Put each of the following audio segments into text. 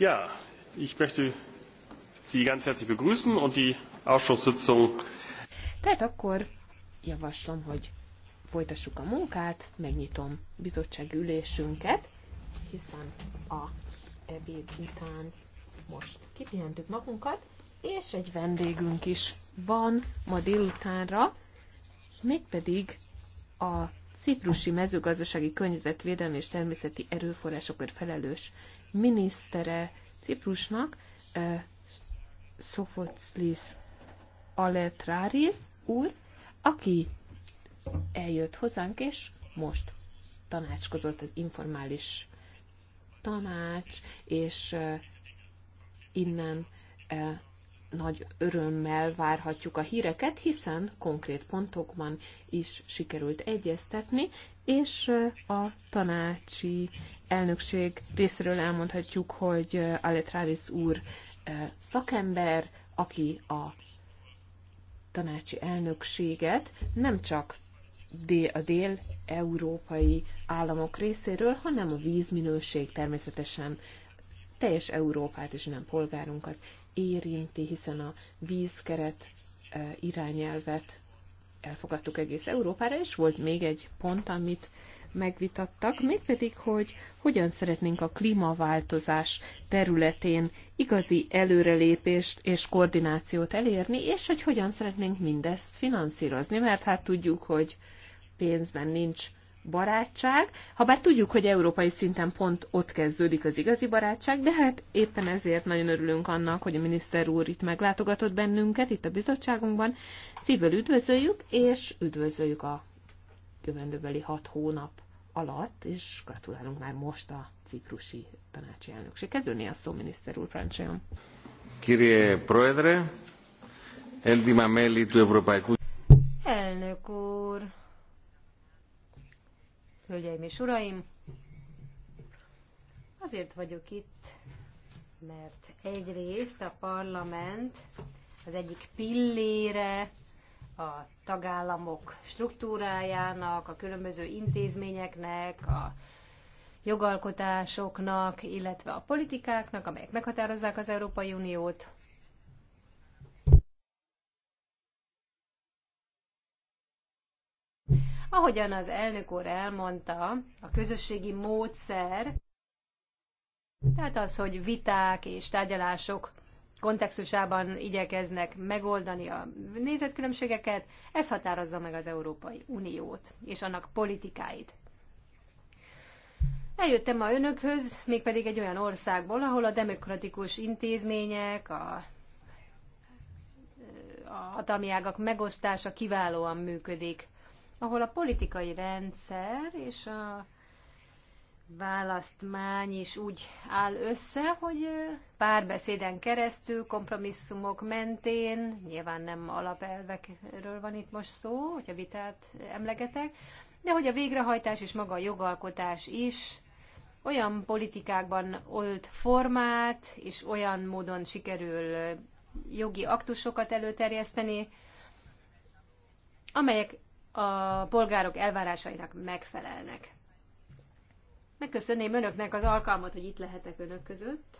Ja, ich möchte Sie ganz herzlich begrüßen und die Ausschusssitzung. Tehát akkor javaslom, hogy folytassuk a munkát, megnyitom bizottság ülésünket, hiszen a ebéd után most kipihentük magunkat, és egy vendégünk is van ma délutánra, mégpedig a Ciprusi Mezőgazdasági Környezetvédelmi és Természeti Erőforrásokért felelős minisztere Ciprusnak, Sofoclis Aletraris úr, aki eljött hozzánk, és most tanácskozott az informális tanács, és innen nagy örömmel várhatjuk a híreket, hiszen konkrét pontokban is sikerült egyeztetni, és a tanácsi elnökség részéről elmondhatjuk, hogy Aletráris úr szakember, aki a tanácsi elnökséget nem csak a dél-európai államok részéről, hanem a vízminőség természetesen teljes Európát és nem polgárunkat érinti, hiszen a vízkeret eh, irányelvet elfogadtuk egész Európára, és volt még egy pont, amit megvitattak, mégpedig, hogy hogyan szeretnénk a klímaváltozás területén igazi előrelépést és koordinációt elérni, és hogy hogyan szeretnénk mindezt finanszírozni, mert hát tudjuk, hogy pénzben nincs barátság, ha bár tudjuk, hogy európai szinten pont ott kezdődik az igazi barátság, de hát éppen ezért nagyon örülünk annak, hogy a miniszter úr itt meglátogatott bennünket, itt a bizottságunkban. Szívvel üdvözöljük, és üdvözöljük a jövendőbeli hat hónap alatt, és gratulálunk már most a ciprusi tanácsi elnökséghez. Önné a szó, miniszter úr, parancsoljon. Kirie Proedre, Eldima Melli, Elnök úr, Hölgyeim és uraim! Azért vagyok itt, mert egyrészt a parlament az egyik pillére a tagállamok struktúrájának, a különböző intézményeknek, a jogalkotásoknak, illetve a politikáknak, amelyek meghatározzák az Európai Uniót, Ahogyan az elnök úr elmondta, a közösségi módszer, tehát az, hogy viták és tárgyalások kontextusában igyekeznek megoldani a nézetkülönbségeket, ez határozza meg az Európai Uniót és annak politikáit. Eljöttem ma önökhöz, mégpedig egy olyan országból, ahol a demokratikus intézmények, a, a hatalmi ágak megosztása kiválóan működik ahol a politikai rendszer és a választmány is úgy áll össze, hogy párbeszéden keresztül, kompromisszumok mentén, nyilván nem alapelvekről van itt most szó, hogyha vitát emlegetek, de hogy a végrehajtás és maga a jogalkotás is olyan politikákban olt formát, és olyan módon sikerül jogi aktusokat előterjeszteni, amelyek a polgárok elvárásainak megfelelnek. Megköszönném önöknek az alkalmat, hogy itt lehetek önök között,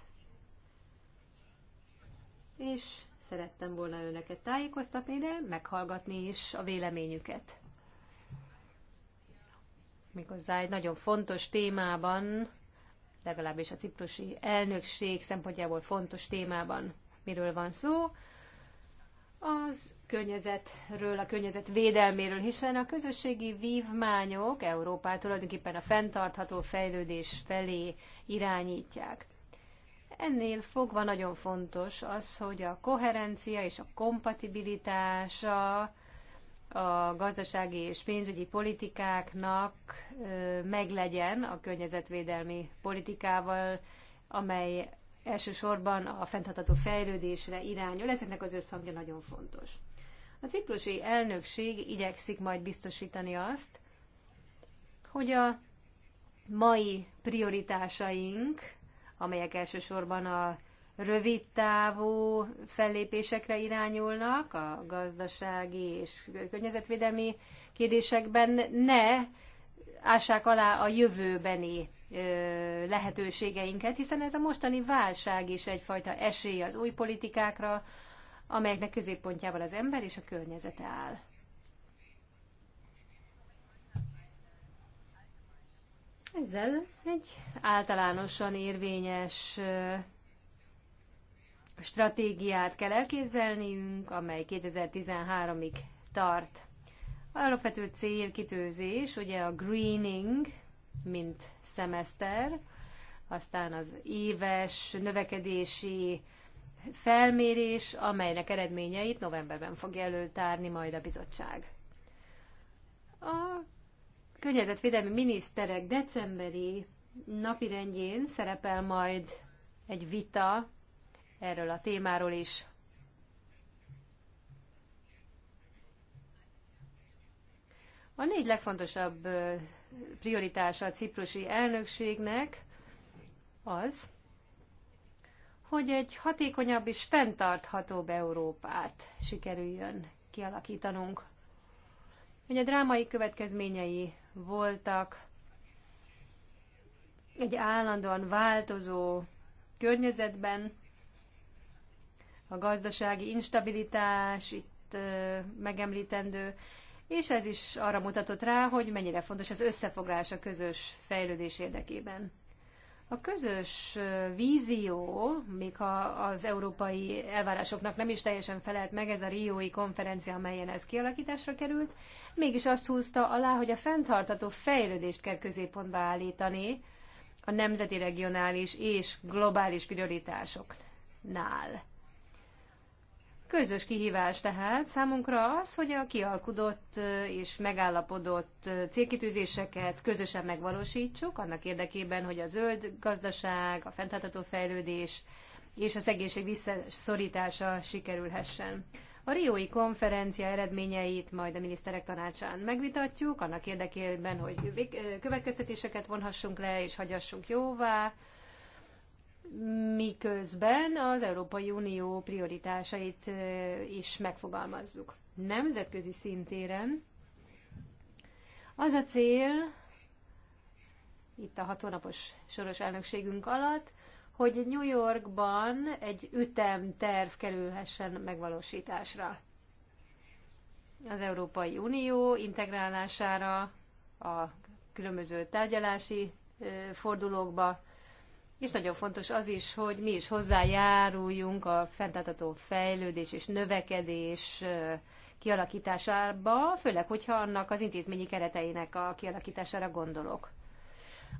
és szerettem volna önöket tájékoztatni, de meghallgatni is a véleményüket. Méghozzá egy nagyon fontos témában, legalábbis a ciprusi elnökség szempontjából fontos témában, miről van szó, az környezetről, a környezet védelméről, hiszen a közösségi vívmányok Európát tulajdonképpen a fenntartható fejlődés felé irányítják. Ennél fogva nagyon fontos az, hogy a koherencia és a kompatibilitása a gazdasági és pénzügyi politikáknak meglegyen a környezetvédelmi politikával, amely elsősorban a fenntartható fejlődésre irányul. Ezeknek az összhangja nagyon fontos. A ciprusi elnökség igyekszik majd biztosítani azt, hogy a mai prioritásaink, amelyek elsősorban a rövid távú fellépésekre irányulnak, a gazdasági és környezetvédelmi kérdésekben ne ássák alá a jövőbeni lehetőségeinket, hiszen ez a mostani válság is egyfajta esély az új politikákra, amelyeknek középpontjával az ember és a környezete áll. Ezzel egy általánosan érvényes stratégiát kell elképzelniünk, amely 2013-ig tart. Alapvető célkitőzés, ugye a greening, mint szemeszter, aztán az éves növekedési felmérés, amelynek eredményeit novemberben fog előtárni majd a bizottság. A környezetvédelmi miniszterek decemberi napirendjén szerepel majd egy vita erről a témáról is. A négy legfontosabb prioritása a ciprusi elnökségnek az, hogy egy hatékonyabb és fenntarthatóbb Európát sikerüljön kialakítanunk. Ugye drámai következményei voltak egy állandóan változó környezetben, a gazdasági instabilitás itt megemlítendő, és ez is arra mutatott rá, hogy mennyire fontos az összefogás a közös fejlődés érdekében. A közös vízió, még ha az európai elvárásoknak nem is teljesen felelt meg ez a Riói konferencia, amelyen ez kialakításra került, mégis azt húzta alá, hogy a fenntartató fejlődést kell középpontba állítani a nemzeti, regionális és globális prioritásoknál. Közös kihívás tehát számunkra az, hogy a kialkudott és megállapodott célkitűzéseket közösen megvalósítsuk, annak érdekében, hogy a zöld gazdaság, a fenntartható fejlődés és az egészség visszaszorítása sikerülhessen. A Riói konferencia eredményeit majd a miniszterek tanácsán megvitatjuk, annak érdekében, hogy következtetéseket vonhassunk le és hagyassunk jóvá miközben az Európai Unió prioritásait is megfogalmazzuk. Nemzetközi szintéren az a cél, itt a hat hónapos soros elnökségünk alatt, hogy New Yorkban egy ütemterv kerülhessen megvalósításra. Az Európai Unió integrálására a különböző tárgyalási fordulókba, és nagyon fontos az is, hogy mi is hozzájáruljunk a fenntartható fejlődés és növekedés kialakításába, főleg, hogyha annak az intézményi kereteinek a kialakítására gondolok.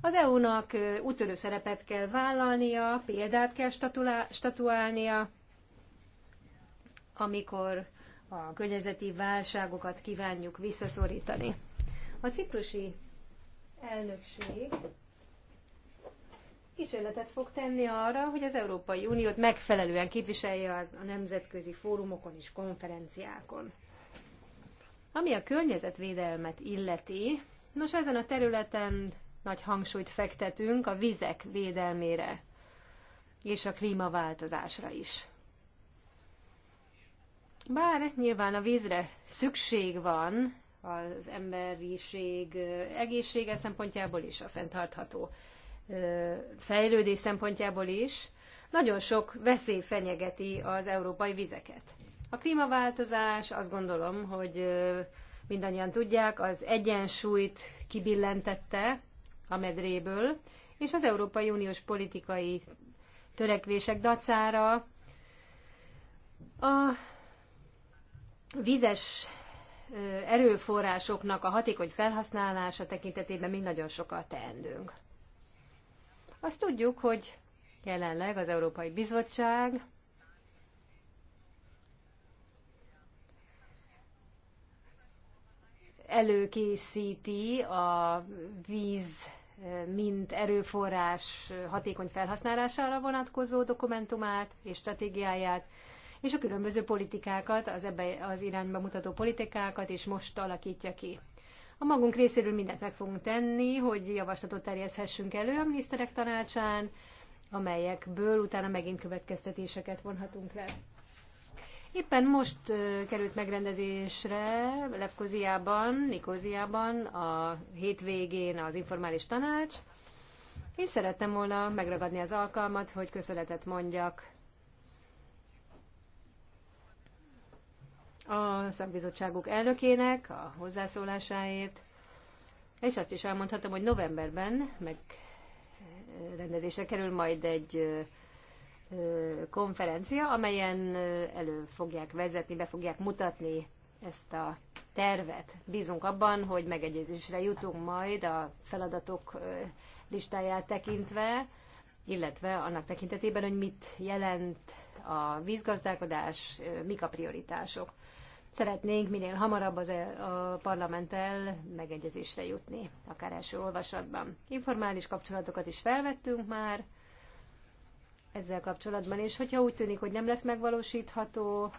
Az EU-nak úttörő szerepet kell vállalnia, példát kell statuálnia, amikor a környezeti válságokat kívánjuk visszaszorítani. A ciprusi elnökség kísérletet fog tenni arra, hogy az Európai Uniót megfelelően képviselje az a nemzetközi fórumokon és konferenciákon. Ami a környezetvédelmet illeti, nos ezen a területen nagy hangsúlyt fektetünk a vizek védelmére és a klímaváltozásra is. Bár nyilván a vízre szükség van az emberiség egészsége szempontjából is a fenntartható fejlődés szempontjából is, nagyon sok veszély fenyegeti az európai vizeket. A klímaváltozás, azt gondolom, hogy mindannyian tudják, az egyensúlyt kibillentette a medréből, és az Európai Uniós politikai törekvések dacára a vizes erőforrásoknak a hatékony felhasználása tekintetében még nagyon sokat teendünk. Azt tudjuk, hogy jelenleg az Európai Bizottság előkészíti a víz mint erőforrás hatékony felhasználására vonatkozó dokumentumát és stratégiáját, és a különböző politikákat, az ebbe az irányba mutató politikákat is most alakítja ki. A magunk részéről mindent meg fogunk tenni, hogy javaslatot terjeszhessünk elő a miniszterek tanácsán, amelyekből utána megint következtetéseket vonhatunk le. Éppen most került megrendezésre Lefkoziában, Nikóziában a hétvégén az informális tanács. Én szerettem volna megragadni az alkalmat, hogy köszönetet mondjak a szakbizottságuk elnökének a hozzászólásáért, és azt is elmondhatom, hogy novemberben meg kerül majd egy konferencia, amelyen elő fogják vezetni, be fogják mutatni ezt a tervet. Bízunk abban, hogy megegyezésre jutunk majd a feladatok listáját tekintve, illetve annak tekintetében, hogy mit jelent a vízgazdálkodás, mik a prioritások. Szeretnénk minél hamarabb az e- a parlamenttel megegyezésre jutni, akár első olvasatban. Informális kapcsolatokat is felvettünk már ezzel kapcsolatban, és hogyha úgy tűnik, hogy nem lesz megvalósítható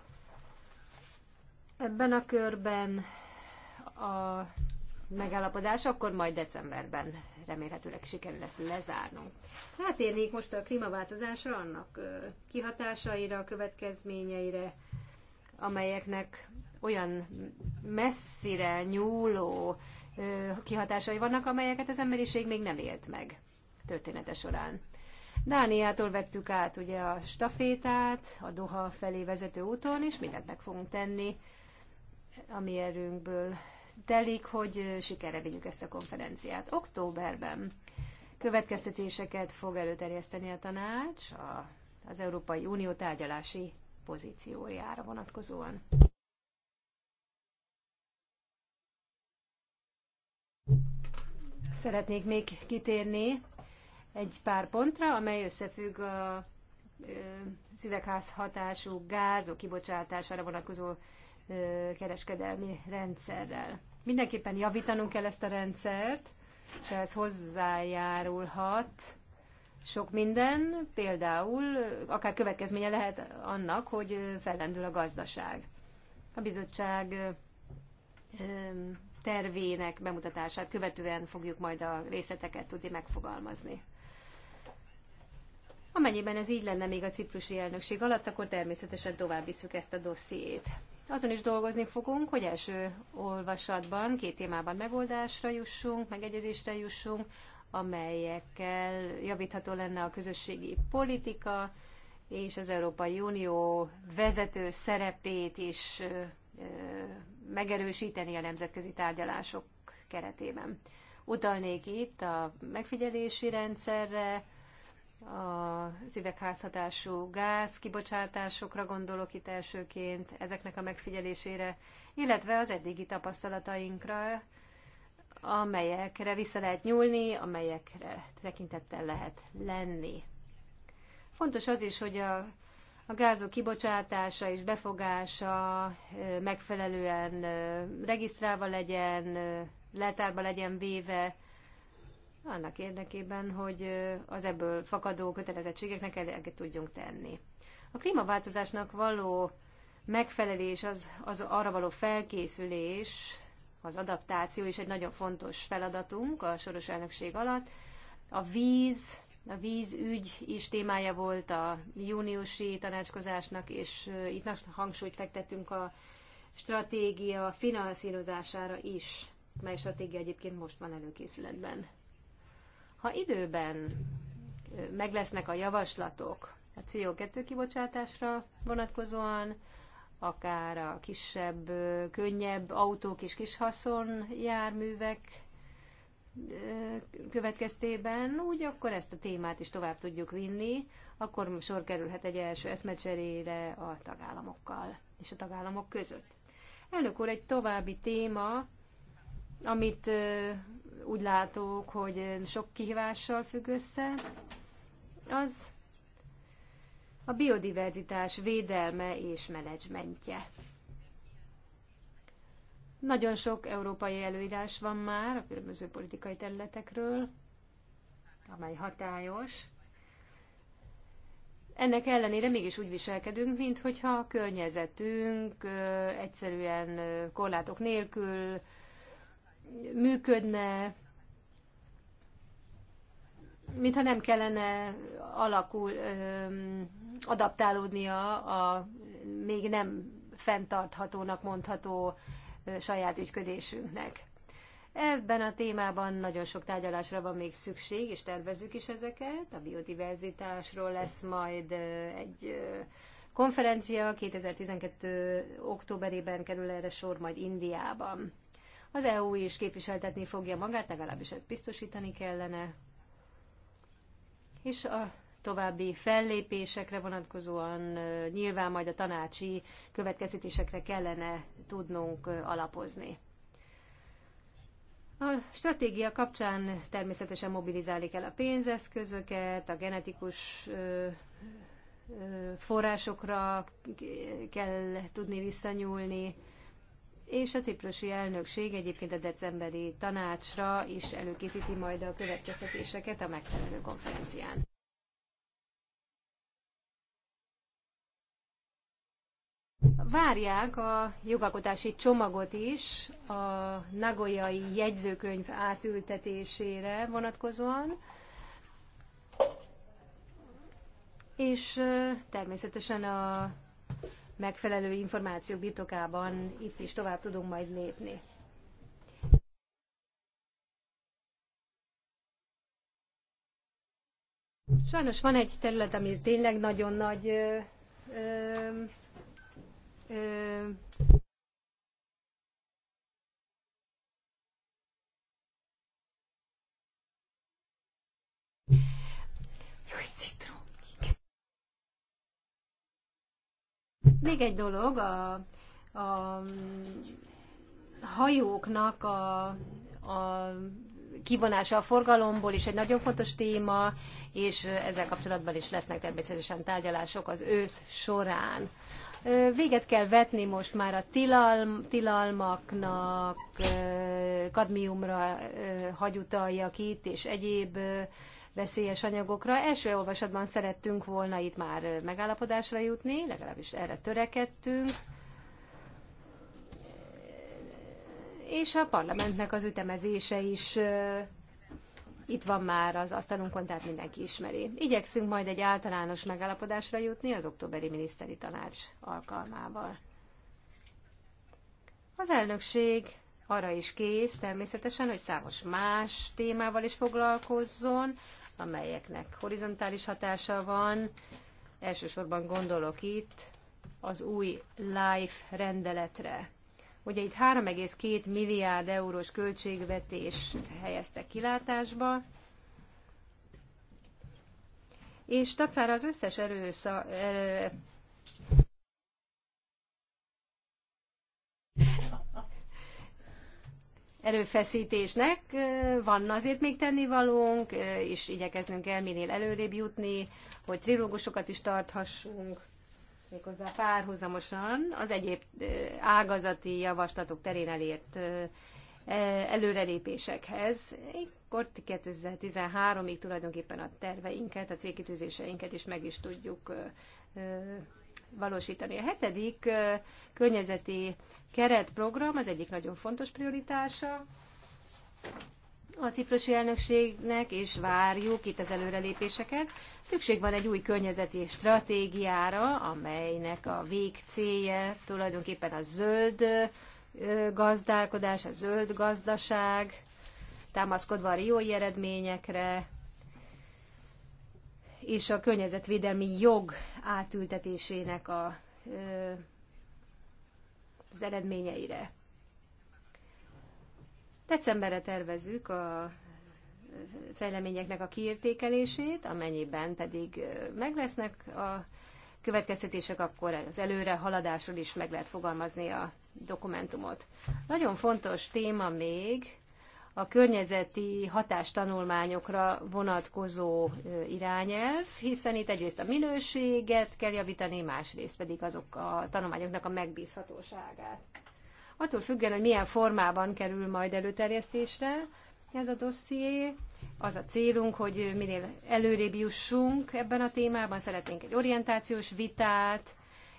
ebben a körben a megállapodás, akkor majd decemberben remélhetőleg sikerül lesz lezárnunk. Rátérnék most a klímaváltozásra, annak kihatásaira, következményeire, amelyeknek olyan messzire nyúló kihatásai vannak, amelyeket az emberiség még nem élt meg története során. Dániától vettük át ugye a stafétát a Doha felé vezető úton, és mindent meg fogunk tenni, ami erőnkből telik, hogy sikerre vigyük ezt a konferenciát. Októberben következtetéseket fog előterjeszteni a tanács a, az Európai Unió tárgyalási pozíciójára vonatkozóan. Szeretnék még kitérni egy pár pontra, amely összefügg a szüvegház hatású gázok kibocsátására vonatkozó kereskedelmi rendszerrel. Mindenképpen javítanunk kell ezt a rendszert, és ez hozzájárulhat sok minden, például akár következménye lehet annak, hogy fellendül a gazdaság. A bizottság tervének bemutatását követően fogjuk majd a részleteket tudni megfogalmazni. Amennyiben ez így lenne még a ciprusi elnökség alatt, akkor természetesen tovább visszük ezt a dossziét. Azon is dolgozni fogunk, hogy első olvasatban, két témában megoldásra jussunk, megegyezésre jussunk, amelyekkel javítható lenne a közösségi politika, és az Európai Unió vezető szerepét is megerősíteni a nemzetközi tárgyalások keretében. Utalnék itt a megfigyelési rendszerre, az üvegházhatású gáz kibocsátásokra gondolok itt elsőként, ezeknek a megfigyelésére, illetve az eddigi tapasztalatainkra amelyekre vissza lehet nyúlni, amelyekre tekintettel lehet lenni. Fontos az is, hogy a, a gázok kibocsátása és befogása megfelelően regisztrálva legyen, letárba legyen véve, annak érdekében, hogy az ebből fakadó kötelezettségeknek eleget tudjunk tenni. A klímaváltozásnak való megfelelés, az, az arra való felkészülés az adaptáció is egy nagyon fontos feladatunk a soros elnökség alatt. A víz, a vízügy is témája volt a júniusi tanácskozásnak, és itt nagy hangsúlyt fektettünk a stratégia finanszírozására is, mely stratégia egyébként most van előkészületben. Ha időben meglesznek a javaslatok a CO2 kibocsátásra vonatkozóan, akár a kisebb, könnyebb autók és kis járművek következtében, úgy akkor ezt a témát is tovább tudjuk vinni, akkor sor kerülhet egy első eszmecserére a tagállamokkal és a tagállamok között. Elnök úr, egy további téma, amit úgy látok, hogy sok kihívással függ össze, az a biodiverzitás védelme és menedzsmentje. Nagyon sok európai előírás van már a különböző politikai területekről, amely hatályos. Ennek ellenére mégis úgy viselkedünk, mintha a környezetünk egyszerűen korlátok nélkül működne, mintha nem kellene alakul, adaptálódnia a még nem fenntarthatónak mondható saját ügyködésünknek. Ebben a témában nagyon sok tárgyalásra van még szükség, és tervezzük is ezeket. A biodiverzitásról lesz majd egy konferencia, 2012. októberében kerül erre sor majd Indiában. Az EU is képviseltetni fogja magát, legalábbis ezt biztosítani kellene, és a további fellépésekre vonatkozóan nyilván majd a tanácsi következtetésekre kellene tudnunk alapozni. A stratégia kapcsán természetesen mobilizálni kell a pénzeszközöket, a genetikus forrásokra kell tudni visszanyúlni, és a ciprusi elnökség egyébként a decemberi tanácsra is előkészíti majd a következtetéseket a megfelelő konferencián. Várják a jogalkotási csomagot is a nagoyai jegyzőkönyv átültetésére vonatkozóan, és természetesen a megfelelő információk birtokában itt is tovább tudunk majd lépni. Sajnos van egy terület, ami tényleg nagyon nagy ö, ö, ö, Jó, Még egy dolog, a, a hajóknak a, a kivonása a forgalomból is egy nagyon fontos téma, és ezzel kapcsolatban is lesznek természetesen tárgyalások az ősz során. Véget kell vetni most már a tilalm, tilalmaknak, kadmiumra hagyutaljakit és egyéb veszélyes anyagokra. Első olvasatban szerettünk volna itt már megállapodásra jutni, legalábbis erre törekedtünk. És a parlamentnek az ütemezése is itt van már az asztalunkon, tehát mindenki ismeri. Igyekszünk majd egy általános megállapodásra jutni az októberi miniszteri tanács alkalmával. Az elnökség arra is kész természetesen, hogy számos más témával is foglalkozzon, amelyeknek horizontális hatása van. Elsősorban gondolok itt az új LIFE rendeletre. Ugye itt 3,2 milliárd eurós költségvetést helyeztek kilátásba, és tacára az összes erőszak, erőfeszítésnek. Van azért még tennivalónk, és igyekeznünk kell minél előrébb jutni, hogy trilógusokat is tarthassunk méghozzá párhuzamosan az egyéb ágazati javaslatok terén elért e, előrelépésekhez. Akkor 2013-ig tulajdonképpen a terveinket, a célkitűzéseinket is meg is tudjuk valósítani. A hetedik környezeti keretprogram az egyik nagyon fontos prioritása a ciprusi elnökségnek, és várjuk itt az előrelépéseket. Szükség van egy új környezeti stratégiára, amelynek a végcélje tulajdonképpen a zöld gazdálkodás, a zöld gazdaság, támaszkodva a riói eredményekre, és a környezetvédelmi jog átültetésének a, az eredményeire. Decemberre tervezzük a fejleményeknek a kiértékelését, amennyiben pedig meg lesznek a következtetések, akkor az előre haladásról is meg lehet fogalmazni a dokumentumot. Nagyon fontos téma még a környezeti hatástanulmányokra vonatkozó irányelv, hiszen itt egyrészt a minőséget kell javítani, másrészt pedig azok a tanulmányoknak a megbízhatóságát. Attól függően, hogy milyen formában kerül majd előterjesztésre ez a dosszié, az a célunk, hogy minél előrébb jussunk ebben a témában, szeretnénk egy orientációs vitát,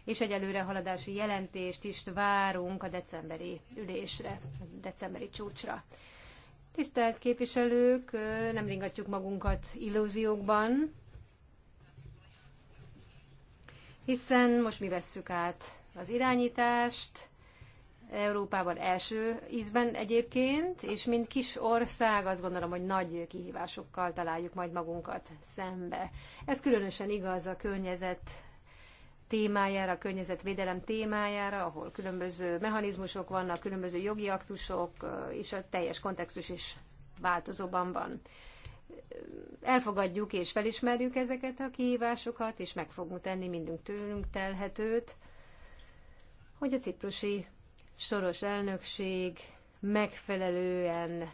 és egy előrehaladási jelentést is várunk a decemberi ülésre, a decemberi csúcsra. Tisztelt képviselők, nem ringatjuk magunkat illúziókban, hiszen most mi vesszük át az irányítást, Európában első ízben egyébként, és mint kis ország azt gondolom, hogy nagy kihívásokkal találjuk majd magunkat szembe. Ez különösen igaz a környezet témájára, a környezetvédelem témájára, ahol különböző mechanizmusok vannak, különböző jogi aktusok, és a teljes kontextus is változóban van. Elfogadjuk és felismerjük ezeket a kihívásokat, és meg fogunk tenni mindünk tőlünk telhetőt, hogy a ciprusi soros elnökség megfelelően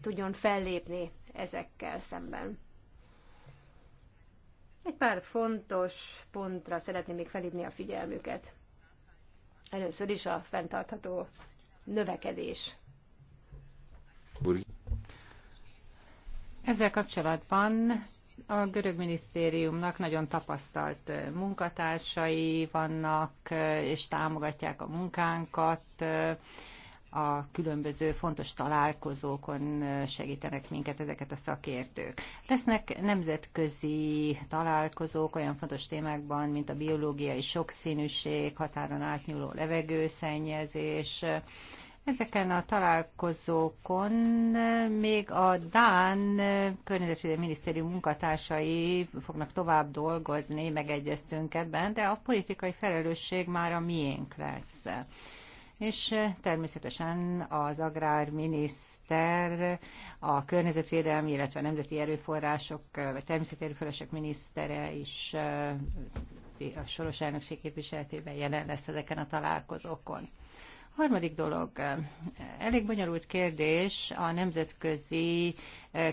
tudjon fellépni ezekkel szemben. Egy pár fontos pontra szeretném még felhívni a figyelmüket. Először is a fenntartható növekedés. Ezzel kapcsolatban a görög minisztériumnak nagyon tapasztalt munkatársai vannak, és támogatják a munkánkat a különböző fontos találkozókon segítenek minket ezeket a szakértők. Lesznek nemzetközi találkozók olyan fontos témákban, mint a biológiai sokszínűség, határon átnyúló levegőszennyezés, Ezeken a találkozókon még a Dán környezetvédelmi minisztérium munkatársai fognak tovább dolgozni, megegyeztünk ebben, de a politikai felelősség már a miénk lesz és eh, természetesen az agrárminiszter, a környezetvédelmi, illetve a nemzeti erőforrások, eh, vagy természeti erőforrások minisztere is eh, a soros elnökség képviseletében jelen lesz ezeken a találkozókon. Harmadik dolog, elég bonyolult kérdés a nemzetközi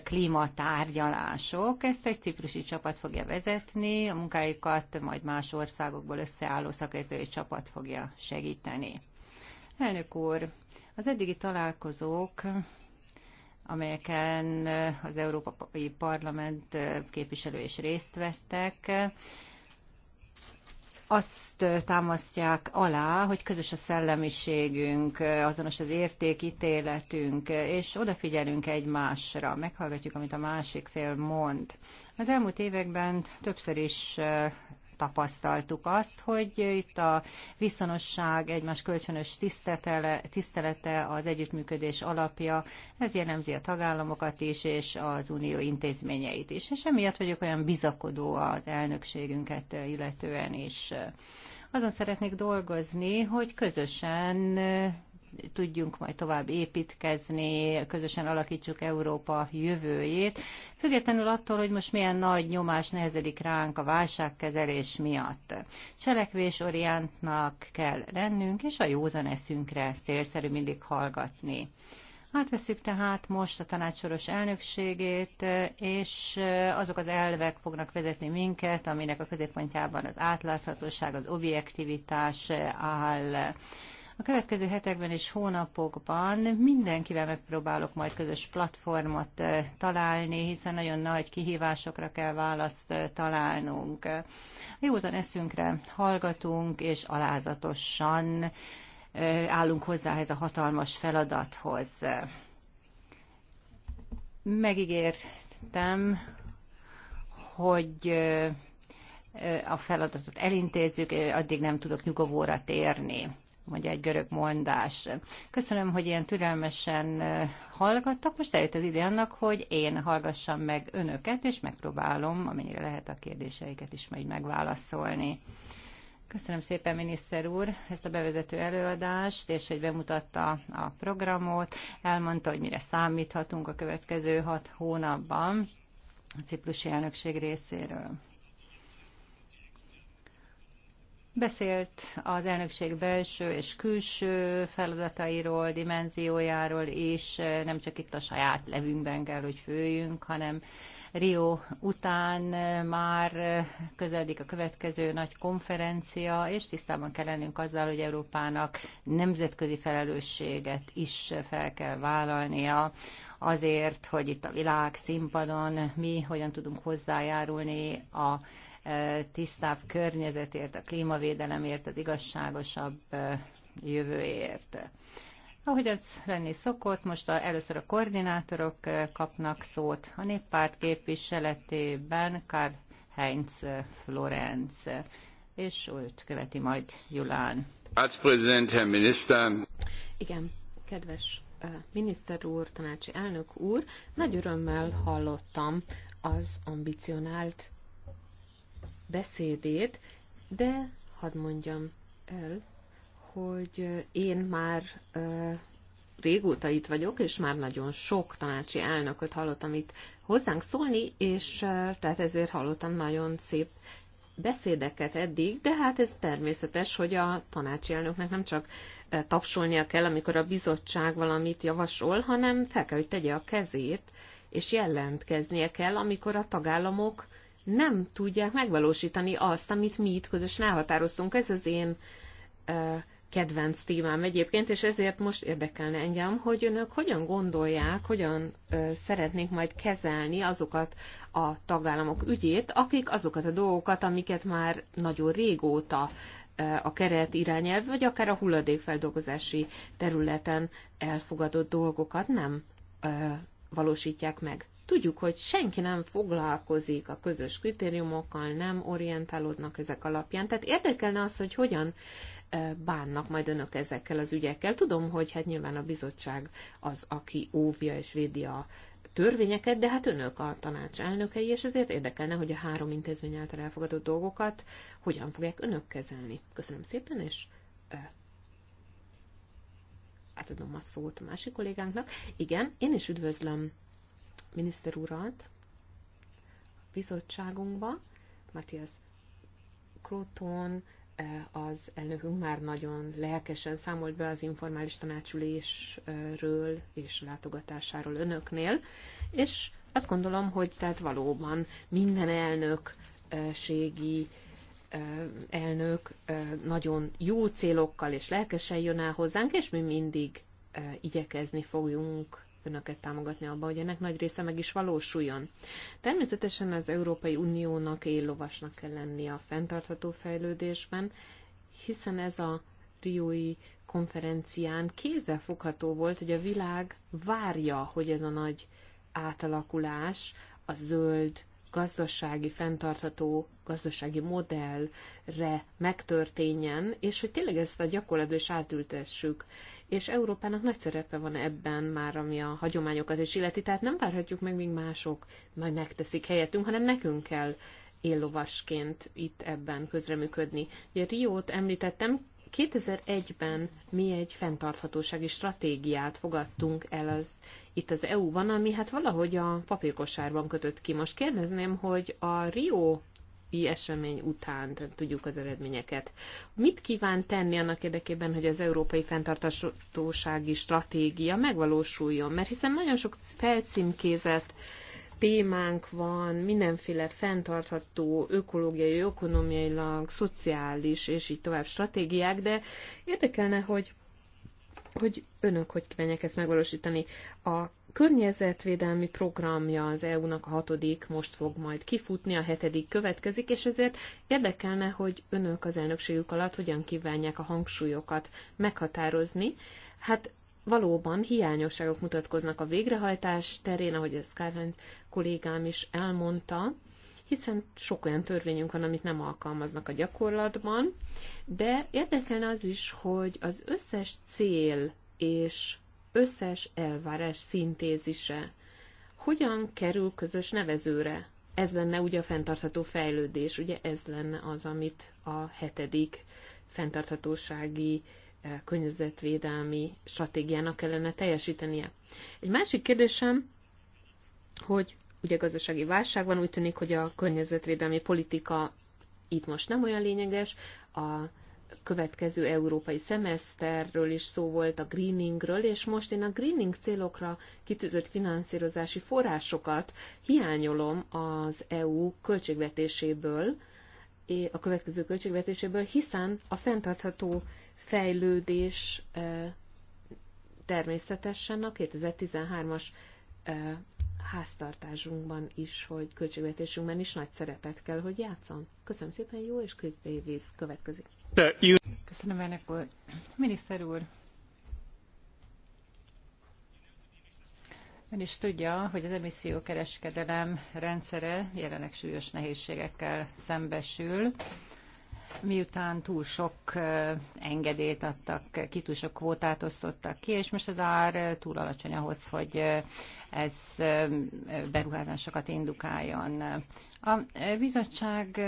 klímatárgyalások. Ezt egy ciprusi csapat fogja vezetni, a munkáikat majd más országokból összeálló szakértői csapat fogja segíteni. Elnök úr, az eddigi találkozók amelyeken eh, az Európai Parlament eh, képviselő is részt vettek, azt eh, támasztják alá, hogy közös a szellemiségünk, azonos az értékítéletünk, és odafigyelünk egymásra, meghallgatjuk, amit a másik fél mond. Az elmúlt években többször is tapasztaltuk azt, hogy itt a viszonosság, egymás kölcsönös tisztelete, az együttműködés alapja, ez jellemzi a tagállamokat is, és az unió intézményeit is. És emiatt vagyok olyan bizakodó az elnökségünket illetően is azon szeretnék dolgozni, hogy közösen tudjunk majd tovább építkezni, közösen alakítsuk Európa jövőjét, függetlenül attól, hogy most milyen nagy nyomás nehezedik ránk a válságkezelés miatt. orientnak kell lennünk, és a józan eszünkre célszerű mindig hallgatni. Átveszük tehát most a tanácsoros elnökségét, és azok az elvek fognak vezetni minket, aminek a középpontjában az átláthatóság, az objektivitás áll. A következő hetekben és hónapokban mindenkivel megpróbálok majd közös platformot eh, találni, hiszen nagyon nagy kihívásokra kell választ eh, találnunk. Józan eszünkre hallgatunk, és alázatosan eh, állunk hozzá ehhez a hatalmas feladathoz. Megígértem, hogy a feladatot elintézzük, addig nem tudok nyugovóra térni vagy egy görög mondás. Köszönöm, hogy ilyen türelmesen eh, hallgattak. Most eljött az ide annak, hogy én hallgassam meg önöket, és megpróbálom, amennyire lehet a kérdéseiket is majd megválaszolni. Köszönöm szépen, miniszter úr, ezt a bevezető előadást, és hogy bemutatta a programot, elmondta, hogy mire számíthatunk a következő hat hónapban a ciprusi elnökség részéről. Beszélt az elnökség belső és külső feladatairól, dimenziójáról és nem csak itt a saját levünkben kell, hogy főjünk, hanem Rio után már közeledik a következő nagy konferencia, és tisztában kell lennünk azzal, hogy Európának nemzetközi felelősséget is fel kell vállalnia azért, hogy itt a világ színpadon mi hogyan tudunk hozzájárulni a tisztább környezetért, a klímavédelemért, az igazságosabb jövőért. Ahogy ez lenni szokott, most a, először a koordinátorok kapnak szót. A néppárt képviseletében Karl Heinz Florenz, és őt követi majd Julán. Igen, kedves miniszter úr, tanácsi elnök úr, nagy örömmel hallottam az ambicionált beszédét, de hadd mondjam el, hogy én már régóta itt vagyok, és már nagyon sok tanácsi elnököt hallottam itt hozzánk szólni, és tehát ezért hallottam nagyon szép beszédeket eddig, de hát ez természetes, hogy a tanácsi elnöknek nem csak tapsolnia kell, amikor a bizottság valamit javasol, hanem fel kell, hogy tegye a kezét, és jelentkeznie kell, amikor a tagállamok nem tudják megvalósítani azt, amit mi itt közösen elhatároztunk. Ez az én kedvenc témám egyébként, és ezért most érdekelne engem, hogy önök hogyan gondolják, hogyan ö, szeretnék majd kezelni azokat a tagállamok ügyét, akik azokat a dolgokat, amiket már nagyon régóta ö, a keret irányelv, vagy akár a hulladékfeldolgozási területen elfogadott dolgokat nem ö, valósítják meg. Tudjuk, hogy senki nem foglalkozik a közös kritériumokkal, nem orientálódnak ezek alapján. Tehát érdekelne az, hogy hogyan bánnak majd önök ezekkel az ügyekkel. Tudom, hogy hát nyilván a bizottság az, aki óvja és védi a törvényeket, de hát önök a tanács elnökei, és ezért érdekelne, hogy a három intézmény által elfogadott dolgokat hogyan fogják önök kezelni. Köszönöm szépen, és átadom a szót a másik kollégánknak. Igen, én is üdvözlöm miniszter urat a bizottságunkba, Matthias Kroton, eh, az elnökünk már nagyon lelkesen számolt be az informális tanácsülésről és látogatásáról önöknél, és azt gondolom, hogy tehát valóban minden elnökségi elnök eh, eh, nagyon jó célokkal és lelkesen jön el hozzánk, és mi mindig igyekezni fogjunk önöket támogatni abba, hogy ennek nagy része meg is valósuljon. Természetesen az Európai Uniónak éllovasnak kell lennie a fenntartható fejlődésben, hiszen ez a Riói konferencián kézzelfogható volt, hogy a világ várja, hogy ez a nagy átalakulás, a zöld gazdasági, fenntartható gazdasági modellre megtörténjen, és hogy tényleg ezt a gyakorlatban is átültessük. És Európának nagy szerepe van ebben már, ami a hagyományokat is illeti, tehát nem várhatjuk meg, míg mások majd megteszik helyettünk, hanem nekünk kell éllovasként itt ebben közreműködni. Ugye Riót említettem, 2001-ben mi egy fenntarthatósági stratégiát fogadtunk el az, itt az EU-ban, ami hát valahogy a papírkosárban kötött ki. Most kérdezném, hogy a Rio esemény után tudjuk az eredményeket. Mit kíván tenni annak érdekében, hogy az európai fenntartatósági stratégia megvalósuljon? Mert hiszen nagyon sok felcímkézett témánk van, mindenféle fenntartható ökológiai, ökonomiailag, szociális és így tovább stratégiák, de érdekelne, hogy hogy önök hogy kívánják ezt megvalósítani. A környezetvédelmi programja az EU-nak a hatodik, most fog majd kifutni, a hetedik következik, és ezért érdekelne, hogy önök az elnökségük alatt hogyan kívánják a hangsúlyokat meghatározni. Hát valóban hiányosságok mutatkoznak a végrehajtás terén, ahogy a Skyland kollégám is elmondta, hiszen sok olyan törvényünk van, amit nem alkalmaznak a gyakorlatban, de érdekelne az is, hogy az összes cél és összes elvárás szintézise hogyan kerül közös nevezőre. Ez lenne ugye a fenntartható fejlődés, ugye ez lenne az, amit a hetedik fenntarthatósági környezetvédelmi stratégiának kellene teljesítenie. Egy másik kérdésem, hogy ugye gazdasági válság van, úgy tűnik, hogy a környezetvédelmi politika itt most nem olyan lényeges, a következő európai szemeszterről is szó volt a greeningről, és most én a greening célokra kitűzött finanszírozási forrásokat hiányolom az EU költségvetéséből, a következő költségvetéséből, hiszen a fenntartható fejlődés e, természetesen a 2013-as e, háztartásunkban is, hogy költségvetésünkben is nagy szerepet kell, hogy játszon. Köszönöm szépen, jó, és Chris Davis következik. Köszönöm, elnök úr. Miniszter úr, Ön is tudja, hogy az emissziókereskedelem rendszere jelenleg súlyos nehézségekkel szembesül. Miután túl sok engedélyt adtak ki, túl sok kvótát osztottak ki, és most az ár túl alacsony ahhoz, hogy ez beruházásokat indukáljon. A bizottság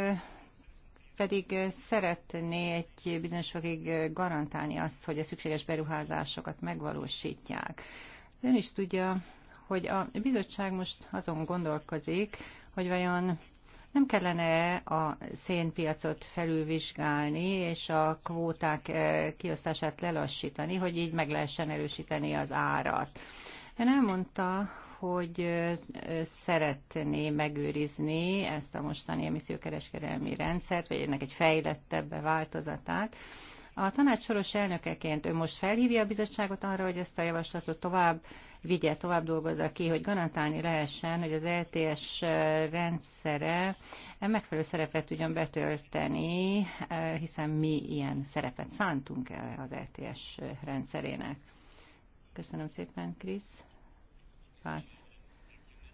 pedig szeretné egy bizonyos fokig garantálni azt, hogy a szükséges beruházásokat megvalósítják. Ön is tudja, hogy a bizottság most azon gondolkozik, hogy vajon nem kellene a szénpiacot felülvizsgálni, és a kvóták eh, kiosztását lelassítani, hogy így meg lehessen erősíteni az árat. Ön elmondta, hogy eh, szeretné megőrizni ezt a mostani emissziókereskedelmi rendszert, vagy ennek egy fejlettebb változatát. A tanács soros elnökeként ő most felhívja a bizottságot arra, hogy ezt a javaslatot tovább vigye, tovább dolgozza ki, hogy garantálni lehessen, hogy az LTS rendszere megfelelő szerepet tudjon betölteni, hiszen mi ilyen szerepet szántunk e az LTS rendszerének. Köszönöm szépen, Krisz.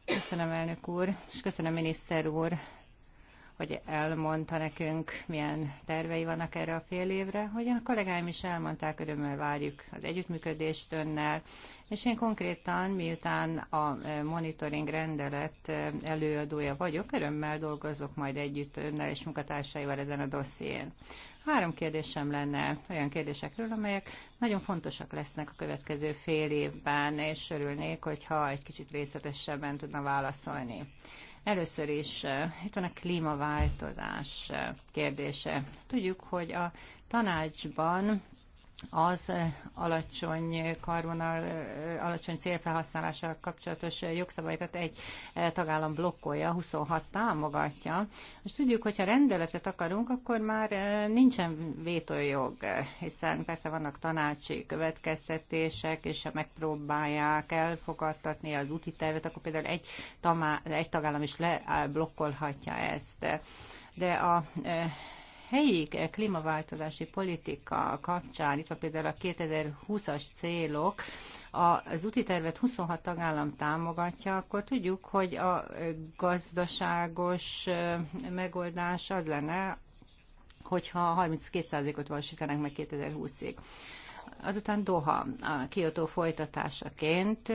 Köszönöm, elnök úr, és köszönöm, miniszter úr, hogy elmondta nekünk, milyen tervei vannak erre a fél évre. hogy a kollégáim is elmondták, örömmel várjuk az együttműködést önnel, és én konkrétan, miután a monitoring rendelet előadója vagyok, örömmel dolgozok majd együtt önnel és munkatársaival ezen a dosszién. Három kérdésem lenne olyan kérdésekről, amelyek nagyon fontosak lesznek a következő fél évben, és örülnék, hogyha egy kicsit részletesebben tudna válaszolni. Először is eh, itt van a klímaváltozás eh, kérdése. Tudjuk, hogy a tanácsban az alacsony karbonal, alacsony célfelhasználással kapcsolatos jogszabályokat egy tagállam blokkolja, 26 támogatja. Most tudjuk, hogyha rendeletet akarunk, akkor már nincsen vétójog, hiszen persze vannak tanácsi következtetések, és ha megpróbálják elfogadtatni az úti tervet, akkor például egy, tamá, egy tagállam is leblokkolhatja ezt. De a helyi eh, klímaváltozási politika kapcsán, itt van például a 2020-as célok, az úti tervet 26 tagállam támogatja, akkor tudjuk, hogy a eh, gazdaságos eh, megoldás az lenne, hogyha 32%-ot valósítanak meg 2020-ig. Azután Doha, a Kyoto folytatásaként.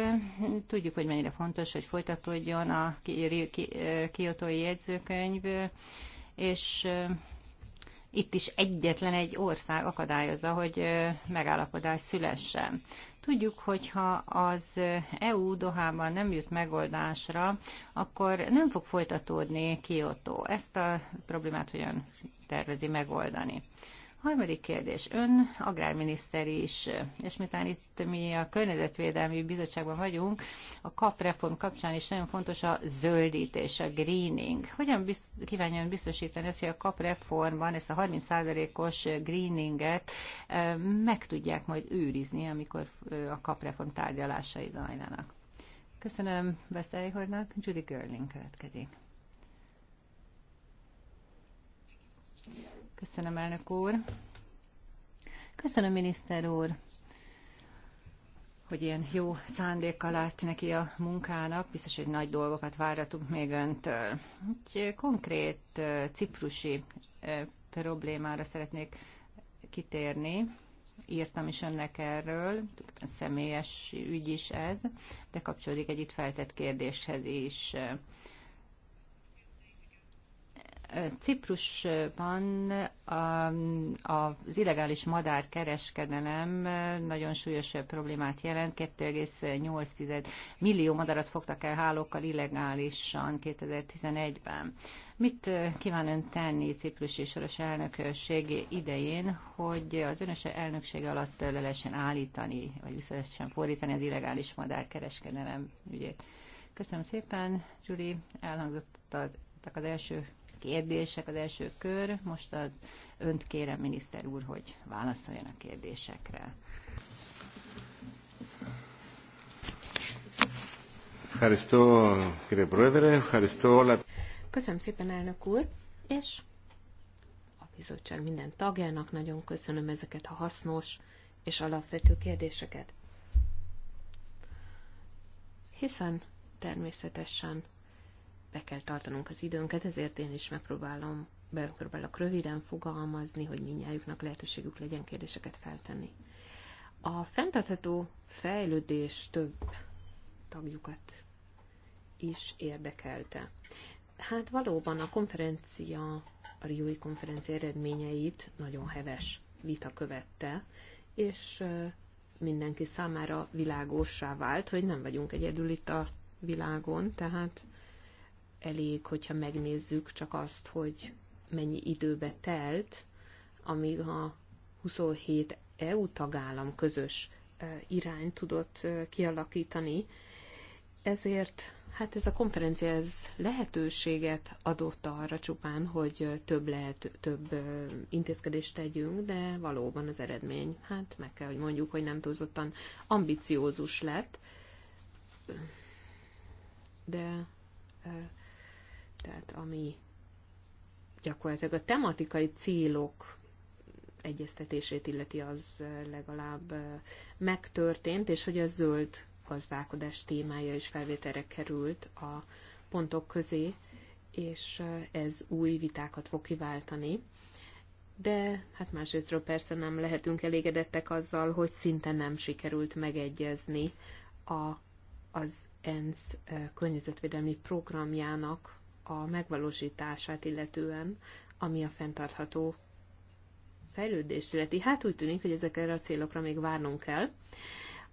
Tudjuk, hogy mennyire fontos, hogy folytatódjon a kiotói jegyzőkönyv, és itt is egyetlen egy ország akadályozza, hogy megállapodás szülessen. Tudjuk, hogyha az EU Dohában nem jut megoldásra, akkor nem fog folytatódni Kyoto. Ezt a problémát hogyan tervezi megoldani. Harmadik kérdés. Ön agrárminiszter is, és miután itt mi a Környezetvédelmi Bizottságban vagyunk, a KAP reform kapcsán is nagyon fontos a zöldítés, a greening. Hogyan bizt, kívánja ön biztosítani ezt, hogy a KAP reformban ezt a 30%-os greeninget meg tudják majd őrizni, amikor a KAP reform tárgyalásai zajlanak? Köszönöm Veszélyhornak, Judy Görling következik. Köszönöm, elnök úr. Köszönöm, miniszter úr hogy ilyen jó szándékkal lát neki a munkának. Biztos, hogy nagy dolgokat váratunk még öntől. Egy konkrét ciprusi problémára szeretnék kitérni. Írtam is önnek erről, személyes ügy is ez, de kapcsolódik egy itt feltett kérdéshez is. Ciprusban um, az illegális madárkereskedelem nagyon súlyos problémát jelent. 2,8 millió madarat fogtak el hálókkal illegálisan 2011-ben. Mit uh, kíván ön tenni Ciprus és soros elnökség idején, hogy az önös elnöksége alatt le lehessen állítani, vagy vissza lehessen fordítani az illegális madárkereskedelem ügyét? Köszönöm szépen, Gyuri, elhangzottak az első kérdések az első kör. Most az önt kérem, miniszter úr, hogy válaszoljon a kérdésekre. Köszönöm szépen, elnök úr, és a bizottság minden tagjának nagyon köszönöm ezeket a hasznos és alapvető kérdéseket. Hiszen természetesen be kell tartanunk az időnket, ezért én is megpróbálom, megpróbálok röviden fogalmazni, hogy minnyájuknak lehetőségük legyen kérdéseket feltenni. A fenntartható fejlődés több tagjukat is érdekelte. Hát valóban a konferencia, a Riói konferencia eredményeit nagyon heves vita követte, és mindenki számára világossá vált, hogy nem vagyunk egyedül itt a világon, tehát elég, hogyha megnézzük csak azt, hogy mennyi időbe telt, amíg a 27 EU tagállam közös e, irány tudott e, kialakítani. Ezért hát ez a konferencia ez lehetőséget adott arra csupán, hogy több, lehet, több e, intézkedést tegyünk, de valóban az eredmény, hát meg kell, hogy mondjuk, hogy nem túlzottan ambiciózus lett, de tehát ami gyakorlatilag a tematikai célok egyeztetését illeti, az legalább megtörtént, és hogy a zöld gazdálkodás témája is felvételre került a pontok közé, és ez új vitákat fog kiváltani. De hát másrésztről persze nem lehetünk elégedettek azzal, hogy szinte nem sikerült megegyezni a, az ENSZ környezetvédelmi programjának a megvalósítását illetően, ami a fenntartható fejlődést illeti. Hát úgy tűnik, hogy ezekre a célokra még várnunk kell.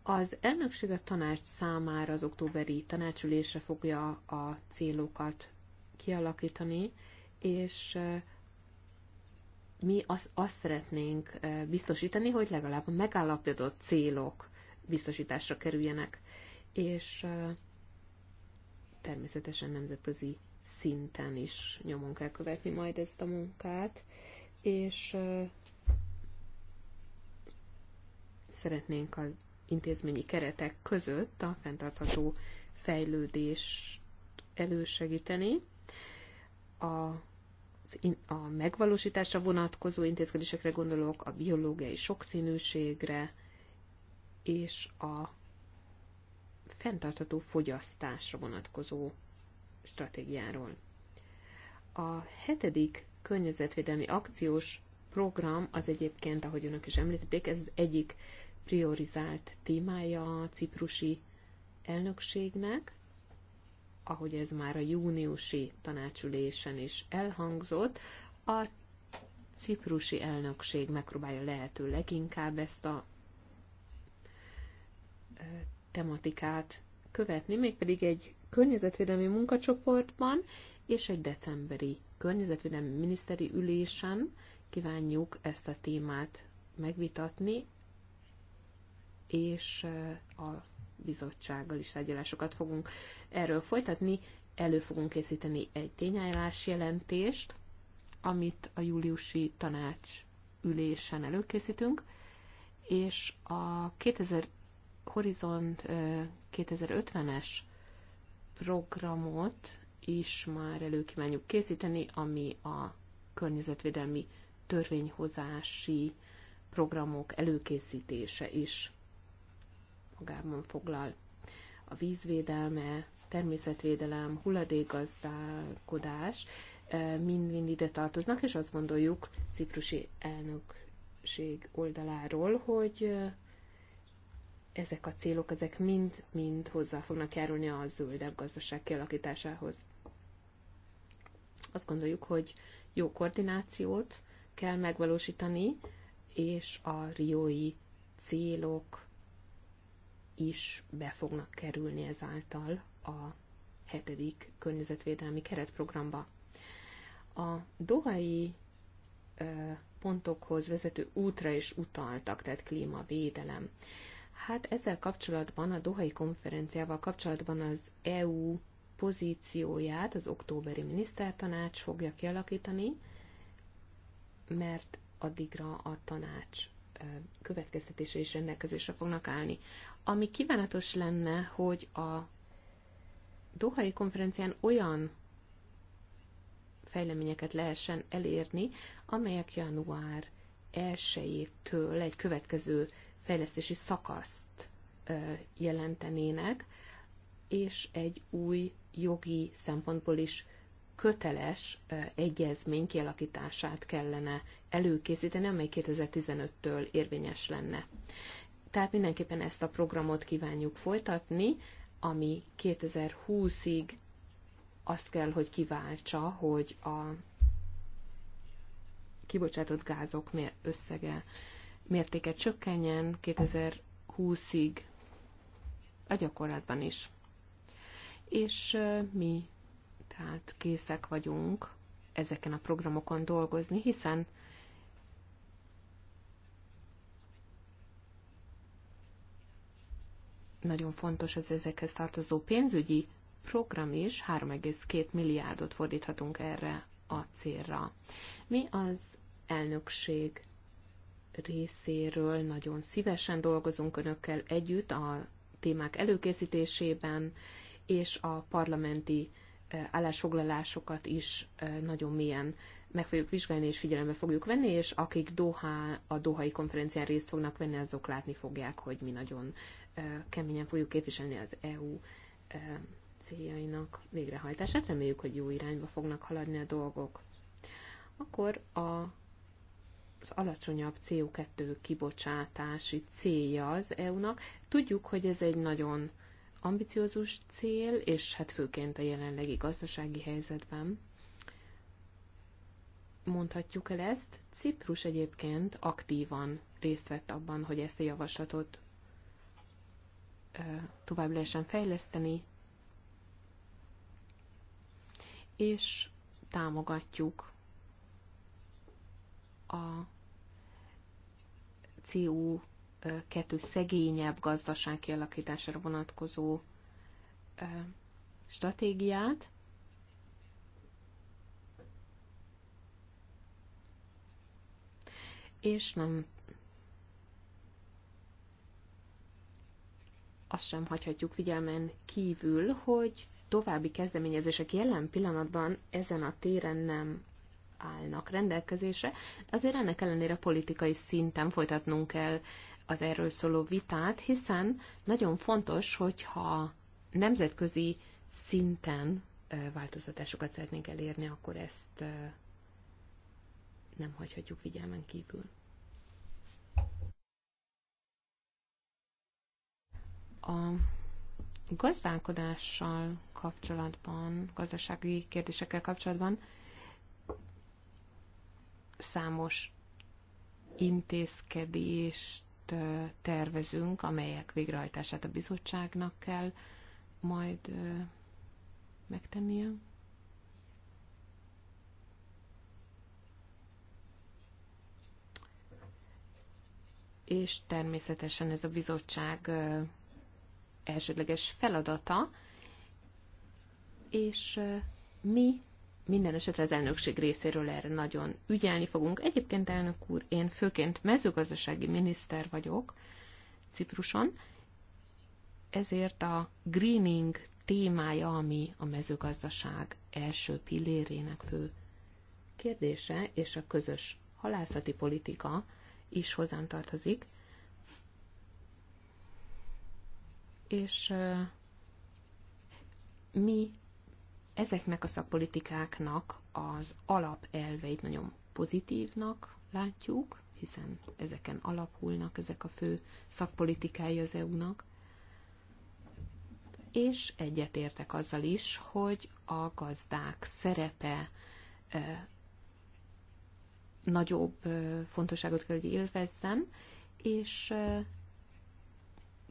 Az elnökség a tanács számára az októberi tanácsülésre fogja a célokat kialakítani, és mi azt, azt szeretnénk biztosítani, hogy legalább a megállapodott célok biztosításra kerüljenek, és természetesen nemzetközi szinten is nyomon kell követni majd ezt a munkát, és szeretnénk az intézményi keretek között a fenntartható fejlődést elősegíteni. A a megvalósításra vonatkozó intézkedésekre gondolok, a biológiai sokszínűségre és a fenntartható fogyasztásra vonatkozó stratégiáról. A hetedik környezetvédelmi akciós program az egyébként, ahogy önök is említették, ez az egyik priorizált témája a ciprusi elnökségnek, ahogy ez már a júniusi tanácsülésen is elhangzott, a ciprusi elnökség megpróbálja lehető leginkább ezt a tematikát követni, mégpedig egy környezetvédelmi munkacsoportban és egy decemberi környezetvédelmi miniszteri ülésen kívánjuk ezt a témát megvitatni, és eh, a bizottsággal is tárgyalásokat fogunk erről folytatni. Elő fogunk készíteni egy tényállás jelentést, amit a júliusi tanács ülésen előkészítünk, és a 2000 Horizont 2050-es eh, programot is már elő kívánjuk készíteni, ami a környezetvédelmi törvényhozási programok előkészítése is magában foglal. A vízvédelme, természetvédelem, hulladékgazdálkodás eh, mind-mind ide tartoznak, és azt gondoljuk ciprusi elnökség oldaláról, hogy eh, ezek a célok, ezek mind-mind hozzá fognak járulni a zöldebb gazdaság kialakításához. Azt gondoljuk, hogy jó koordinációt kell megvalósítani, és a riói célok is be fognak kerülni ezáltal a hetedik környezetvédelmi keretprogramba. A dohai pontokhoz vezető útra is utaltak, tehát klímavédelem. Hát ezzel kapcsolatban, a Dohai konferenciával kapcsolatban az EU pozícióját az októberi minisztertanács fogja kialakítani, mert addigra a tanács következtetése és rendelkezésre fognak állni. Ami kívánatos lenne, hogy a Dohai konferencián olyan fejleményeket lehessen elérni, amelyek január 1-től egy következő fejlesztési szakaszt jelentenének, és egy új jogi szempontból is köteles egyezmény kialakítását kellene előkészíteni, amely 2015-től érvényes lenne. Tehát mindenképpen ezt a programot kívánjuk folytatni, ami 2020-ig azt kell, hogy kiváltsa, hogy a kibocsátott gázok összege mértéke csökkenjen 2020-ig a gyakorlatban is. És mi tehát készek vagyunk ezeken a programokon dolgozni, hiszen nagyon fontos az ezekhez tartozó pénzügyi program is, 3,2 milliárdot fordíthatunk erre a célra. Mi az elnökség részéről nagyon szívesen dolgozunk Önökkel együtt a témák előkészítésében, és a parlamenti e, állásfoglalásokat is e, nagyon mélyen meg fogjuk vizsgálni és figyelembe fogjuk venni, és akik Doha, a Dohai konferencián részt fognak venni, azok látni fogják, hogy mi nagyon e, keményen fogjuk képviselni az EU céljainak végrehajtását. Reméljük, hogy jó irányba fognak haladni a dolgok. Akkor a az alacsonyabb CO2 kibocsátási célja az EU-nak. Tudjuk, hogy ez egy nagyon ambiciózus cél, és hát főként a jelenlegi gazdasági helyzetben mondhatjuk el ezt. Ciprus egyébként aktívan részt vett abban, hogy ezt a javaslatot tovább lehessen fejleszteni, és támogatjuk a CO2 szegényebb gazdaság kialakítására vonatkozó stratégiát. És nem azt sem hagyhatjuk figyelmen kívül, hogy további kezdeményezések jelen pillanatban ezen a téren nem állnak rendelkezésre. Azért ennek ellenére politikai szinten folytatnunk kell az erről szóló vitát, hiszen nagyon fontos, hogyha nemzetközi szinten változtatásokat szeretnénk elérni, akkor ezt nem hagyhatjuk figyelmen kívül. A gazdálkodással kapcsolatban, gazdasági kérdésekkel kapcsolatban számos intézkedést tervezünk, amelyek végrehajtását a bizottságnak kell majd megtennie. És természetesen ez a bizottság elsődleges feladata, és mi minden esetre az elnökség részéről erre nagyon ügyelni fogunk. Egyébként, elnök úr, én főként mezőgazdasági miniszter vagyok Cipruson, ezért a greening témája, ami a mezőgazdaság első pillérének fő kérdése, és a közös halászati politika is hozzám tartozik. És mi ezeknek a szakpolitikáknak az alapelveit nagyon pozitívnak látjuk, hiszen ezeken alapulnak ezek a fő szakpolitikái az EU-nak, és egyetértek azzal is, hogy a gazdák szerepe e, nagyobb e, fontosságot kell, hogy élvezzen, és e,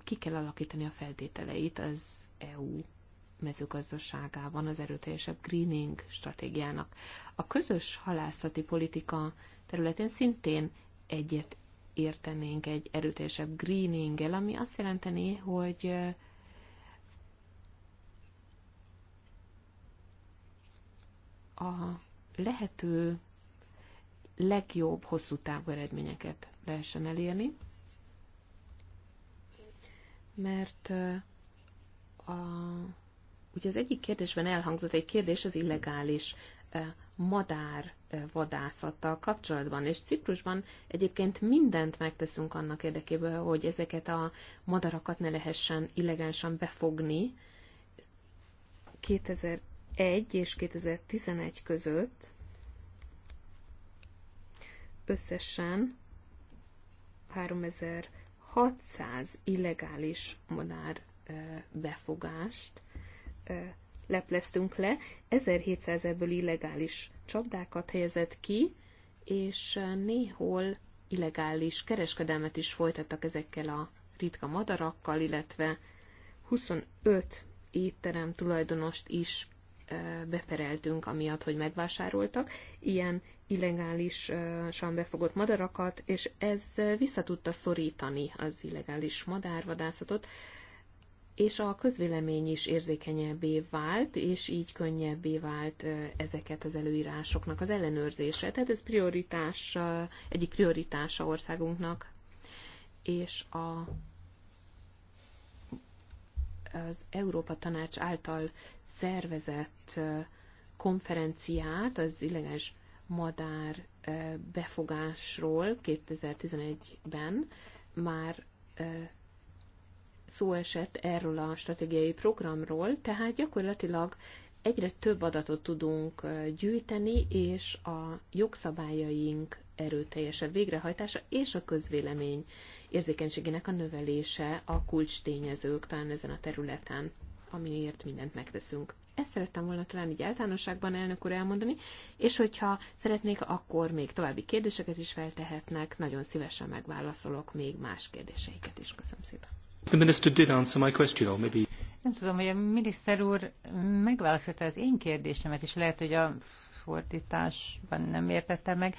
ki kell alakítani a feltételeit az EU mezőgazdaságában az erőteljesebb greening stratégiának. A közös halászati politika területén szintén egyet értenénk egy erőteljesebb greeninggel, ami azt jelenteni, hogy a lehető legjobb hosszú távú eredményeket lehessen elérni, mert a Ugye az egyik kérdésben elhangzott egy kérdés az illegális madár vadászattal kapcsolatban, és Ciprusban egyébként mindent megteszünk annak érdekében, hogy ezeket a madarakat ne lehessen illegálisan befogni. 2001 és 2011 között összesen 3600 illegális madár befogást lepleztünk le, 1700 ebből illegális csapdákat helyezett ki, és néhol illegális kereskedelmet is folytattak ezekkel a ritka madarakkal, illetve 25 étterem tulajdonost is bepereltünk, amiatt, hogy megvásároltak ilyen illegálisan befogott madarakat, és ez visszatudta szorítani az illegális madárvadászatot és a közvélemény is érzékenyebbé vált, és így könnyebbé vált ezeket az előírásoknak az ellenőrzése. Tehát ez prioritás, egyik prioritása országunknak, és a az Európa Tanács által szervezett konferenciát az illegális madár befogásról 2011-ben már szó esett erről a stratégiai programról, tehát gyakorlatilag egyre több adatot tudunk gyűjteni, és a jogszabályaink erőteljesebb végrehajtása és a közvélemény érzékenységének a növelése a kulcs tényezők talán ezen a területen, amiért mindent megteszünk. Ezt szerettem volna talán így általánosságban elnök úr elmondani, és hogyha szeretnék, akkor még további kérdéseket is feltehetnek, nagyon szívesen megválaszolok még más kérdéseiket is. Köszönöm szépen did answer my question, or maybe... Nem tudom, hogy a miniszter úr megválaszolta az én kérdésemet, és lehet, hogy a fordításban nem értettem meg.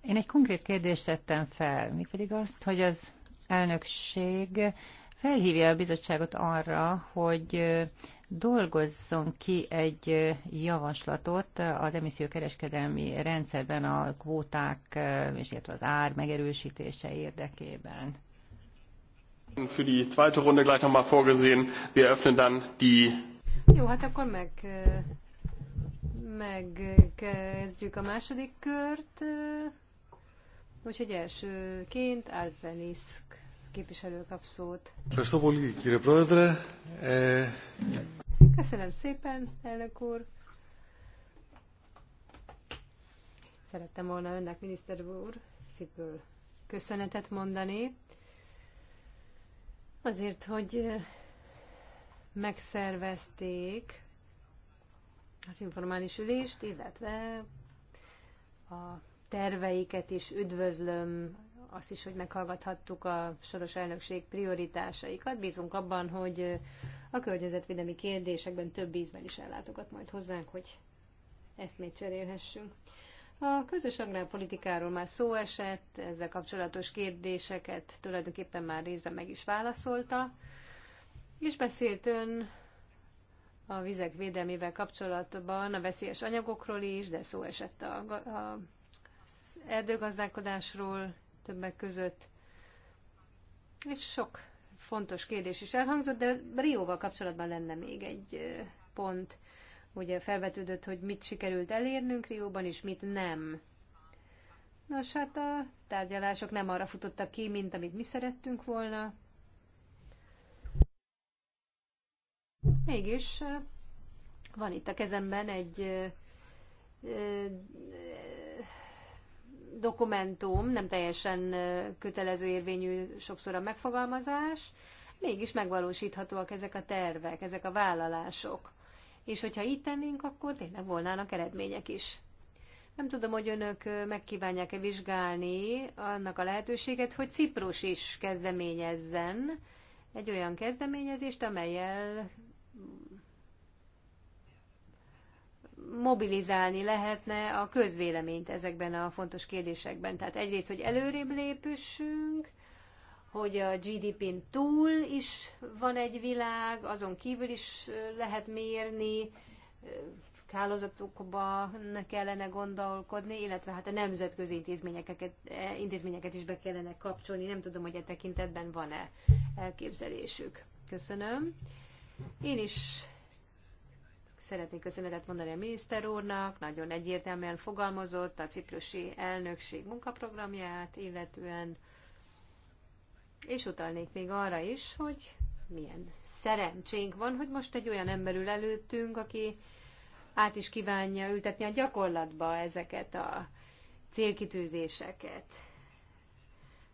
Én egy konkrét kérdést tettem fel, mi pedig azt, hogy az elnökség felhívja a bizottságot arra, hogy dolgozzon ki egy javaslatot az emissziókereskedelmi rendszerben a kvóták, és illetve az ár megerősítése érdekében. Für die zweite Runde gleich nochmal vorgesehen. Wir eröffnen dann die... Jó, hát akkor meg, megkezdjük a második kört. Úgyhogy elsőként Arzenisk képviselő kap szót. Köszönöm szépen, elnök úr. Szerettem volna önnek, miniszter úr, szívből köszönetet mondani Azért, hogy megszervezték az informális ülést, illetve a terveiket is üdvözlöm, azt is, hogy meghallgathattuk a soros elnökség prioritásaikat. Bízunk abban, hogy a környezetvédelmi kérdésekben több ízben is ellátogat majd hozzánk, hogy eszmét cserélhessünk. A közös agrárpolitikáról már szó esett, ezzel kapcsolatos kérdéseket tulajdonképpen már részben meg is válaszolta, és beszélt ön a vizek védelmével kapcsolatban a veszélyes anyagokról is, de szó esett a, a, erdőgazdálkodásról többek között, és sok fontos kérdés is elhangzott, de Rióval kapcsolatban lenne még egy pont. Ugye felvetődött, hogy mit sikerült elérnünk Rióban, és mit nem. Nos, hát a tárgyalások nem arra futottak ki, mint amit mi szerettünk volna. Mégis van itt a kezemben egy dokumentum, nem teljesen kötelező érvényű sokszor a megfogalmazás, mégis megvalósíthatóak ezek a tervek, ezek a vállalások és hogyha így tennénk, akkor tényleg volnának eredmények is. Nem tudom, hogy önök megkívánják-e vizsgálni annak a lehetőséget, hogy Ciprus is kezdeményezzen egy olyan kezdeményezést, amelyel mobilizálni lehetne a közvéleményt ezekben a fontos kérdésekben. Tehát egyrészt, hogy előrébb lépüssünk, hogy a GDP-n túl is van egy világ, azon kívül is lehet mérni, kálozatokban kellene gondolkodni, illetve hát a nemzetközi intézményeket, e, intézményeket is be kellene kapcsolni. Nem tudom, hogy e tekintetben van-e elképzelésük. Köszönöm. Én is szeretnék köszönetet mondani a miniszter úrnak, nagyon egyértelműen fogalmazott a ciprusi elnökség munkaprogramját, illetően és utalnék még arra is, hogy milyen szerencsénk van, hogy most egy olyan ember ül előttünk, aki át is kívánja ültetni a gyakorlatba ezeket a célkitűzéseket.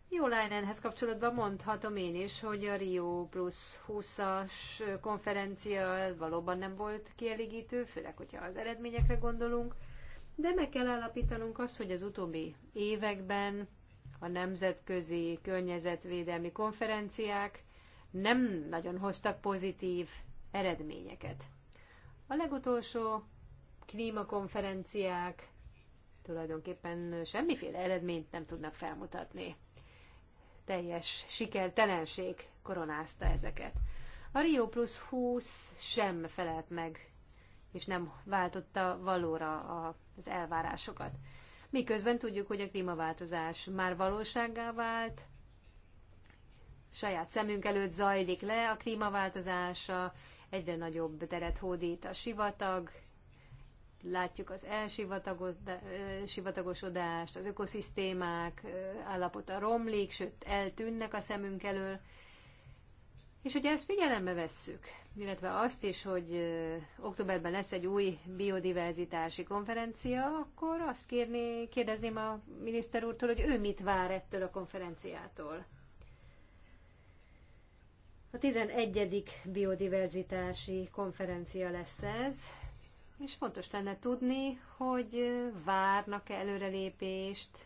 Jó Lájnenhez kapcsolatban mondhatom én is, hogy a Rio plusz 20-as konferencia valóban nem volt kielégítő, főleg, hogyha az eredményekre gondolunk, de meg kell állapítanunk azt, hogy az utóbbi években a nemzetközi környezetvédelmi konferenciák nem nagyon hoztak pozitív eredményeket. A legutolsó klímakonferenciák tulajdonképpen semmiféle eredményt nem tudnak felmutatni. Teljes sikertelenség koronázta ezeket. A Rio Plus 20 sem felelt meg, és nem váltotta valóra az elvárásokat. Miközben tudjuk, hogy a klímaváltozás már valósággá vált, saját szemünk előtt zajlik le a klímaváltozása, egyre nagyobb teret hódít a sivatag, látjuk az elsivatagosodást, az ökoszisztémák állapota romlik, sőt eltűnnek a szemünk elől, és hogyha ezt figyelembe vesszük, illetve azt is, hogy októberben lesz egy új biodiverzitási konferencia, akkor azt kérni, kérdezném a miniszter úrtól, hogy ő mit vár ettől a konferenciától. A 11. biodiverzitási konferencia lesz ez, és fontos lenne tudni, hogy várnak-e előrelépést,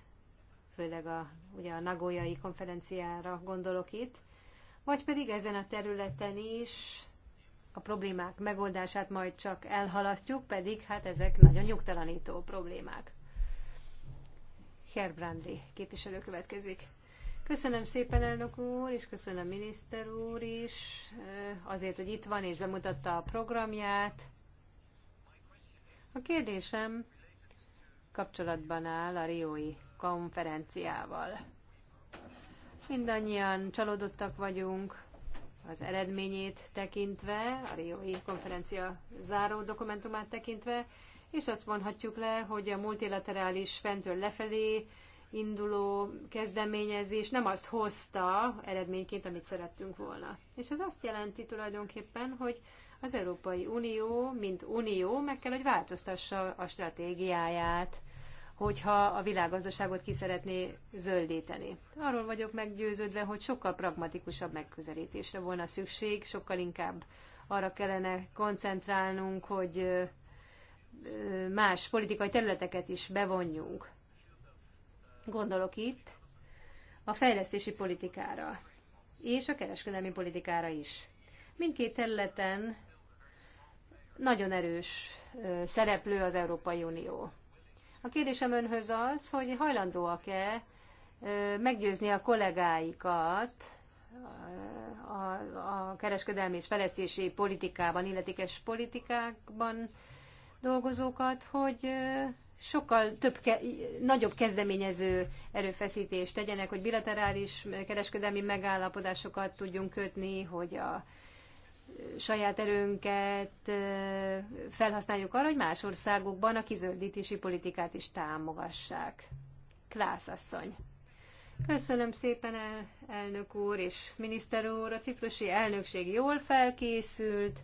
főleg a, ugye a Nagoyai konferenciára gondolok itt, vagy pedig ezen a területen is a problémák megoldását majd csak elhalasztjuk, pedig hát ezek nagyon nyugtalanító problémák. Herbrandi képviselő következik. Köszönöm szépen, elnök úr, és köszönöm miniszter úr is azért, hogy itt van és bemutatta a programját. A kérdésem kapcsolatban áll a Riói konferenciával. Mindannyian csalódottak vagyunk az eredményét tekintve, a Riói konferencia záró dokumentumát tekintve, és azt vonhatjuk le, hogy a multilaterális fentől lefelé induló kezdeményezés nem azt hozta eredményként, amit szerettünk volna. És ez azt jelenti tulajdonképpen, hogy az Európai Unió, mint unió, meg kell, hogy változtassa a stratégiáját hogyha a világgazdaságot ki szeretné zöldíteni. Arról vagyok meggyőződve, hogy sokkal pragmatikusabb megközelítésre volna szükség, sokkal inkább arra kellene koncentrálnunk, hogy más politikai területeket is bevonjunk. Gondolok itt a fejlesztési politikára és a kereskedelmi politikára is. Mindkét területen nagyon erős szereplő az Európai Unió. A kérdésem önhöz az, hogy hajlandóak-e meggyőzni a kollégáikat a, a kereskedelmi és fejlesztési politikában, illetékes politikákban dolgozókat, hogy sokkal több, ke, nagyobb kezdeményező erőfeszítést tegyenek, hogy bilaterális kereskedelmi megállapodásokat tudjunk kötni, hogy a saját erőnket felhasználjuk arra, hogy más országokban a kizöldítési politikát is támogassák. Klász asszony. Köszönöm szépen, el, elnök úr és miniszter úr. A ciprusi elnökség jól felkészült,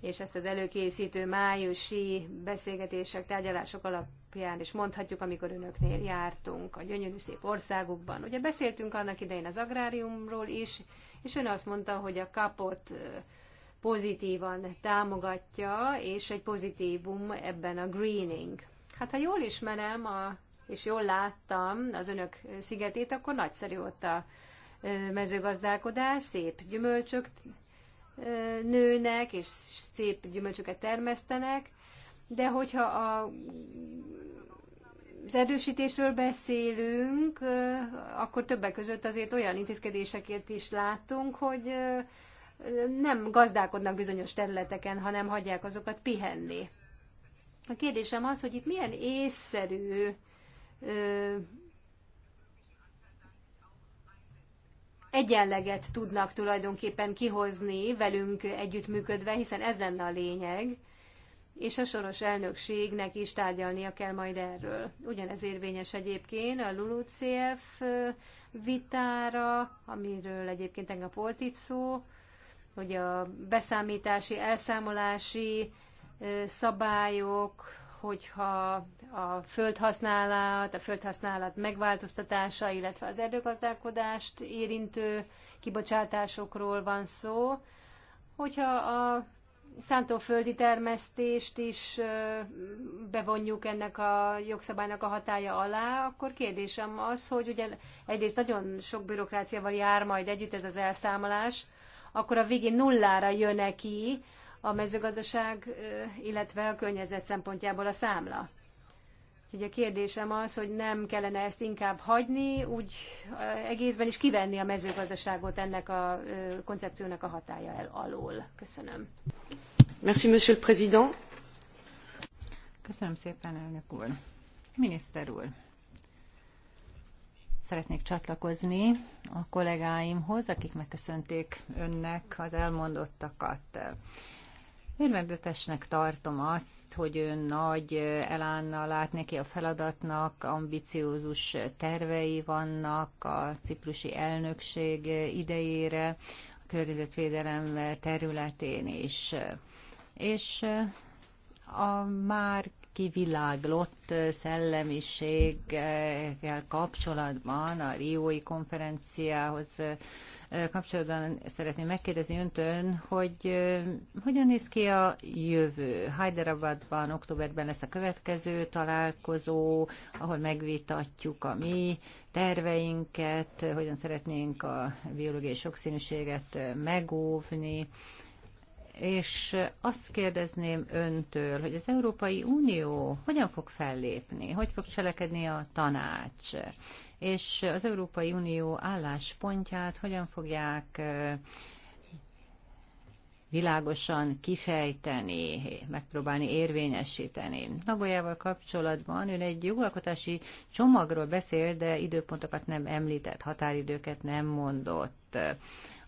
és ezt az előkészítő májusi beszélgetések, tárgyalások alap alapján, és mondhatjuk, amikor önöknél jártunk a gyönyörű szép országukban. Ugye beszéltünk annak idején az agráriumról is, és ön azt mondta, hogy a kapot pozitívan támogatja, és egy pozitívum ebben a greening. Hát ha jól ismerem, a, és jól láttam az önök szigetét, akkor nagyszerű ott a mezőgazdálkodás, szép gyümölcsök nőnek, és szép gyümölcsöket termesztenek, de hogyha a, az erősítésről beszélünk, akkor többek között azért olyan intézkedéseket is látunk, hogy nem gazdálkodnak bizonyos területeken, hanem hagyják azokat pihenni. A kérdésem az, hogy itt milyen észszerű ö, egyenleget tudnak tulajdonképpen kihozni velünk együttműködve, hiszen ez lenne a lényeg, és a soros elnökségnek is tárgyalnia kell majd erről. Ugyanez érvényes egyébként a LULUCF vitára, amiről egyébként tegnap volt itt szó, hogy a beszámítási, elszámolási szabályok, hogyha a földhasználat, a földhasználat megváltoztatása, illetve az erdőgazdálkodást érintő kibocsátásokról van szó, hogyha a szántóföldi termesztést is bevonjuk ennek a jogszabálynak a hatája alá, akkor kérdésem az, hogy ugye egyrészt nagyon sok bürokráciával jár majd együtt ez az elszámolás, akkor a végén nullára jön ki a mezőgazdaság, illetve a környezet szempontjából a számla. Úgyhogy a kérdésem az, hogy nem kellene ezt inkább hagyni, úgy egészben is kivenni a mezőgazdaságot ennek a koncepciónak a hatája el alól. Köszönöm. Merci, monsieur le président. Köszönöm szépen, elnök úr. Miniszter úr, szeretnék csatlakozni a kollégáimhoz, akik megköszönték önnek az elmondottakat. Örvendetesnek tartom azt, hogy ön nagy elánnal lát neki a feladatnak, ambiciózus tervei vannak a ciprusi elnökség idejére, a környezetvédelem területén is. És a már kiviláglott szellemiséggel kapcsolatban a Riói konferenciához kapcsolatban szeretném megkérdezni öntön, hogy hogyan néz ki a jövő? Hyderabadban, októberben lesz a következő találkozó, ahol megvitatjuk a mi terveinket, hogyan szeretnénk a biológiai sokszínűséget megóvni, és azt kérdezném öntől, hogy az Európai Unió hogyan fog fellépni, hogy fog cselekedni a tanács, és az Európai Unió álláspontját hogyan fogják világosan kifejteni, megpróbálni érvényesíteni. Nagoyával kapcsolatban ön egy jogalkotási csomagról beszél, de időpontokat nem említett, határidőket nem mondott.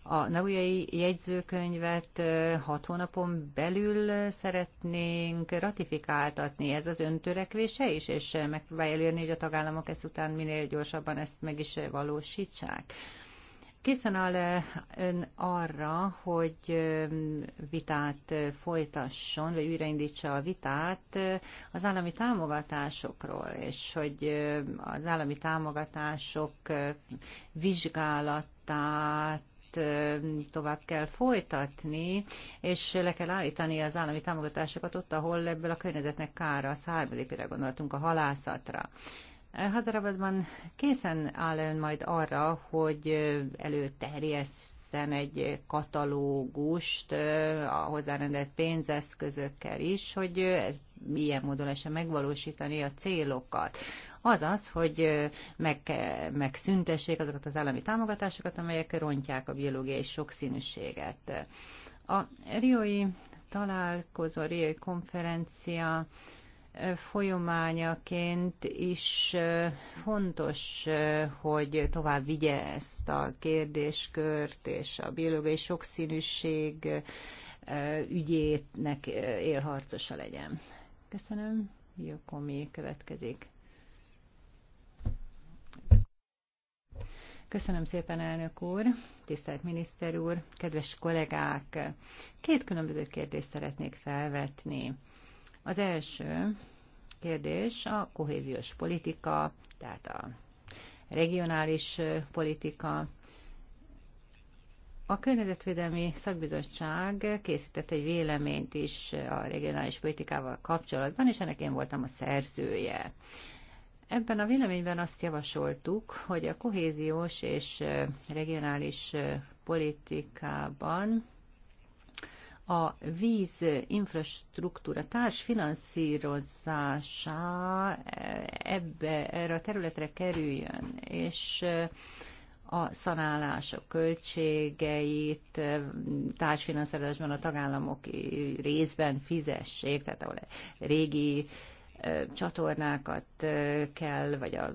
A nagujai jegyzőkönyvet hat hónapon belül szeretnénk ratifikáltatni. Ez az öntörekvése is, és megpróbálja elérni, hogy a tagállamok után minél gyorsabban ezt meg is valósítsák. Készen áll ön arra, hogy vitát folytasson, vagy újraindítsa a vitát az állami támogatásokról, és hogy az állami támogatások vizsgálatát tovább kell folytatni, és le kell állítani az állami támogatásokat ott, ahol ebből a környezetnek kára, a szármadépére gondoltunk, a halászatra. E, Hazarabadban készen áll ön majd arra, hogy előterjeszt egy katalógust a hozzárendelt pénzeszközökkel is, hogy ez milyen módon lesen megvalósítani a célokat az az, hogy meg, megszüntessék azokat az állami támogatásokat, amelyek rontják a biológiai sokszínűséget. A riói találkozó, riói konferencia folyományaként is fontos, hogy tovább vigye ezt a kérdéskört, és a biológiai sokszínűség ügyének élharcosa legyen. Köszönöm. Jokomi következik. Köszönöm szépen, elnök úr, tisztelt miniszter úr, kedves kollégák! Két különböző kérdést szeretnék felvetni. Az első kérdés a kohéziós politika, tehát a regionális politika. A Környezetvédelmi Szakbizottság készített egy véleményt is a regionális politikával kapcsolatban, és ennek én voltam a szerzője. Ebben a véleményben azt javasoltuk, hogy a kohéziós és regionális politikában a víz infrastruktúra társfinanszírozása ebbe, erre a területre kerüljön, és a szanálás, a költségeit társfinanszírozásban a tagállamok részben fizessék, tehát ahol régi csatornákat kell, vagy a,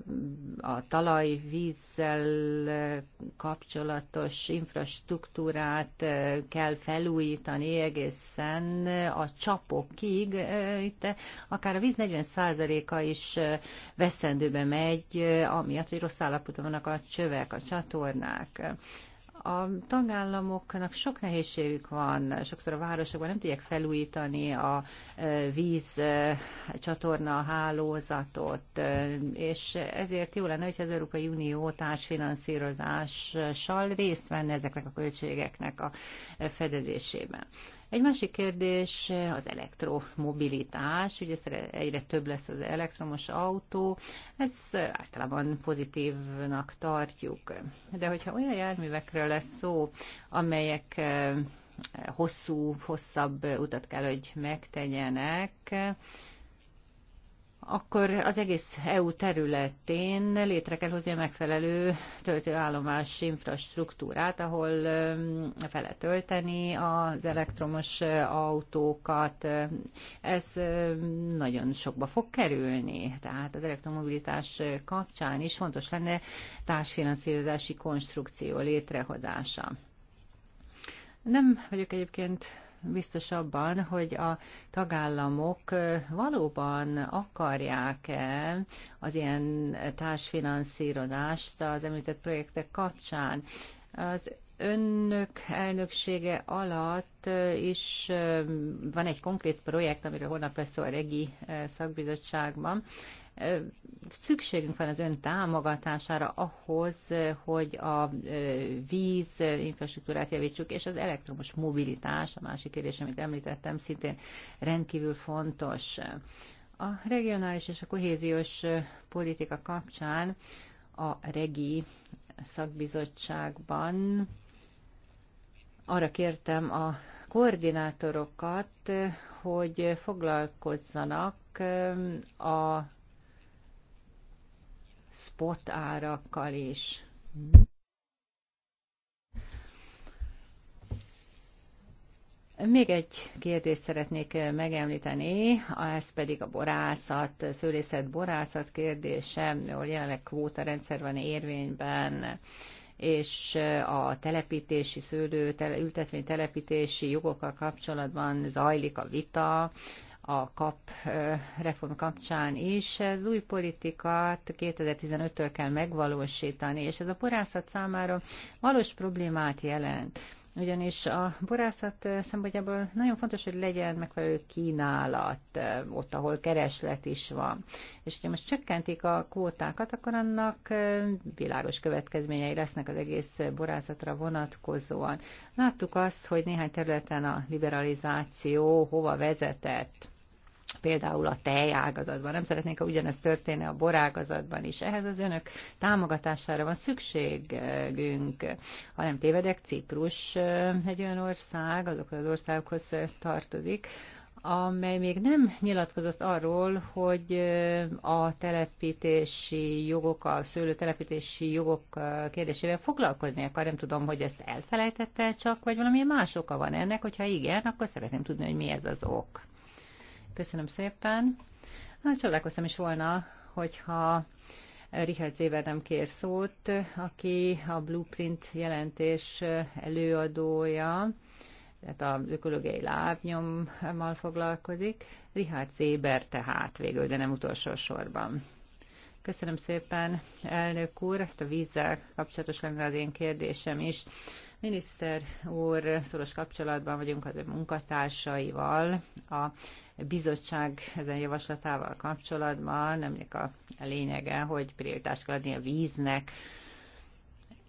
a talajvízzel kapcsolatos infrastruktúrát kell felújítani egészen a csapokig. Itt akár a víz 40%-a is veszendőbe megy, amiatt, hogy rossz állapotban vannak a csövek, a csatornák. A tagállamoknak sok nehézségük van, sokszor a városokban nem tudják felújítani a e, víz e, csatorna hálózatot, e, és ezért jó lenne, hogy az Európai Unió társfinanszírozással részt venne ezeknek a költségeknek a fedezésében. Egy másik kérdés az elektromobilitás. Ugye egyre több lesz az elektromos autó. Ez általában pozitívnak tartjuk. De hogyha olyan járművekről lesz szó, amelyek eh, hosszú, hosszabb utat kell, hogy megtegyenek, akkor az egész EU területén létre kell hozni a megfelelő töltőállomás infrastruktúrát, ahol fele tölteni az elektromos autókat. Ez nagyon sokba fog kerülni, tehát az elektromobilitás kapcsán is fontos lenne társfinanszírozási konstrukció létrehozása. Nem vagyok egyébként biztos abban, hogy a tagállamok valóban akarják-e az ilyen társfinanszírozást az említett projektek kapcsán. Az önök elnöksége alatt is van egy konkrét projekt, amiről holnap lesz szó a Regi szakbizottságban, Szükségünk van az ön támogatására ahhoz, hogy a víz infrastruktúrát javítsuk, és az elektromos mobilitás, a másik kérdés, amit említettem, szintén rendkívül fontos. A regionális és a kohéziós politika kapcsán a regi szakbizottságban arra kértem a koordinátorokat, hogy foglalkozzanak a spot árakkal is. Még egy kérdést szeretnék megemlíteni, ez pedig a borászat, szőlészet borászat kérdése, ahol jelenleg kvóta rendszer van érvényben, és a telepítési szőlő, ültetvény telepítési jogokkal kapcsolatban zajlik a vita a kap reform kapcsán is. Az új politikát 2015-től kell megvalósítani, és ez a porászat számára valós problémát jelent ugyanis a borászat szempontjából nagyon fontos, hogy legyen megfelelő kínálat ott, ahol kereslet is van. És hogyha most csökkentik a kvótákat, akkor annak világos következményei lesznek az egész borászatra vonatkozóan. Láttuk azt, hogy néhány területen a liberalizáció hova vezetett például a tejágazatban. Nem szeretnénk, ha ugyanezt történne a borágazatban is. Ehhez az önök támogatására van szükségünk. Ha nem tévedek, Ciprus egy olyan ország, azokhoz az országokhoz tartozik, amely még nem nyilatkozott arról, hogy a telepítési jogok, a szőlő telepítési jogok kérdésével foglalkozni akar. Nem tudom, hogy ezt elfelejtette csak, vagy valami más oka van ennek, hogyha igen, akkor szeretném tudni, hogy mi ez az ok. Köszönöm szépen. Hát, csodálkoztam is volna, hogyha Richard Zéber nem kér szót, aki a Blueprint jelentés előadója, tehát a ökológiai lábnyommal foglalkozik. Richard Zéber tehát végül, de nem utolsó sorban. Köszönöm szépen, elnök úr, ezt hát a vízzel kapcsolatos lenne az én kérdésem is. Miniszter úr, szoros kapcsolatban vagyunk az ő munkatársaival, a bizottság ezen javaslatával kapcsolatban, aminek a lényege, hogy prioritást kell adni a víznek,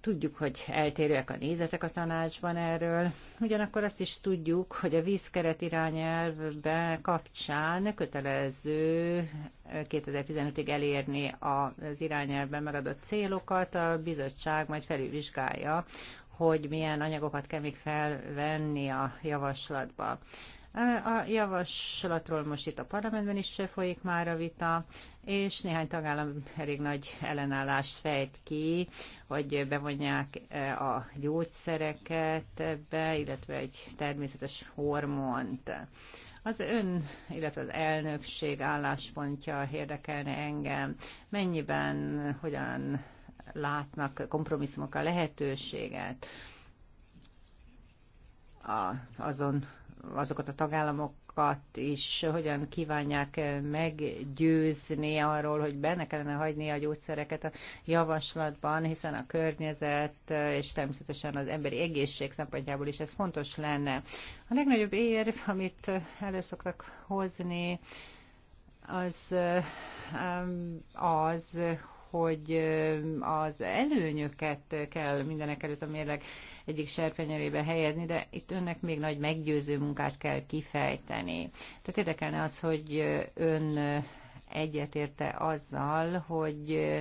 Tudjuk, hogy eltérőek a nézetek a tanácsban erről, ugyanakkor azt is tudjuk, hogy a vízkeret irányelvbe kapcsán kötelező 2015-ig elérni az irányelvben megadott célokat, a bizottság majd felülvizsgálja hogy milyen anyagokat kell még felvenni a javaslatba. A javaslatról most itt a parlamentben is folyik már a vita, és néhány tagállam elég nagy ellenállást fejt ki, hogy bevonják -e a gyógyszereket ebbe, illetve egy természetes hormont. Az ön, illetve az elnökség álláspontja érdekelne engem. Mennyiben, hogyan látnak kompromisszumokra lehetőséget. A, azon, azokat a tagállamokat is hogyan kívánják meggyőzni arról, hogy benne kellene hagyni a gyógyszereket a javaslatban, hiszen a környezet és természetesen az emberi egészség szempontjából is ez fontos lenne. A legnagyobb érv, amit elő szoktak hozni, az, um, az, hogy az előnyöket kell mindenek előtt a mérleg egyik serpenyőrébe helyezni, de itt önnek még nagy meggyőző munkát kell kifejteni. Tehát érdekelne az, hogy ön egyetérte azzal, hogy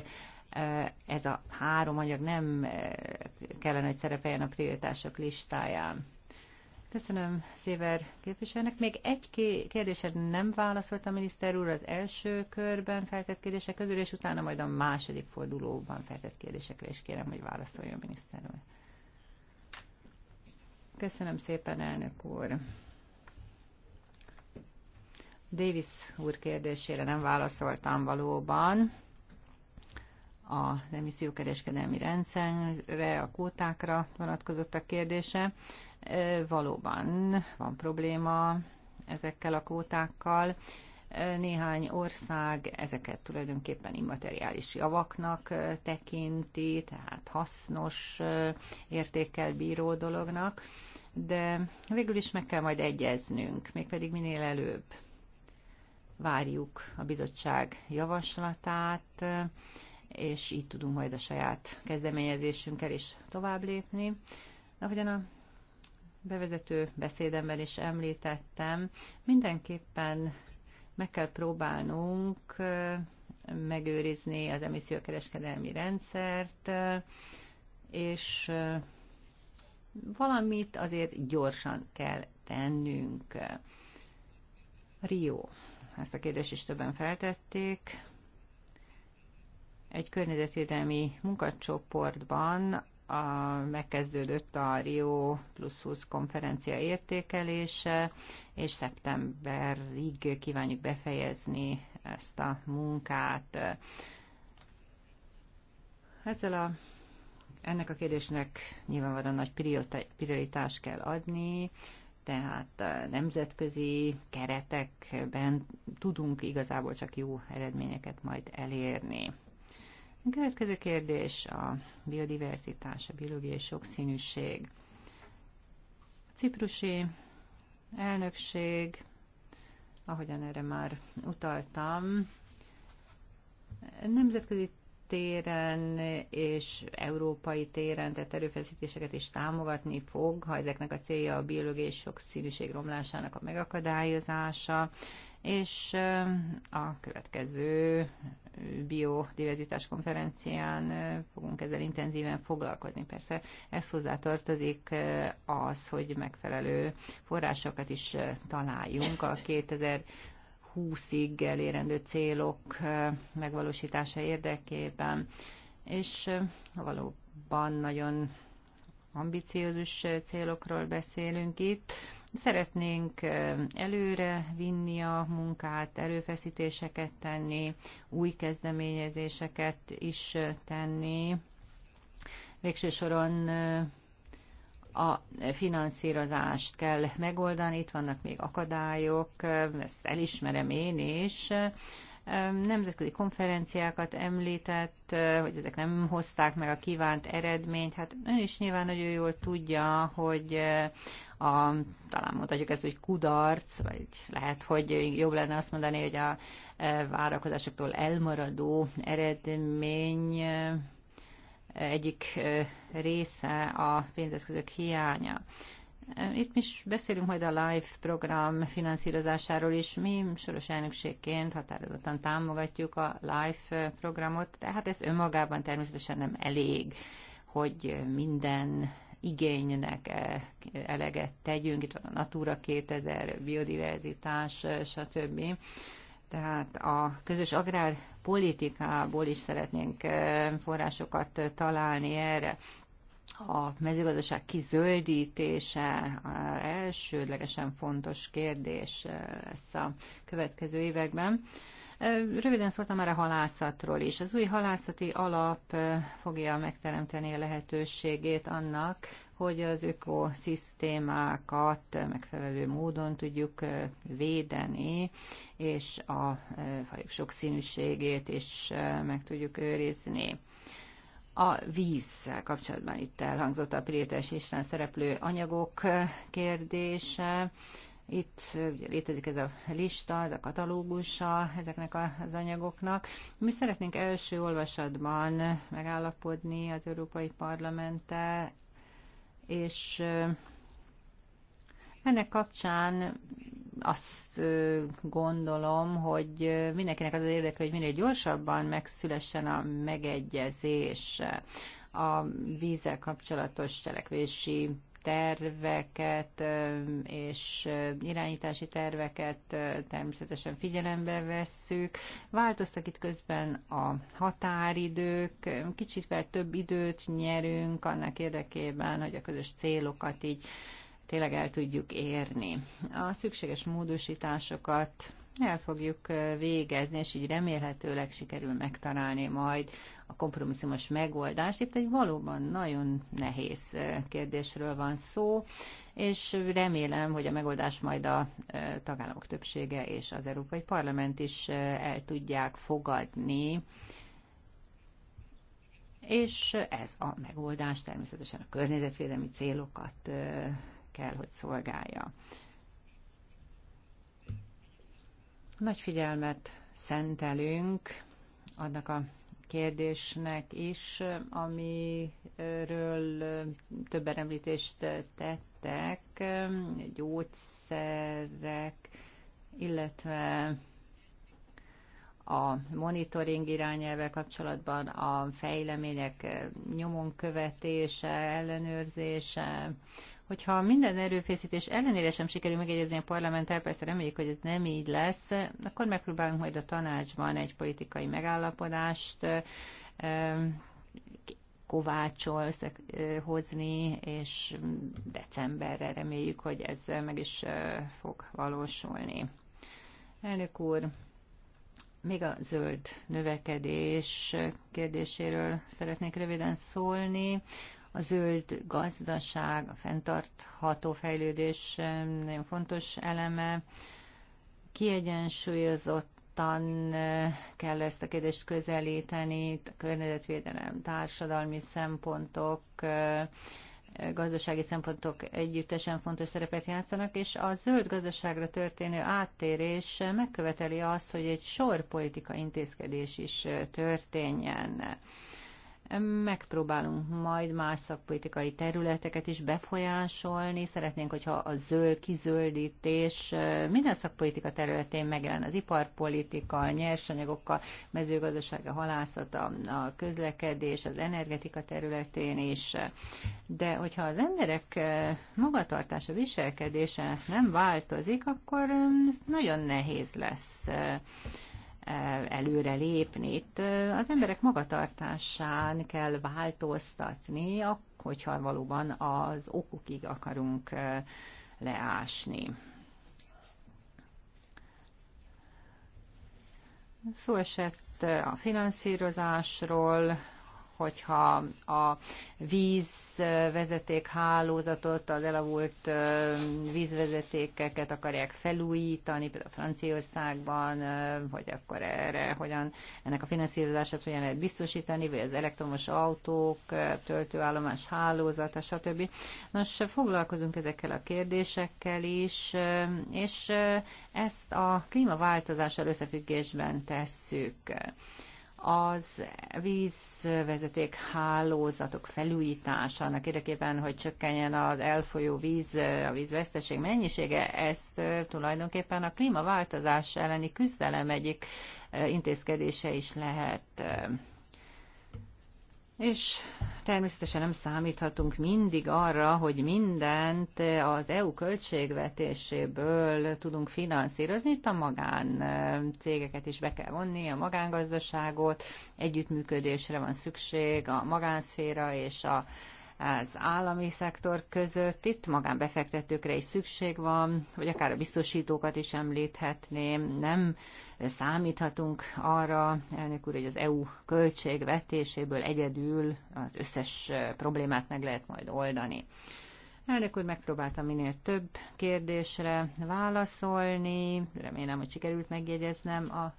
ez a három anyag nem kellene, hogy szerepeljen a prioritások listáján. Köszönöm Széver képviselőnek. Még egy kérdésed nem válaszolt a miniszter úr az első körben feltett kérdések közül, és utána majd a második fordulóban feltett kérdésekre is kérem, hogy válaszoljon miniszter úr. Köszönöm szépen, elnök úr. Davis úr kérdésére nem válaszoltam valóban az emissziókereskedelmi rendszerre, a kótákra vonatkozott a kérdése valóban van probléma ezekkel a kvótákkal. Néhány ország ezeket tulajdonképpen immateriális javaknak tekinti, tehát hasznos értékkel bíró dolognak, de végül is meg kell majd egyeznünk, mégpedig minél előbb várjuk a bizottság javaslatát, és így tudunk majd a saját kezdeményezésünkkel is tovább lépni. Ahogyan a bevezető beszédemben is említettem, mindenképpen meg kell próbálnunk megőrizni az emissziókereskedelmi rendszert, és valamit azért gyorsan kell tennünk. Rio. Ezt a kérdést is többen feltették. Egy környezetvédelmi munkacsoportban a, megkezdődött a Rio plusz 20 konferencia értékelése, és szeptemberig kívánjuk befejezni ezt a munkát. Ezzel a, ennek a kérdésnek nyilvánvalóan nagy prioritást kell adni, tehát eh, nemzetközi keretekben tudunk igazából csak jó eredményeket majd elérni. A következő kérdés a biodiverzitás, a biológiai sokszínűség. A ciprusi elnökség, ahogyan erre már utaltam, nemzetközi téren és európai téren tett erőfeszítéseket is támogatni fog, ha ezeknek a célja a biológiai sokszínűség romlásának a megakadályozása, és a következő biodiverzitás konferencián fogunk ezzel intenzíven foglalkozni. Persze ez hozzátartozik az, hogy megfelelő forrásokat is találjunk a 2000 20-ig elérendő célok megvalósítása érdekében, és valóban nagyon ambiciózus célokról beszélünk itt, Szeretnénk előre vinni a munkát, erőfeszítéseket tenni, új kezdeményezéseket is tenni. Végső soron a finanszírozást kell megoldani, itt vannak még akadályok, ezt elismerem én is, Nemzetközi konferenciákat említett, hogy ezek nem hozták meg a kívánt eredményt. Hát ön is nyilván nagyon jól tudja, hogy a, talán mondhatjuk ezt, hogy kudarc, vagy lehet, hogy jobb lenne azt mondani, hogy a várakozásoktól elmaradó eredmény egyik része a pénzeszközök hiánya. Itt is beszélünk majd a LIFE program finanszírozásáról is. Mi soros elnökségként határozottan támogatjuk a LIFE programot, tehát ez önmagában természetesen nem elég, hogy minden igénynek e, eleget tegyünk. Itt van a Natura 2000, biodiverzitás, stb. Tehát a közös agrárpolitikából is szeretnénk e, forrásokat találni erre a mezőgazdaság kizöldítése elsődlegesen fontos kérdés lesz a következő években. E, röviden szóltam már a halászatról is. Az új halászati alap e, fogja megteremteni a lehetőségét annak, hogy az ökoszisztémákat megfelelő módon tudjuk e, védeni, és a fajok sokszínűségét is meg tudjuk őrizni. A víz kapcsolatban itt elhangzott a Prietes István szereplő anyagok kérdése. Itt ugye létezik ez a lista, ez a katalógusa ezeknek az anyagoknak. Mi szeretnénk első olvasatban megállapodni az Európai Parlamenttel, és ennek kapcsán azt gondolom, hogy mindenkinek az az érdeke, hogy minél gyorsabban megszülessen a megegyezés a vízzel kapcsolatos cselekvési terveket és irányítási terveket természetesen figyelembe vesszük. Változtak itt közben a határidők, kicsit több időt nyerünk annak érdekében, hogy a közös célokat így tényleg el tudjuk érni. A szükséges módosításokat el fogjuk végezni, és így remélhetőleg sikerül megtalálni majd a kompromisszumos megoldást. Itt egy valóban nagyon nehéz kérdésről van szó, és remélem, hogy a megoldás majd a tagállamok többsége és az Európai Parlament is el tudják fogadni. És ez a megoldás természetesen a környezetvédelmi célokat kell, hogy szolgálja. Nagy figyelmet szentelünk annak a kérdésnek is, amiről többen említést tettek, gyógyszerek, illetve a monitoring irányelve kapcsolatban a fejlemények nyomon követése, ellenőrzése, hogyha minden erőfészítés ellenére sem sikerül megegyezni a parlamenttel, persze reméljük, hogy ez nem így lesz, akkor megpróbálunk majd a tanácsban egy politikai megállapodást kovácsol hozni, és decemberre reméljük, hogy ez meg is fog valósulni. Elnök úr, még a zöld növekedés kérdéséről szeretnék röviden szólni. A zöld gazdaság, a fenntartható fejlődés nagyon fontos eleme. Kiegyensúlyozottan kell ezt a kérdést közelíteni, a környezetvédelem, társadalmi szempontok, gazdasági szempontok együttesen fontos szerepet játszanak, és a zöld gazdaságra történő áttérés megköveteli azt, hogy egy sor politika intézkedés is történjen. Megpróbálunk majd más szakpolitikai területeket is befolyásolni. Szeretnénk, hogyha a zöld kizöldítés minden szakpolitika területén megjelen az iparpolitika, a nyersanyagokkal, mezőgazdaság, a halászat, a, a közlekedés, az energetika területén is. De hogyha az emberek magatartása, viselkedése nem változik, akkor nagyon nehéz lesz előre lépni. Itt az emberek magatartásán kell változtatni, hogyha valóban az okukig akarunk leásni. Szó esett a finanszírozásról, hogyha a vízvezeték hálózatot, az elavult vízvezetékeket akarják felújítani, például Franciaországban, hogy akkor erre hogyan, ennek a finanszírozását hogyan lehet biztosítani, vagy az elektromos autók, töltőállomás hálózata, stb. Nos, foglalkozunk ezekkel a kérdésekkel is, és ezt a klímaváltozással összefüggésben tesszük az vízvezeték hálózatok felújítása annak érdekében, hogy csökkenjen az elfolyó víz, a vízveszteség mennyisége, ezt tulajdonképpen a klímaváltozás elleni küzdelem egyik intézkedése is lehet. És természetesen nem számíthatunk mindig arra, hogy mindent az EU költségvetéséből tudunk finanszírozni. Itt a magán cégeket is be kell vonni, a magángazdaságot, együttműködésre van szükség, a magánszféra és a az állami szektor között. Itt magánbefektetőkre is szükség van, vagy akár a biztosítókat is említhetném. Nem számíthatunk arra, elnök úr, hogy az EU költségvetéséből egyedül az összes problémát meg lehet majd oldani. Elnök úr, megpróbáltam minél több kérdésre válaszolni, remélem, hogy sikerült megjegyeznem a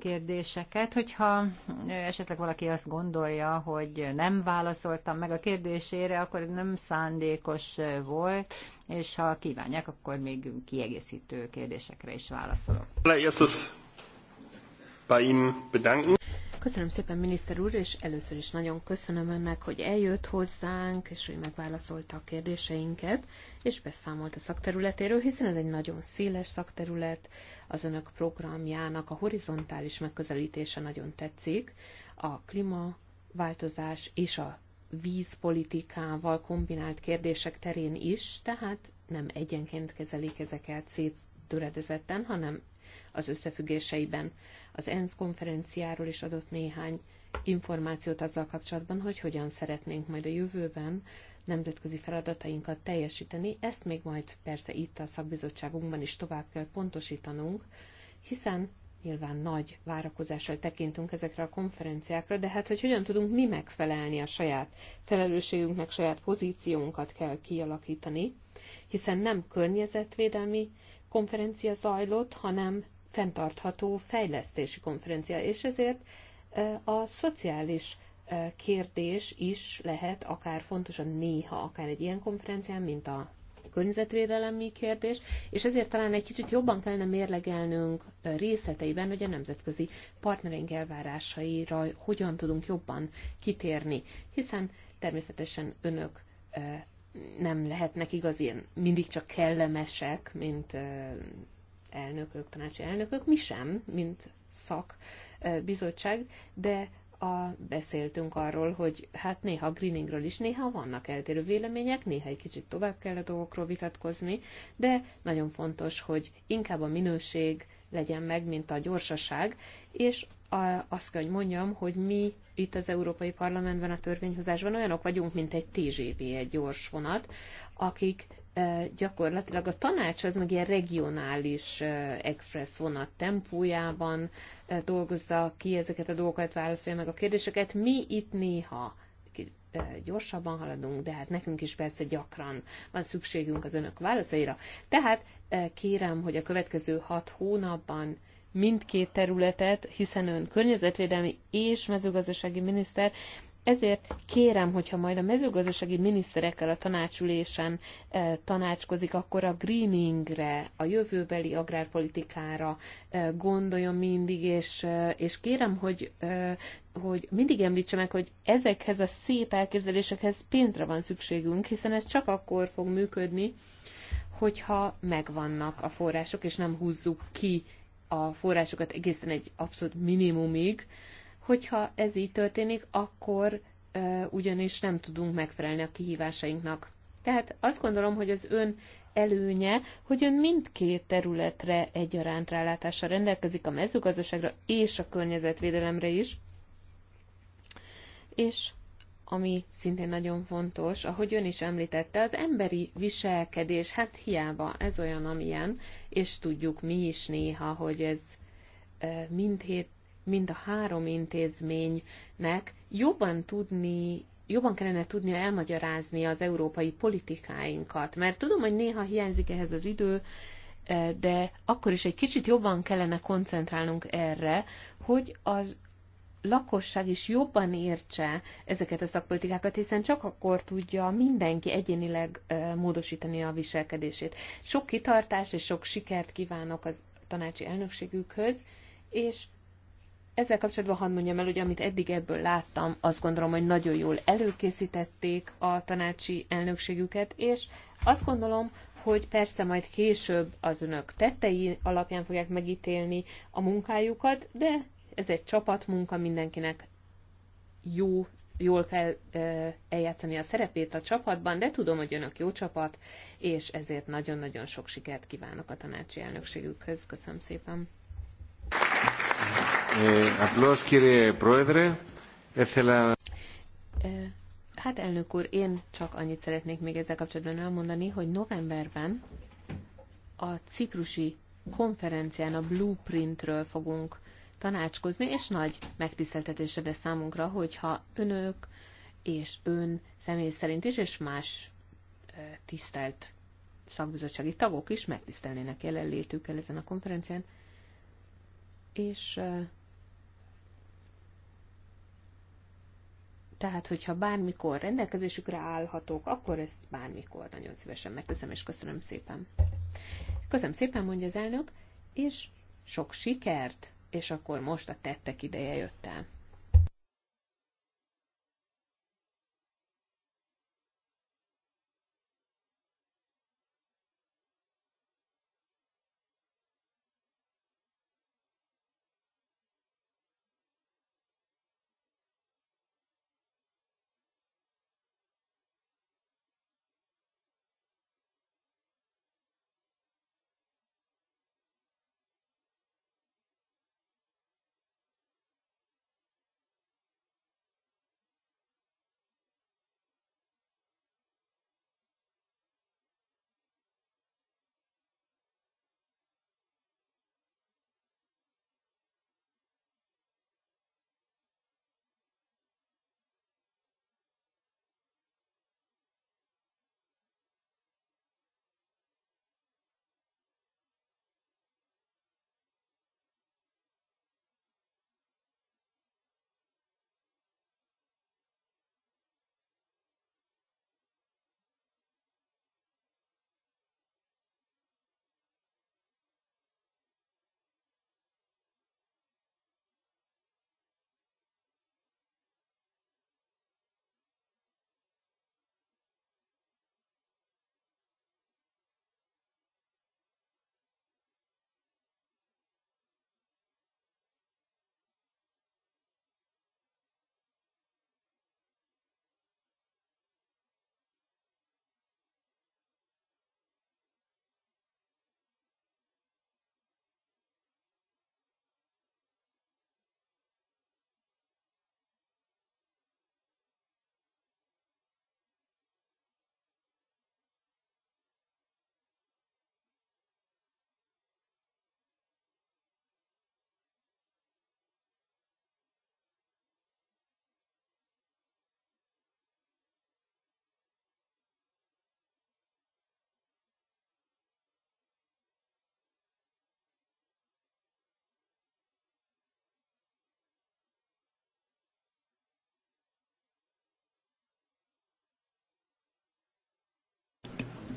kérdéseket. Hogyha esetleg valaki azt gondolja, hogy nem válaszoltam meg a kérdésére, akkor ez nem szándékos volt, és ha kívánják, akkor még kiegészítő kérdésekre is válaszolok. Köszönöm szépen, miniszter úr, és először is nagyon köszönöm önnek, hogy eljött hozzánk, és hogy megválaszolta a kérdéseinket, és beszámolt a szakterületéről, hiszen ez egy nagyon széles szakterület, az önök programjának a horizontális megközelítése nagyon tetszik, a klímaváltozás és a vízpolitikával kombinált kérdések terén is, tehát nem egyenként kezelik ezeket széttöredezetten, hanem az összefüggéseiben. Az ENSZ konferenciáról is adott néhány információt azzal kapcsolatban, hogy hogyan szeretnénk majd a jövőben nemzetközi feladatainkat teljesíteni. Ezt még majd persze itt a szakbizottságunkban is tovább kell pontosítanunk, hiszen nyilván nagy várakozással tekintünk ezekre a konferenciákra, de hát hogy hogyan tudunk mi megfelelni a saját felelősségünknek, saját pozíciónkat kell kialakítani, hiszen nem környezetvédelmi konferencia zajlott, hanem fenntartható fejlesztési konferencia, és ezért e, a szociális kérdés is lehet akár fontosan néha, akár egy ilyen konferencián, mint a környezetvédelemi kérdés, és ezért talán egy kicsit jobban kellene mérlegelnünk részleteiben, hogy a nemzetközi partnereink elvárásaira hogyan tudunk jobban kitérni, hiszen természetesen önök nem lehetnek igazán mindig csak kellemesek, mint elnökök, tanácsi elnökök, mi sem, mint szakbizottság, de a, beszéltünk arról, hogy hát néha greeningről is, néha vannak eltérő vélemények, néha egy kicsit tovább kell a dolgokról vitatkozni, de nagyon fontos, hogy inkább a minőség legyen meg, mint a gyorsaság, és a, azt kell, hogy mondjam, hogy mi itt az Európai Parlamentben, a törvényhozásban olyanok vagyunk, mint egy TGV, egy gyors vonat, akik gyakorlatilag a tanács az meg ilyen regionális express vonat tempójában dolgozza ki ezeket a dolgokat, válaszolja meg a kérdéseket. Mi itt néha gyorsabban haladunk, de hát nekünk is persze gyakran van szükségünk az önök válaszaira. Tehát kérem, hogy a következő hat hónapban mindkét területet, hiszen ön környezetvédelmi és mezőgazdasági miniszter, ezért kérem, hogyha majd a mezőgazdasági miniszterekkel a tanácsülésen eh, tanácskozik, akkor a greeningre, a jövőbeli agrárpolitikára eh, gondoljon mindig, és, eh, és kérem, hogy hogy mindig említse meg, hogy ezekhez a szép elképzelésekhez pénzre van szükségünk, hiszen ez csak akkor fog működni, hogyha megvannak a források, és nem húzzuk ki a forrásokat egészen egy abszolút minimumig, Hogyha ez így történik, akkor ugyanis nem tudunk megfelelni a kihívásainknak. Tehát azt gondolom, hogy az ön előnye, hogy ön mindkét területre egyaránt rálátással rendelkezik, a mezőgazdaságra és a környezetvédelemre is. És ami szintén nagyon fontos, ahogy ön is említette, az emberi viselkedés, hát hiába ez olyan, amilyen, és tudjuk mi is néha, hogy ez mindhét mind a három intézménynek jobban tudni jobban kellene tudnia elmagyarázni az európai politikáinkat, mert tudom, hogy néha hiányzik ehhez az idő, eh, de akkor is egy kicsit jobban kellene koncentrálnunk erre, hogy az lakosság is jobban értse ezeket a szakpolitikákat, hiszen csak akkor tudja mindenki egyénileg eh, módosítani a viselkedését. Sok kitartás és sok sikert kívánok az tanácsi elnökségükhöz, és ezzel kapcsolatban hadd mondjam el, hogy amit eddig ebből láttam, azt gondolom, hogy nagyon jól előkészítették a tanácsi elnökségüket, és azt gondolom, hogy persze majd később az önök tettei alapján fogják megítélni a munkájukat, de ez egy csapatmunka, mindenkinek jó, jól kell e, eljátszani a szerepét a csapatban, de tudom, hogy önök jó csapat, és ezért nagyon-nagyon sok sikert kívánok a tanácsi elnökségükhöz. Köszönöm szépen! Απλώς κύριε Πρόεδρε, ήθελα... Hát elnök úr, én csak annyit szeretnék még ezzel kapcsolatban elmondani, hogy novemberben a ciprusi konferencián a blueprintről fogunk tanácskozni, és nagy megtiszteltetése lesz számunkra, hogyha önök és ön személy szerint is, és más tisztelt szakbizottsági tagok is megtisztelnének jelenlétükkel ezen a konferencián. És Tehát, hogyha bármikor rendelkezésükre állhatok, akkor ezt bármikor nagyon szívesen megteszem, és köszönöm szépen. Köszönöm szépen, mondja az elnök, és sok sikert, és akkor most a tettek ideje jött el.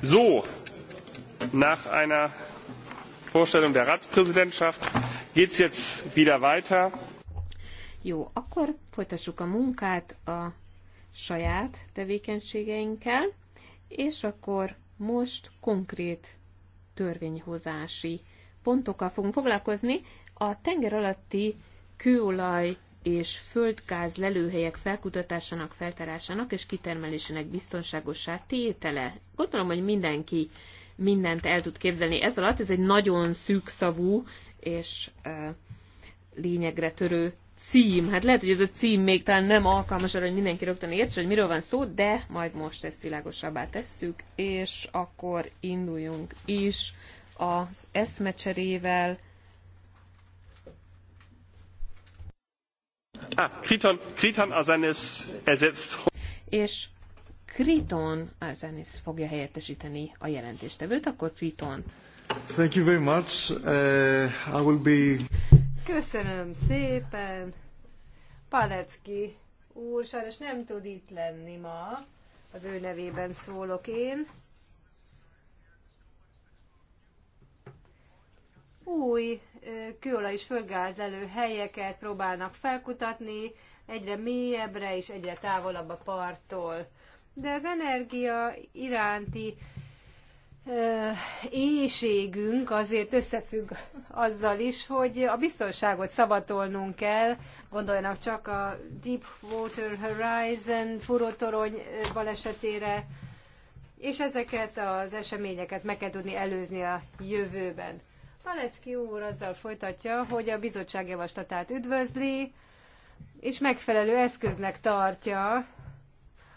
So, nach einer Vorstellung der Ratspräsidentschaft geht es jetzt wieder weiter. Jó, akkor folytassuk a munkát a saját tevékenységeinkkel, és akkor most konkrét törvényhozási pontokkal fogunk foglalkozni. A tenger alatti kőolaj és földgáz lelőhelyek felkutatásának, feltárásának és kitermelésének biztonságosá tétele. Gondolom, hogy mindenki mindent el tud képzelni ez alatt. Ez egy nagyon szavú és e, lényegre törő cím. Hát lehet, hogy ez a cím még talán nem alkalmas arra, hogy mindenki rögtön értsen, hogy miről van szó, de majd most ezt világosabbá tesszük, és akkor induljunk is az eszmecserével Ah, Kriton, Kriton Azanis ersetzt. És Kriton Azanis fogja helyettesíteni a jelentéstevőt, akkor Kriton. Thank you very much. Uh, I will be... Köszönöm szépen. Palecki úr sajnos nem tud itt lenni ma, az ő nevében szólok én. új kőolaj és földgáz helyeket próbálnak felkutatni, egyre mélyebbre és egyre távolabb a parttól. De az energia iránti éjségünk azért összefügg azzal is, hogy a biztonságot szabatolnunk kell. Gondoljanak csak a Deepwater Horizon furótorony balesetére, és ezeket az eseményeket meg kell tudni előzni a jövőben. Palecki úr azzal folytatja, hogy a bizottság javaslatát üdvözli, és megfelelő eszköznek tartja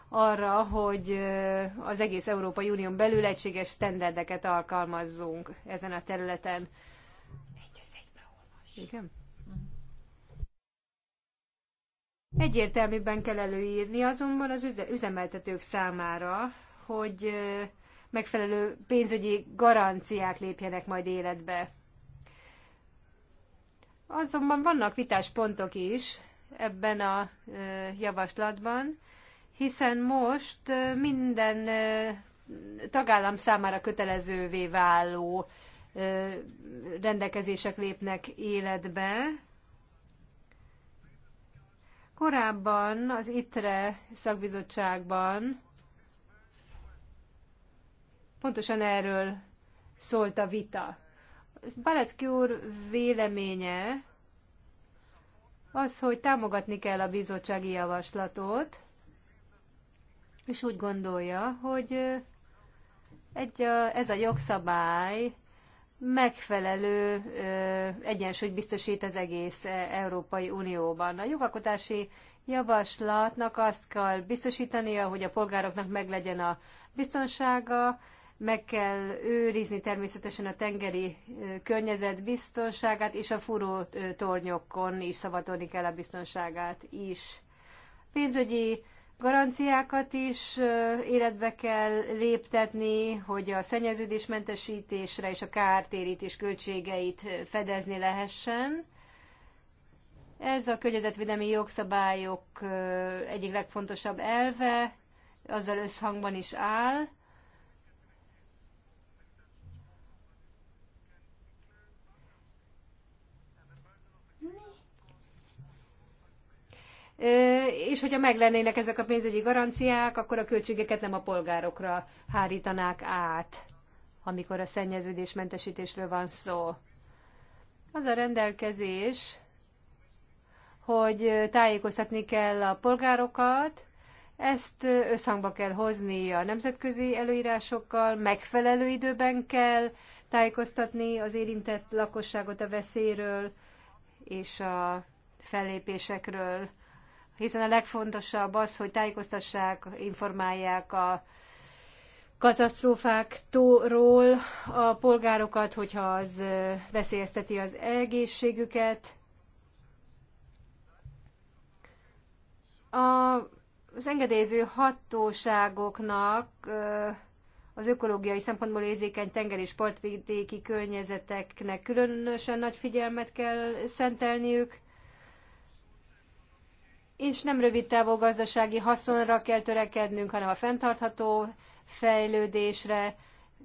arra, hogy az egész Európai Unión belül egységes standardeket alkalmazzunk ezen a területen. Egy az egybe olvas. Igen? Mhm. Egyértelműben kell előírni azonban az üzemeltetők számára, hogy megfelelő pénzügyi garanciák lépjenek majd életbe. Azonban vannak vitás pontok is ebben a javaslatban, hiszen most minden tagállam számára kötelezővé váló rendelkezések lépnek életbe. Korábban az ITRE szakbizottságban pontosan erről szólt a vita. Balecki úr véleménye az, hogy támogatni kell a bizottsági javaslatot, és úgy gondolja, hogy egy, a ez a jogszabály megfelelő egyensúlyt biztosít az egész Európai Unióban. A jogalkotási javaslatnak azt kell biztosítania, hogy a polgároknak meglegyen a biztonsága, meg kell őrizni természetesen a tengeri környezet biztonságát, és a furó tornyokon is szabadolni kell a biztonságát is. Pénzügyi garanciákat is életbe kell léptetni, hogy a szennyeződésmentesítésre és a kártérítés költségeit fedezni lehessen. Ez a környezetvédelmi jogszabályok egyik legfontosabb elve, azzal összhangban is áll, és hogyha lennének ezek a pénzügyi garanciák, akkor a költségeket nem a polgárokra hárítanák át, amikor a szennyeződésmentesítésről van szó. Az a rendelkezés, hogy tájékoztatni kell a polgárokat, ezt összhangba kell hozni a nemzetközi előírásokkal, megfelelő időben kell tájékoztatni az érintett lakosságot a veszélyről és a fellépésekről hiszen a legfontosabb az, hogy tájékoztassák, informálják a katasztrófáktól a polgárokat, hogyha az veszélyezteti az egészségüket. A, az engedélyző hatóságoknak az ökológiai szempontból érzékeny tengeri sportvidéki környezeteknek különösen nagy figyelmet kell szentelniük, és nem rövid távú gazdasági haszonra kell törekednünk, hanem a fenntartható fejlődésre,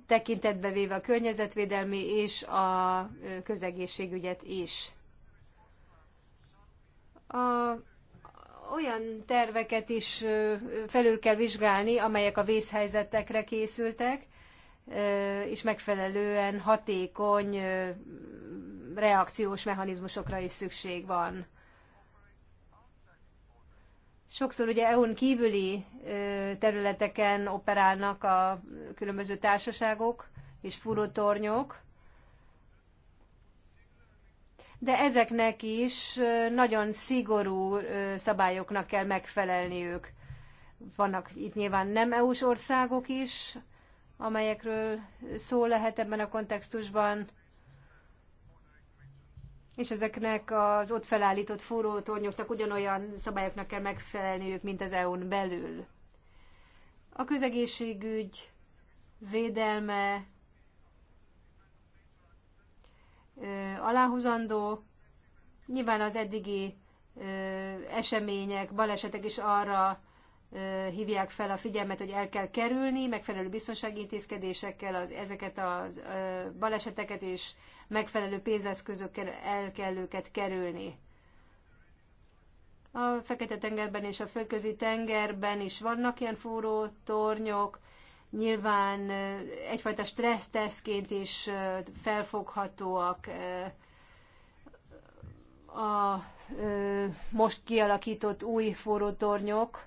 tekintetbe véve a környezetvédelmi és a közegészségügyet is. A, olyan terveket is felül kell vizsgálni, amelyek a vészhelyzetekre készültek, és megfelelően hatékony reakciós mechanizmusokra is szükség van. Sokszor ugye EU-n kívüli területeken operálnak a különböző társaságok és furótornyok, de ezeknek is nagyon szigorú szabályoknak kell megfelelniük. Vannak itt nyilván nem EU-s országok is, amelyekről szó lehet ebben a kontextusban, és ezeknek az ott felállított forró tornyoknak ugyanolyan szabályoknak kell megfelelniük, mint az EU-n belül. A közegészségügy védelme aláhuzandó. Nyilván az eddigi események, balesetek is arra hívják fel a figyelmet, hogy el kell kerülni, megfelelő biztonsági intézkedésekkel az, ezeket a baleseteket és megfelelő pénzeszközökkel el kell őket kerülni. A Fekete-tengerben és a Földközi-tengerben is vannak ilyen forró tornyok, nyilván egyfajta stresszteszként is felfoghatóak a most kialakított új forró tornyok,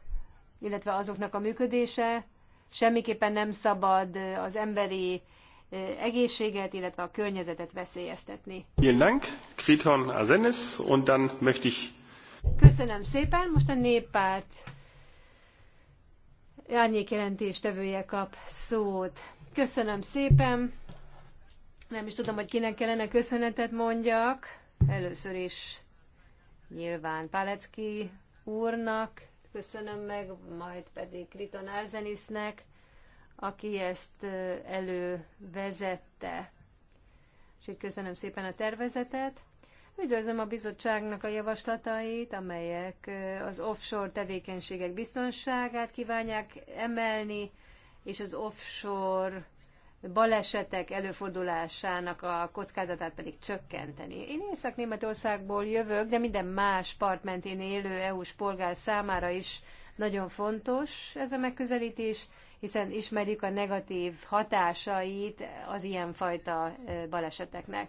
illetve azoknak a működése. Semmiképpen nem szabad az emberi egészséget, illetve a környezetet veszélyeztetni. Köszönöm szépen, most a néppárt jelentéstevője kap szót. Köszönöm szépen. Nem is tudom, hogy kinek kellene köszönetet mondjak. Először is nyilván Pálecki úrnak, köszönöm meg, majd pedig Kriton Arzenisnek, aki ezt elővezette. És így köszönöm szépen a tervezetet. Üdvözlöm a bizottságnak a javaslatait, amelyek az offshore tevékenységek biztonságát kívánják emelni, és az offshore balesetek előfordulásának a kockázatát pedig csökkenteni. Én Észak-Németországból jövök, de minden más part mentén élő EU-s polgár számára is nagyon fontos ez a megközelítés, hiszen ismerjük a negatív hatásait az ilyenfajta baleseteknek.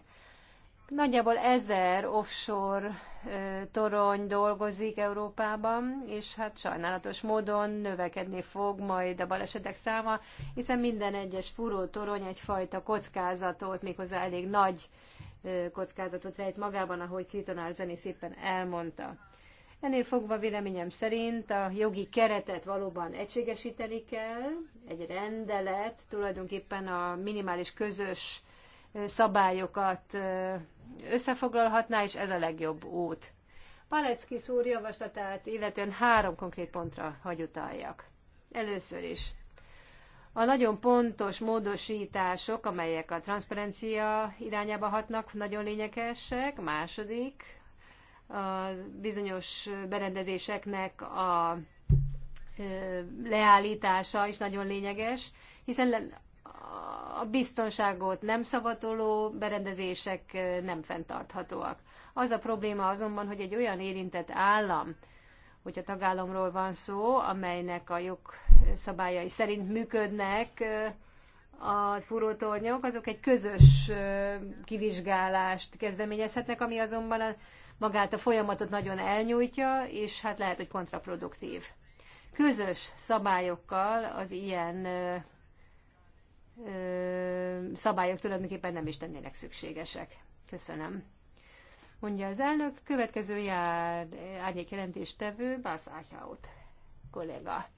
Nagyjából ezer offshore torony dolgozik Európában, és hát sajnálatos módon növekedni fog majd a balesetek száma, hiszen minden egyes furó torony egyfajta kockázatot, méghozzá elég nagy kockázatot rejt magában, ahogy Kriton Arzani szépen elmondta. Ennél fogva véleményem szerint a jogi keretet valóban egységesíteni kell. Egy rendelet tulajdonképpen a minimális közös szabályokat összefoglalhatná, és ez a legjobb út. Palecki úr javaslatát illetően három konkrét pontra hagy utaljak. Először is. A nagyon pontos módosítások, amelyek a transzparencia irányába hatnak, nagyon lényegesek. Második, a bizonyos berendezéseknek a leállítása is nagyon lényeges, hiszen a biztonságot nem szavatoló berendezések nem fenntarthatóak. Az a probléma azonban, hogy egy olyan érintett állam, hogy a tagállamról van szó, amelynek a jogszabályai szerint működnek a furótornyok, azok egy közös kivizsgálást kezdeményezhetnek, ami azonban a magát a folyamatot nagyon elnyújtja, és hát lehet, hogy kontraproduktív. Közös szabályokkal az ilyen ö, ö, szabályok tulajdonképpen nem is lennének szükségesek. Köszönöm. Mondja az elnök, következő jár árnyék jelentéstevő, Bász Áhyaut kolléga.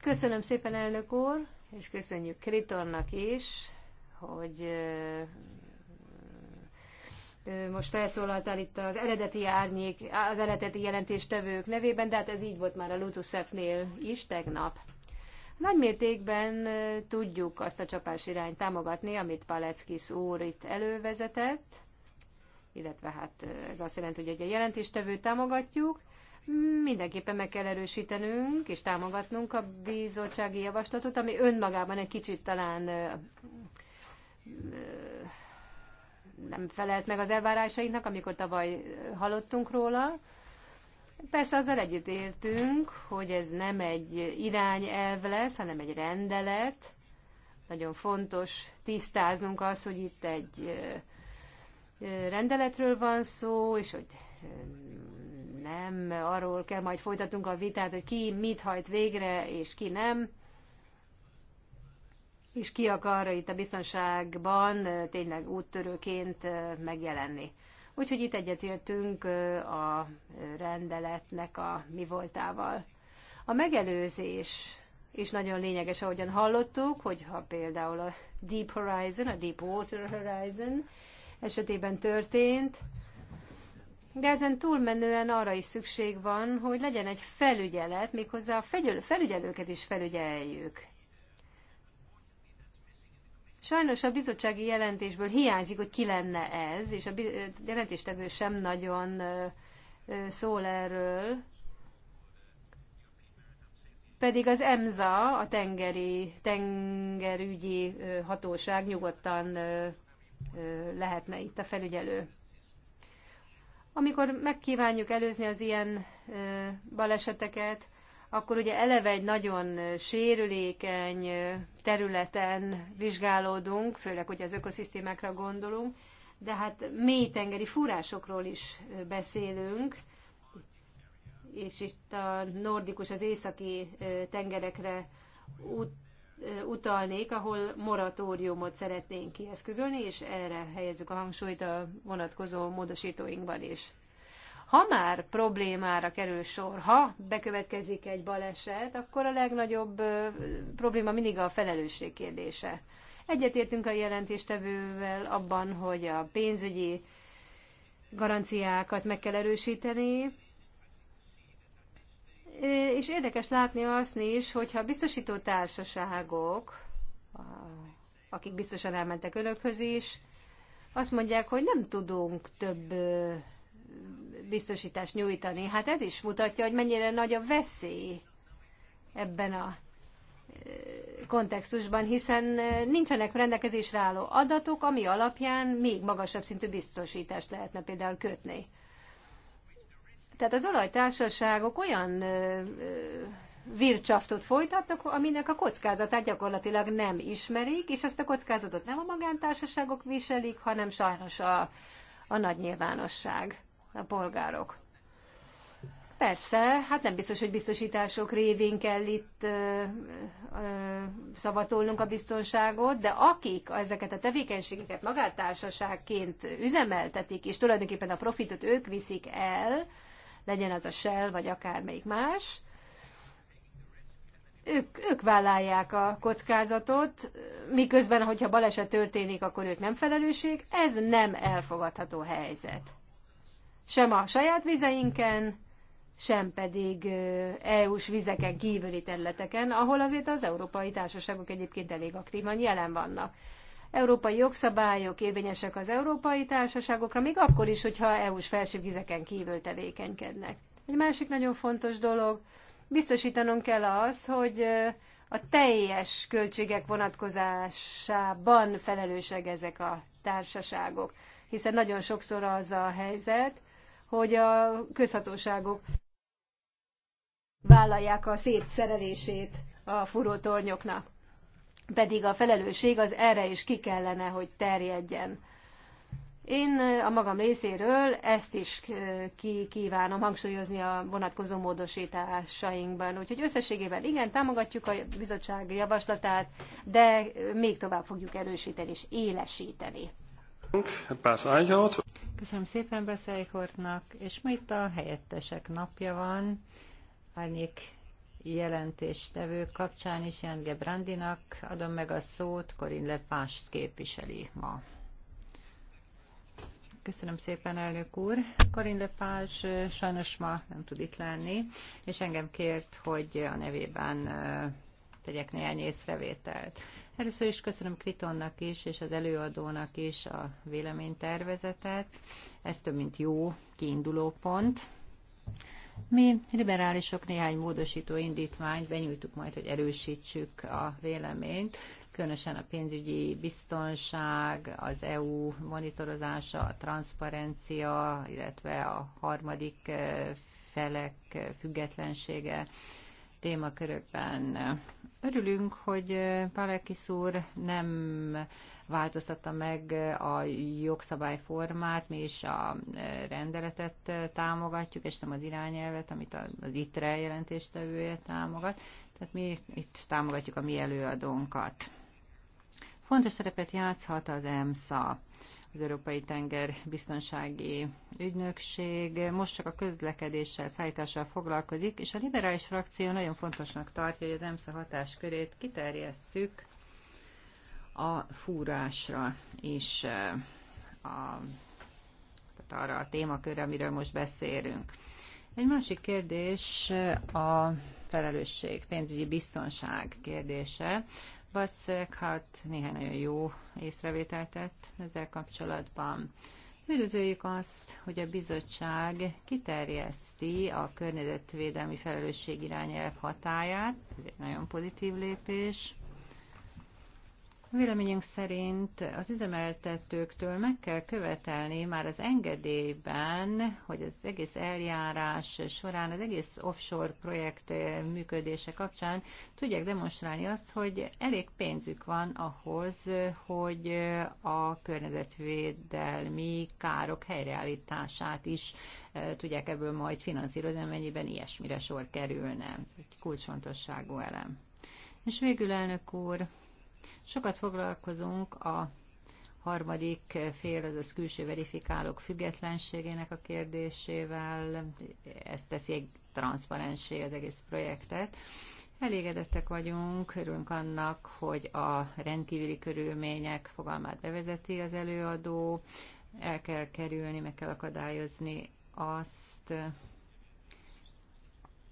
Köszönöm szépen, elnök úr, és köszönjük Kritonnak is, hogy most felszólaltál itt az eredeti árnyék, az eredeti jelentéstevők nevében, de hát ez így volt már a Lutusefnél is tegnap. Nagy mértékben tudjuk azt a csapás irányt támogatni, amit Paleckis úr itt elővezetett, illetve hát ez azt jelenti, hogy egy jelentéstevőt támogatjuk. Mindenképpen meg kell erősítenünk és támogatnunk a bizottsági javaslatot, ami önmagában egy kicsit talán nem felelt meg az elvárásainknak, amikor tavaly hallottunk róla. Persze azzal éltünk, hogy ez nem egy irányelv lesz, hanem egy rendelet. Nagyon fontos tisztáznunk az, hogy itt egy rendeletről van szó, és hogy nem arról kell majd folytatnunk a vitát, hogy ki mit hajt végre, és ki nem és ki akar itt a biztonságban tényleg úttörőként megjelenni. Úgyhogy itt egyetértünk a rendeletnek a mi voltával. A megelőzés is nagyon lényeges, ahogyan hallottuk, hogyha például a Deep Horizon, a Deep Water Horizon esetében történt, de ezen túlmenően arra is szükség van, hogy legyen egy felügyelet, méghozzá a felügyelőket is felügyeljük. Sajnos a bizottsági jelentésből hiányzik, hogy ki lenne ez, és a jelentéstevő sem nagyon szól erről. Pedig az EMSA, a tengeri, tengerügyi hatóság nyugodtan lehetne itt a felügyelő. Amikor megkívánjuk előzni az ilyen baleseteket, akkor ugye eleve egy nagyon sérülékeny területen vizsgálódunk, főleg, hogy az ökoszisztémákra gondolunk, de hát mélytengeri fúrásokról is beszélünk, és itt a nordikus, az északi tengerekre ut- utalnék, ahol moratóriumot szeretnénk kieszközölni, és erre helyezzük a hangsúlyt a vonatkozó módosítóinkban is ha már problémára kerül sor, ha bekövetkezik egy baleset, akkor a legnagyobb ö, probléma mindig a felelősség kérdése. Egyetértünk a jelentéstevővel abban, hogy a pénzügyi garanciákat meg kell erősíteni, és érdekes látni azt is, hogyha a biztosító társaságok, akik biztosan elmentek önökhöz is, azt mondják, hogy nem tudunk több biztosítást nyújtani. Hát ez is mutatja, hogy mennyire nagy a veszély ebben a eh, kontextusban, hiszen eh, nincsenek rendelkezésre álló adatok, ami alapján még magasabb szintű biztosítást lehetne például kötni. Tehát az olajtársaságok olyan eh, vircsaftot folytatnak, aminek a kockázatát gyakorlatilag nem ismerik, és ezt a kockázatot nem a magántársaságok viselik, hanem sajnos a, a nagy nyilvánosság a polgárok. Persze, hát nem biztos, hogy biztosítások révén kell itt ö, ö, szavatolnunk a biztonságot, de akik ezeket a tevékenységeket magátársaságként üzemeltetik, és tulajdonképpen a profitot ők viszik el, legyen az a Shell, vagy akármelyik más, ők, ők vállalják a kockázatot, miközben, hogyha baleset történik, akkor ők nem felelősség. Ez nem elfogadható helyzet sem a saját vizeinken, sem pedig EU-s vizeken kívüli területeken, ahol azért az európai társaságok egyébként elég aktívan jelen vannak. Európai jogszabályok érvényesek az európai társaságokra, még akkor is, hogyha EU-s vizeken kívül tevékenykednek. Egy másik nagyon fontos dolog, biztosítanunk kell az, hogy a teljes költségek vonatkozásában felelősek ezek a társaságok, hiszen nagyon sokszor az a helyzet, hogy a közhatóságok vállalják a szétszerelését a furótornyoknak. Pedig a felelősség az erre is ki kellene, hogy terjedjen. Én a magam részéről ezt is ki kívánom hangsúlyozni a vonatkozó módosításainkban. Úgyhogy összességében igen, támogatjuk a bizottság javaslatát, de még tovább fogjuk erősíteni és élesíteni. Köszönöm szépen Beszelykortnak, és ma itt a helyettesek napja van. Árnyék jelentéstevő kapcsán is Jan Gebrandinak adom meg a szót, Korin Lepást képviseli ma. Köszönöm szépen, elnök úr. Karin Lepás sajnos ma nem tud itt lenni, és engem kért, hogy a nevében tegyek néhány észrevételt. Először is köszönöm Kritonnak is, és az előadónak is a véleménytervezetet. Ez több mint jó kiinduló pont. Mi liberálisok néhány módosító indítványt benyújtuk majd, hogy erősítsük a véleményt, különösen a pénzügyi biztonság, az EU monitorozása, a transzparencia, illetve a harmadik eh, felek eh, függetlensége témakörökben. Örülünk, hogy Palekis úr nem változtatta meg a jogszabályformát, mi is a rendeletet támogatjuk, és nem az irányelvet, amit az ITRE jelentéstevője támogat. Tehát mi itt támogatjuk a mi előadónkat. Fontos szerepet játszhat az EMSA az Európai Tenger Biztonsági Ügynökség most csak a közlekedéssel, szállítással foglalkozik, és a liberális frakció nagyon fontosnak tartja, hogy az EMSZA hatáskörét kiterjesszük a fúrásra és eh, a, tehát arra a témakörre, amiről most beszélünk. Egy másik kérdés eh, a felelősség, pénzügyi biztonság kérdése. Bass Eckhart néhány nagyon jó észrevételt tett ezzel kapcsolatban. Üdvözöljük azt, hogy a bizottság kiterjeszti a környezetvédelmi felelősség irányelv hatáját, ez egy nagyon pozitív lépés. Véleményünk szerint az üzemeltetőktől meg kell követelni már az engedélyben, hogy az egész eljárás során, az egész offshore projekt működése kapcsán tudják demonstrálni azt, hogy elég pénzük van ahhoz, hogy a környezetvédelmi károk helyreállítását is e, tudják ebből majd finanszírozni, amennyiben ilyesmire sor kerülne. Ez egy kulcsfontosságú elem. És végül, elnök úr, Sokat foglalkozunk a harmadik fél, az külső verifikálók függetlenségének a kérdésével. Ezt teszi transzparensé az egész projektet. Elégedettek vagyunk, örülünk annak, hogy a rendkívüli körülmények fogalmát bevezeti az előadó, el kell kerülni, meg kell akadályozni azt,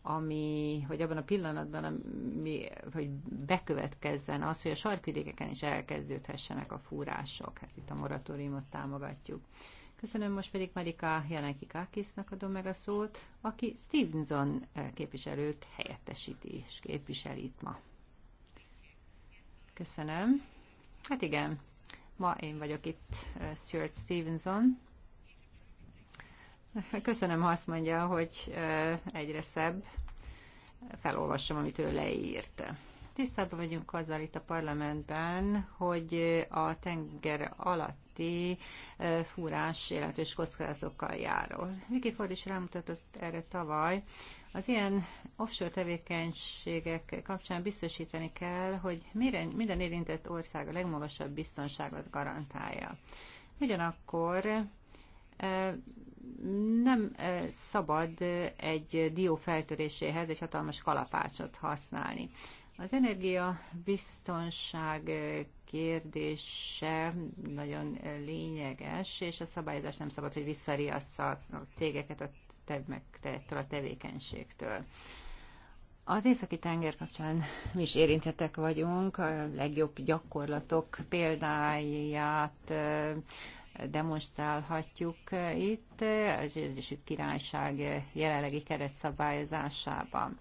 ami, hogy abban a pillanatban, ami, hogy bekövetkezzen az, hogy a sarkvidékeken is elkezdődhessenek a fúrások. Hát itt a moratóriumot támogatjuk. Köszönöm, most pedig Marika Janeki Kákisznak adom meg a szót, aki Stevenson képviselőt helyettesíti és képvisel itt ma. Köszönöm. Hát igen, ma én vagyok itt, Stuart Stevenson, Köszönöm, ha azt mondja, hogy egyre szebb. Felolvasom, amit ő leírt. Tisztában vagyunk azzal itt a parlamentben, hogy a tenger alatti fúrás jelentős kockázatokkal járul. Vicky Ford is rámutatott erre tavaly. Az ilyen offshore tevékenységek kapcsán biztosítani kell, hogy minden érintett ország a legmagasabb biztonságot garantálja. Ugyanakkor nem szabad egy dió feltöréséhez egy hatalmas kalapácsot használni. Az energiabiztonság kérdése nagyon lényeges, és a szabályozás nem szabad, hogy visszariassza a cégeket a, te, a tevékenységtől. Az északi tenger kapcsán mi is érintettek vagyunk, a legjobb gyakorlatok példáját demonstrálhatjuk eh, itt eh, az Egyesült Királyság jelenlegi keretszabályozásában.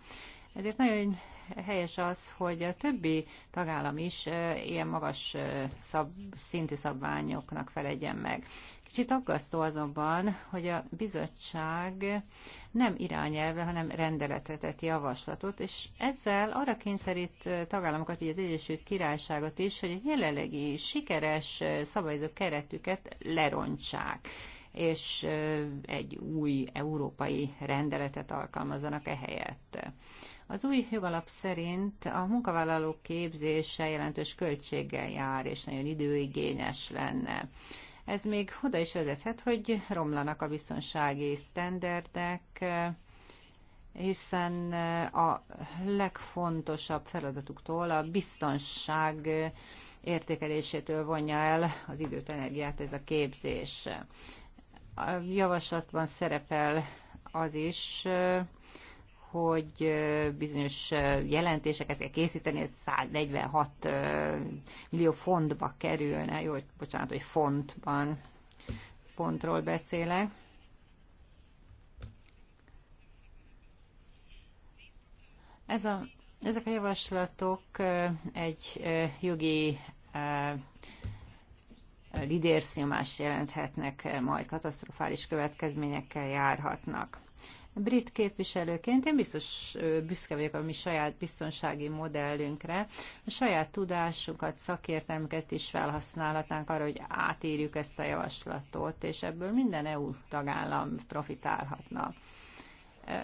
Ezért nagyon helyes az, hogy a többi tagállam is ilyen magas szab, szintű szabványoknak felegyen meg. Kicsit aggasztó azonban, hogy a bizottság nem irányelve, hanem rendeletre tett javaslatot, és ezzel arra kényszerít tagállamokat, így az Egyesült Királyságot is, hogy a jelenlegi sikeres szabályozó keretüket lerontsák és egy új európai rendeletet alkalmazzanak ehelyett. Az új jogalap szerint a munkavállalók képzése jelentős költséggel jár, és nagyon időigényes lenne. Ez még oda is vezethet, hogy romlanak a biztonsági sztenderdek, hiszen a legfontosabb feladatuktól a biztonság értékelésétől vonja el az időt, energiát ez a képzés. A javaslatban szerepel az is, hogy bizonyos jelentéseket kell készíteni, ez 146 millió fontba kerülne, jó, hogy bocsánat, hogy fontban, pontról beszélek. Ez a, ezek a javaslatok egy jogi lidérsznyomást jelenthetnek, eh, majd katasztrofális következményekkel járhatnak. Brit képviselőként én biztos büszke vagyok a mi saját biztonsági modellünkre. A saját tudásunkat, szakértelmüket is felhasználhatnánk arra, hogy átírjuk ezt a javaslatot, és ebből minden EU tagállam profitálhatna.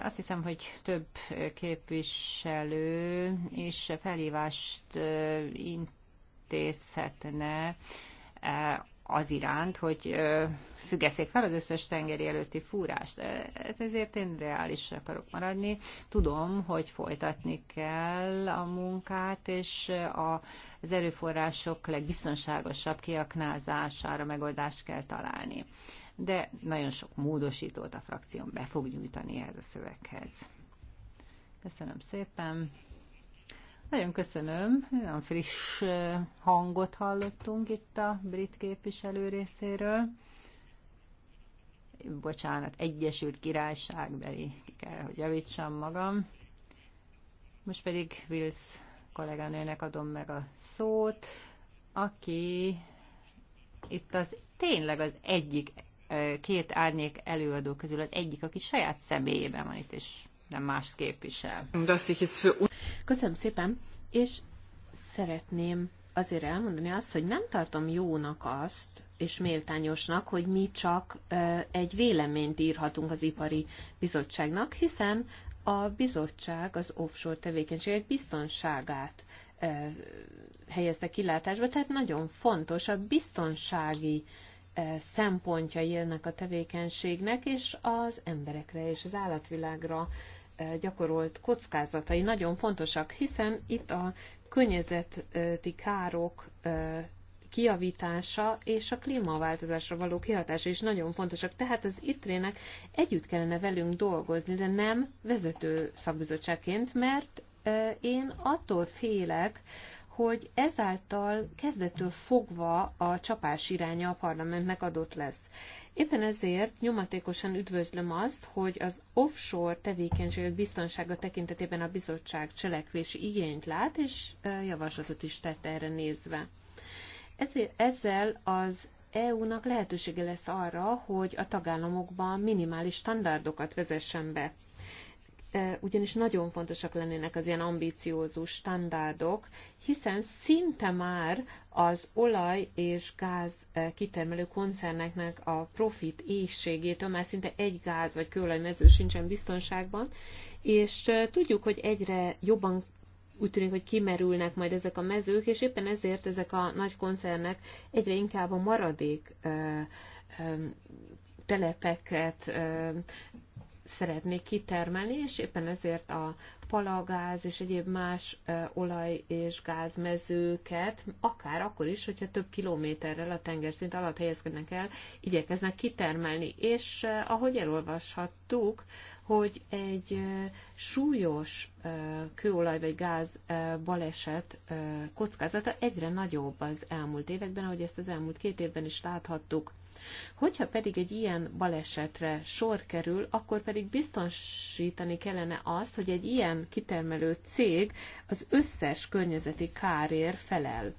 Azt hiszem, hogy több képviselő és felhívást intézhetne E, az iránt, hogy e, függeszék fel az összes tengeri előtti fúrást. E, hát ezért én reális akarok maradni. Tudom, hogy folytatni kell a munkát, és az erőforrások legbiztonságosabb kiaknázására megoldást kell találni. De nagyon sok módosítót a frakción be fog nyújtani ehhez a szöveghez. Köszönöm szépen! Nagyon köszönöm, nagyon friss hangot hallottunk itt a brit képviselő részéről. Bocsánat, Egyesült Királyságbeli, ki kell, hogy javítsam magam. Most pedig Wills kolléganőnek adom meg a szót, aki itt az tényleg az egyik két árnyék előadó közül az egyik, aki saját személyében van itt, és nem más képvisel. Köszönöm szépen, és szeretném azért elmondani azt, hogy nem tartom jónak azt, és méltányosnak, hogy mi csak egy véleményt írhatunk az ipari bizottságnak, hiszen a bizottság az offshore tevékenységek biztonságát helyezte kilátásba, tehát nagyon fontos a biztonsági szempontjai ennek a tevékenységnek, és az emberekre és az állatvilágra gyakorolt kockázatai nagyon fontosak, hiszen itt a környezeti károk kiavítása és a klímaváltozásra való kihatása is nagyon fontosak. Tehát az ITRE-nek együtt kellene velünk dolgozni, de nem vezető szakbizottságként, mert én attól félek, hogy ezáltal kezdettől fogva a csapás iránya a parlamentnek adott lesz. Éppen ezért nyomatékosan üdvözlöm azt, hogy az offshore tevékenységek biztonsága tekintetében a bizottság cselekvési igényt lát, és javaslatot is tett erre nézve. Ezért, ezzel az EU-nak lehetősége lesz arra, hogy a tagállamokban minimális standardokat vezessen be ugyanis nagyon fontosak lennének az ilyen ambíciózus standardok, hiszen szinte már az olaj és gáz kitermelő koncerneknek a profit éjségétől már szinte egy gáz vagy kőolajmező sincsen biztonságban, és tudjuk, hogy egyre jobban úgy tűnik, hogy kimerülnek majd ezek a mezők, és éppen ezért ezek a nagy koncernek egyre inkább a maradék telepeket szeretnék kitermelni, és éppen ezért a palagáz és egyéb más olaj- és gázmezőket, akár akkor is, hogyha több kilométerrel a tengerszint alatt helyezkednek el, igyekeznek kitermelni. És ahogy elolvashattuk, hogy egy súlyos kőolaj vagy gáz baleset kockázata egyre nagyobb az elmúlt években, ahogy ezt az elmúlt két évben is láthattuk. Hogyha pedig egy ilyen balesetre sor kerül, akkor pedig biztosítani kellene azt, hogy egy ilyen kitermelő cég az összes környezeti kárér felel.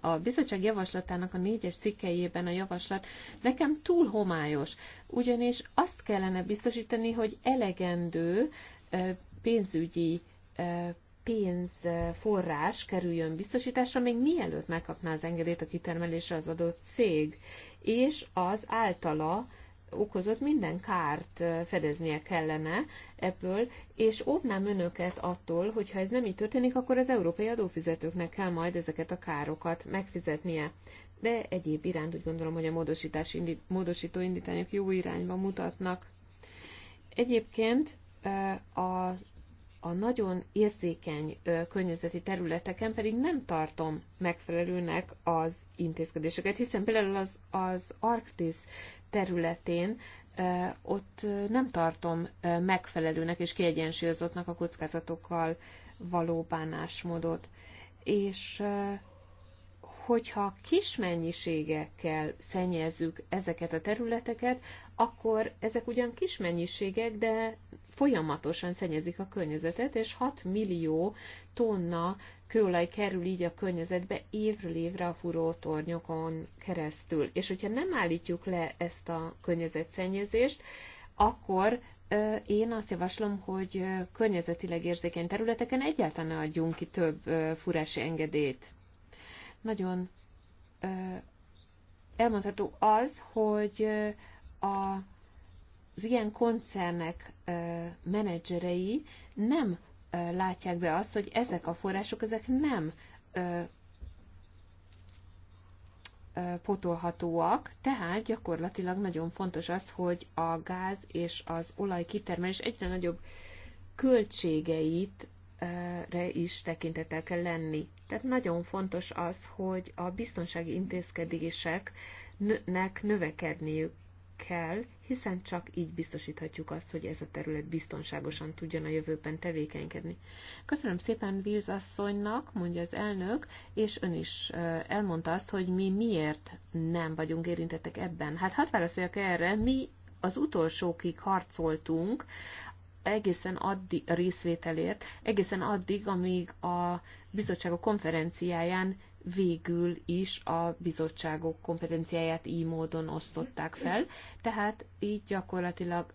A bizottság javaslatának a négyes cikkejében a javaslat nekem túl homályos, ugyanis azt kellene biztosítani, hogy elegendő pénzügyi pénzforrás kerüljön biztosításra, még mielőtt megkapná az engedélyt a kitermelésre az adott cég, és az általa okozott minden kárt fedeznie kellene ebből, és óvnám önöket attól, hogy ha ez nem így történik, akkor az európai adófizetőknek kell majd ezeket a károkat megfizetnie. De egyéb iránt úgy gondolom, hogy a módosítás indi, módosító indítványok jó irányba mutatnak. Egyébként a a nagyon érzékeny környezeti területeken pedig nem tartom megfelelőnek az intézkedéseket, hiszen például az, az Arktisz területén ott nem tartom megfelelőnek és kiegyensúlyozottnak a kockázatokkal való bánásmódot. És hogyha kis mennyiségekkel szennyezzük ezeket a területeket, akkor ezek ugyan kis mennyiségek, de folyamatosan szennyezik a környezetet, és 6 millió tonna kőolaj kerül így a környezetbe évről évre a furótornyokon keresztül. És hogyha nem állítjuk le ezt a környezetszennyezést, akkor én azt javaslom, hogy környezetileg érzékeny területeken egyáltalán ne adjunk ki több furási engedélyt nagyon elmondható az, hogy a, az ilyen koncernek menedzserei nem látják be azt, hogy ezek a források, ezek nem potolhatóak, tehát gyakorlatilag nagyon fontos az, hogy a gáz és az olaj kitermelés egyre nagyobb költségeit re is tekintettel kell lenni. Tehát nagyon fontos az, hogy a biztonsági intézkedéseknek növekedniük kell, hiszen csak így biztosíthatjuk azt, hogy ez a terület biztonságosan tudjon a jövőben tevékenykedni. Köszönöm szépen Víz asszonynak, mondja az elnök, és ön is elmondta azt, hogy mi miért nem vagyunk érintettek ebben. Hát hadd válaszoljak erre, mi az utolsókig harcoltunk egészen addig a részvételért, egészen addig, amíg a bizottságok konferenciáján végül is a bizottságok kompetenciáját így módon osztották fel, tehát így gyakorlatilag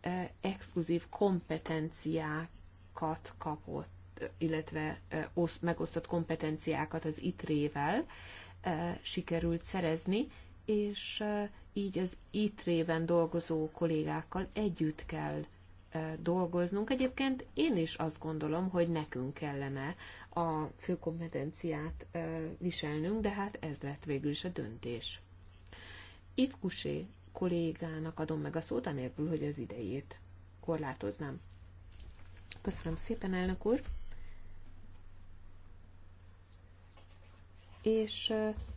eh, exkluzív kompetenciákat kapott, illetve eh, osz, megosztott kompetenciákat az ITRÉ-vel eh, sikerült szerezni, és eh, így az ITRÉ-ben dolgozó kollégákkal együtt kell dolgoznunk. Egyébként én is azt gondolom, hogy nekünk kellene a főkompetenciát viselnünk, de hát ez lett végül is a döntés. Ivkusé kollégának adom meg a szót, anélkül, hogy az idejét korlátoznám. Köszönöm szépen, elnök úr! És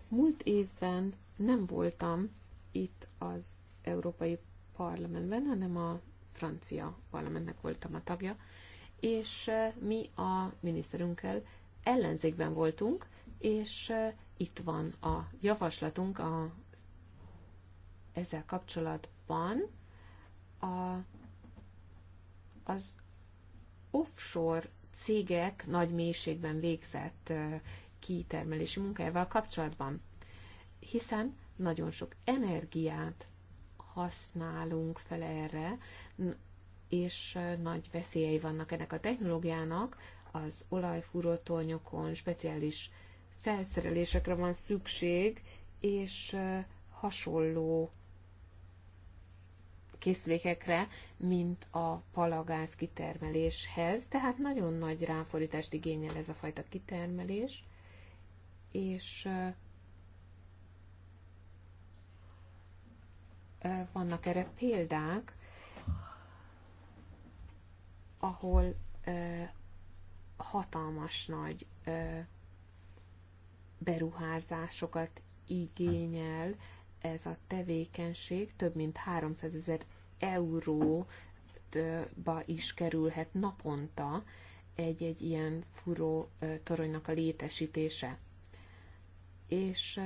múlt évben nem voltam itt az Európai Parlamentben, hanem a francia parlamentnek voltam a tagja, és mi a miniszterünkkel ellenzékben voltunk, és itt van a javaslatunk a, ezzel kapcsolatban a, az offshore cégek nagy mélységben végzett kitermelési munkájával kapcsolatban, hiszen nagyon sok energiát használunk fel erre, és nagy veszélyei vannak ennek a technológiának, az olajfúrótornyokon speciális felszerelésekre van szükség, és hasonló készülékekre, mint a palagáz kitermeléshez, tehát nagyon nagy ráforítást igényel ez a fajta kitermelés, és vannak erre példák, ahol hatalmas nagy beruházásokat igényel ez a tevékenység, több mint 300 ezer euróba is kerülhet naponta egy-egy ilyen furó toronynak a létesítése és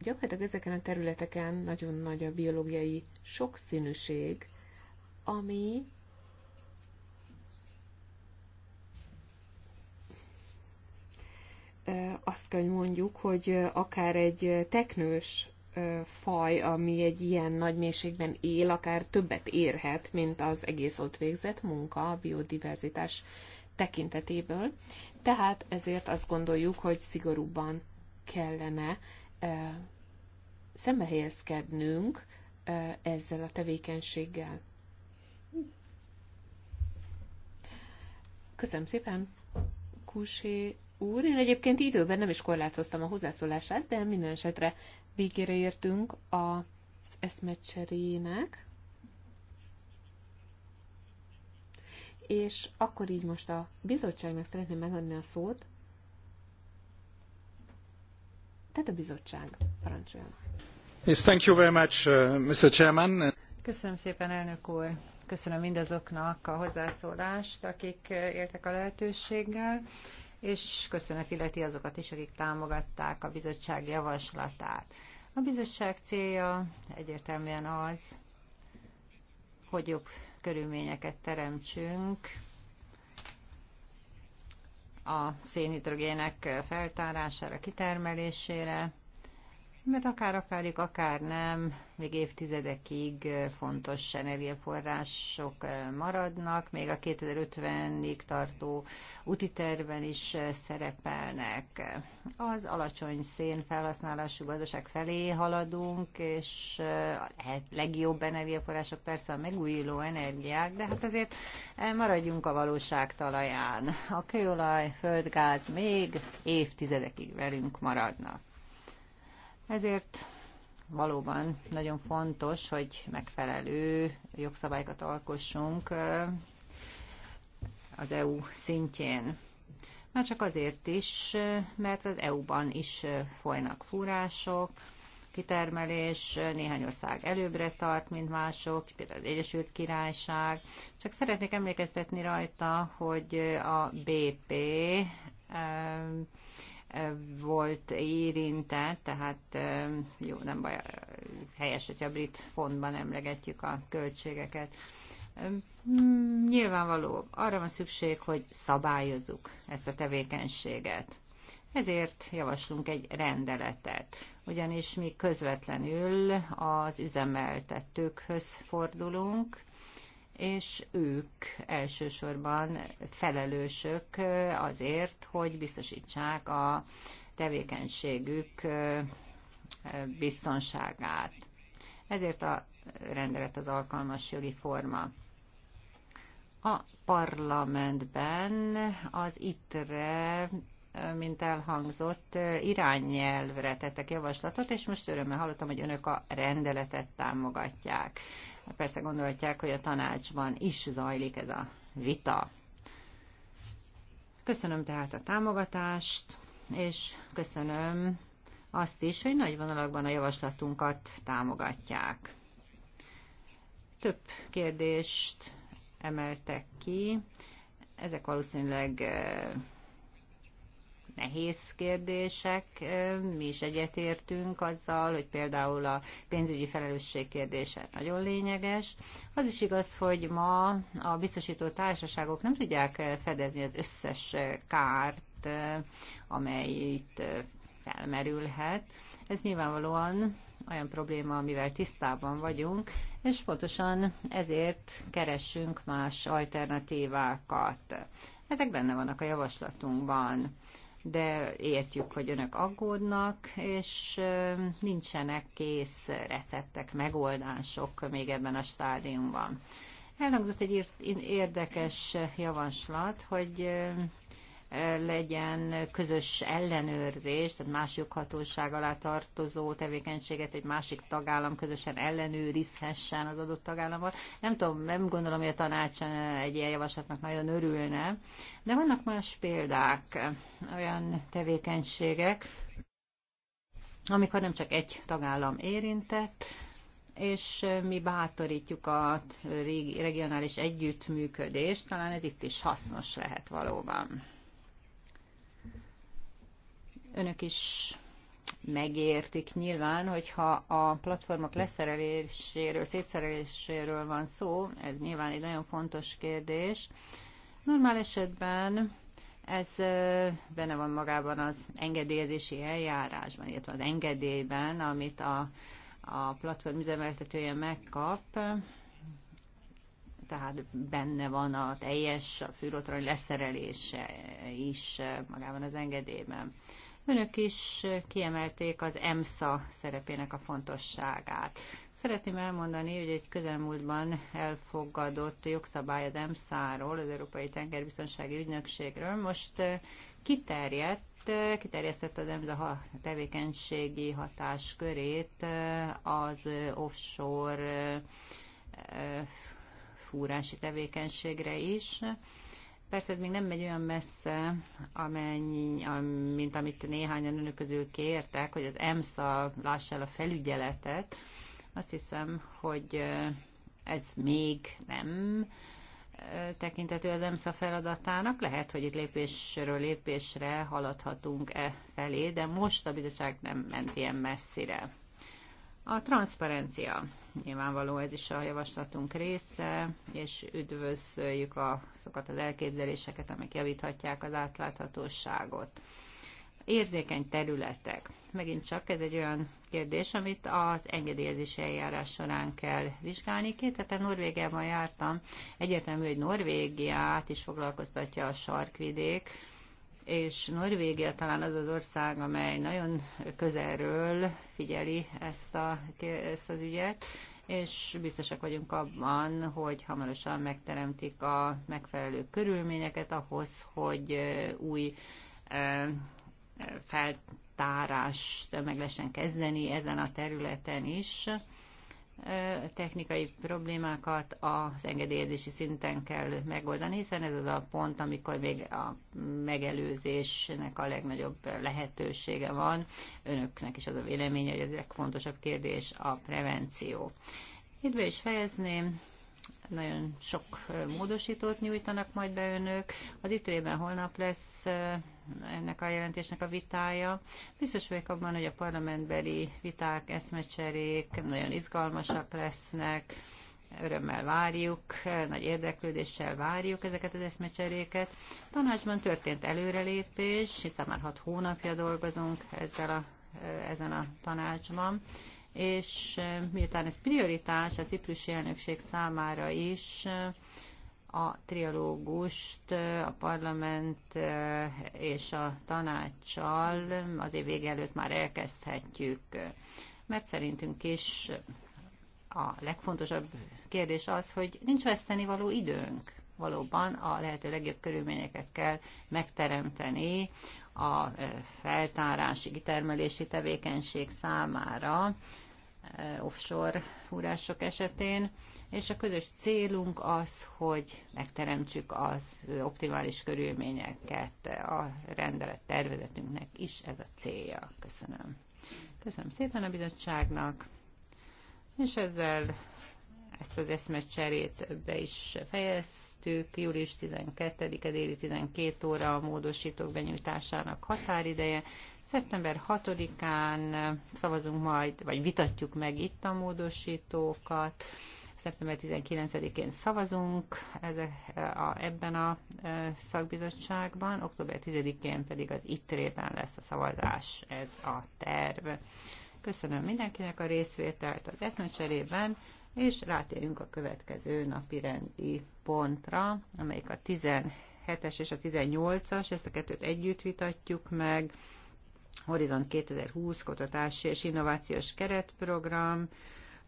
gyakorlatilag ezeken a területeken nagyon nagy a biológiai sokszínűség, ami azt kell, hogy mondjuk, hogy akár egy teknős faj, ami egy ilyen nagy mélységben él, akár többet érhet, mint az egész ott végzett munka a biodiverzitás tekintetéből. Tehát ezért azt gondoljuk, hogy szigorúbban kellene szembehelyezkednünk ezzel a tevékenységgel. Köszönöm szépen, Kusé úr. Én egyébként időben nem is korlátoztam a hozzászólását, de minden esetre végére értünk az eszmecserének. És akkor így most a bizottságnak szeretném megadni a szót, tehát a bizottság parancsoljon. Yes, thank you very much, uh, Mr. Chairman. Köszönöm szépen, elnök úr. Köszönöm mindazoknak a hozzászólást, akik uh, éltek a lehetőséggel, és köszönet illeti azokat is, akik támogatták a bizottság javaslatát. A bizottság célja egyértelműen az, hogy jobb körülményeket teremtsünk a szénhidrogének feltárására, kitermelésére, mert akár akarjuk, akár nem, még évtizedekig fontos energiaforrások maradnak, még a 2050-ig tartó úti terven is szerepelnek. Az alacsony szén felhasználású gazdaság felé haladunk, és a legjobb energiaforrások persze a megújuló energiák, de hát azért maradjunk a valóság talaján. A kőolaj, földgáz még évtizedekig velünk maradnak. Ezért valóban nagyon fontos, hogy megfelelő jogszabályokat alkossunk az EU szintjén. Már csak azért is, mert az EU-ban is folynak fúrások, kitermelés, néhány ország előbbre tart, mint mások, például az Egyesült Királyság. Csak szeretnék emlékeztetni rajta, hogy a BP volt érintett, tehát jó, nem baj, helyes, hogy a brit fontban emlegetjük a költségeket. Nyilvánvaló, arra van szükség, hogy szabályozzuk ezt a tevékenységet. Ezért javaslunk egy rendeletet, ugyanis mi közvetlenül az üzemeltetőkhöz fordulunk, és ők elsősorban felelősök azért, hogy biztosítsák a tevékenységük biztonságát. Ezért a rendelet az alkalmas jogi forma. A parlamentben az ITRE, mint elhangzott, irányelvre tettek javaslatot, és most örömmel hallottam, hogy önök a rendeletet támogatják. Persze gondolják, hogy a tanácsban is zajlik ez a vita. Köszönöm tehát a támogatást, és köszönöm azt is, hogy nagy vonalakban a javaslatunkat támogatják. Több kérdést emeltek ki, ezek valószínűleg nehéz kérdések. Mi is egyetértünk azzal, hogy például a pénzügyi felelősség kérdése nagyon lényeges. Az is igaz, hogy ma a biztosító társaságok nem tudják fedezni az összes kárt, amely itt felmerülhet. Ez nyilvánvalóan olyan probléma, amivel tisztában vagyunk, és pontosan ezért keressünk más alternatívákat. Ezek benne vannak a javaslatunkban de értjük, hogy önök aggódnak, és nincsenek kész receptek, megoldások még ebben a stádiumban. Elhangzott egy érdekes javaslat, hogy legyen közös ellenőrzés, tehát más joghatóság alá tartozó tevékenységet egy másik tagállam közösen ellenőrizhessen az adott tagállamban. Nem tudom, nem gondolom, hogy a tanács egy ilyen javaslatnak nagyon örülne, de vannak más példák, olyan tevékenységek, amikor nem csak egy tagállam érintett, és mi bátorítjuk a regionális együttműködést, talán ez itt is hasznos lehet valóban. Önök is megértik nyilván, hogyha a platformok leszereléséről, szétszereléséről van szó, ez nyilván egy nagyon fontos kérdés. Normál esetben ez benne van magában az engedélyezési eljárásban, illetve az engedélyben, amit a, a platform üzemeltetője megkap, tehát benne van a teljes a fűrotron leszerelése is magában az engedélyben. Önök is kiemelték az EMSA szerepének a fontosságát. Szeretném elmondani, hogy egy közelmúltban elfogadott jogszabály az emsa ról az Európai Tengerbiztonsági Ügynökségről most kiterjedt, kiterjesztett az EMSZA tevékenységi hatáskörét az offshore fúrási tevékenységre is. Persze ez még nem megy olyan messze, amennyi, mint amit néhányan önök közül kértek, hogy az EMSZA lássa el a felügyeletet. Azt hiszem, hogy ez még nem tekintető az EMSZA feladatának. Lehet, hogy itt lépésről lépésre haladhatunk e felé, de most a bizottság nem ment ilyen messzire. A transzparencia nyilvánvaló ez is a javaslatunk része, és üdvözöljük azokat az elképzeléseket, amik javíthatják az átláthatóságot. Érzékeny területek. Megint csak ez egy olyan kérdés, amit az engedélyezési eljárás során kell vizsgálni. Két hete Norvégiában jártam, egyértelmű, hogy Norvégiát is foglalkoztatja a sarkvidék, és Norvégia talán az az ország, amely nagyon közelről figyeli ezt, a, ezt az ügyet, és biztosak vagyunk abban, hogy hamarosan megteremtik a megfelelő körülményeket ahhoz, hogy új feltárást meg lehessen kezdeni ezen a területen is technikai problémákat az engedélyezési szinten kell megoldani, hiszen ez az a pont, amikor még a megelőzésnek a legnagyobb lehetősége van. Önöknek is az a véleménye, hogy ez a legfontosabb kérdés a prevenció. Itt be is fejezném nagyon sok módosítót nyújtanak majd be önök. Az itt holnap lesz ennek a jelentésnek a vitája. Biztos vagyok abban, hogy a parlamentbeli viták, eszmecserék nagyon izgalmasak lesznek, örömmel várjuk, nagy érdeklődéssel várjuk ezeket az eszmecseréket. A tanácsban történt előrelépés, hiszen már hat hónapja dolgozunk ezzel a, ezen a tanácsban, és miután ez prioritás a ciprusi elnökség számára is, a trialógust a parlament és a tanácssal az év vége előtt már elkezdhetjük, mert szerintünk is a legfontosabb kérdés az, hogy nincs vesztenivaló időnk. Valóban a lehető legjobb körülményeket kell megteremteni a feltárási, kitermelési tevékenység számára, Eh, offshore húrások esetén, és a közös célunk az, hogy megteremtsük az optimális körülményeket a rendelet tervezetünknek is ez a célja. Köszönöm. Köszönöm szépen a bizottságnak, és ezzel ezt az eszmecserét be is fejeztük. Július 12-e déli 12 óra a módosítók benyújtásának határideje. Szeptember 6-án eh, szavazunk majd, vagy vitatjuk meg itt a módosítókat. Szeptember 19-én szavazunk ezek eh, a, ebben a eh, szakbizottságban, október 10-én pedig az ITRE-ben lesz a szavazás, ez a terv. Köszönöm mindenkinek a részvételt az eszmecserében, és rátérünk a következő napi rendi pontra, amelyik a 17-es és a 18-as, ezt a kettőt együtt vitatjuk meg. Horizont 2020 kutatási és innovációs keretprogram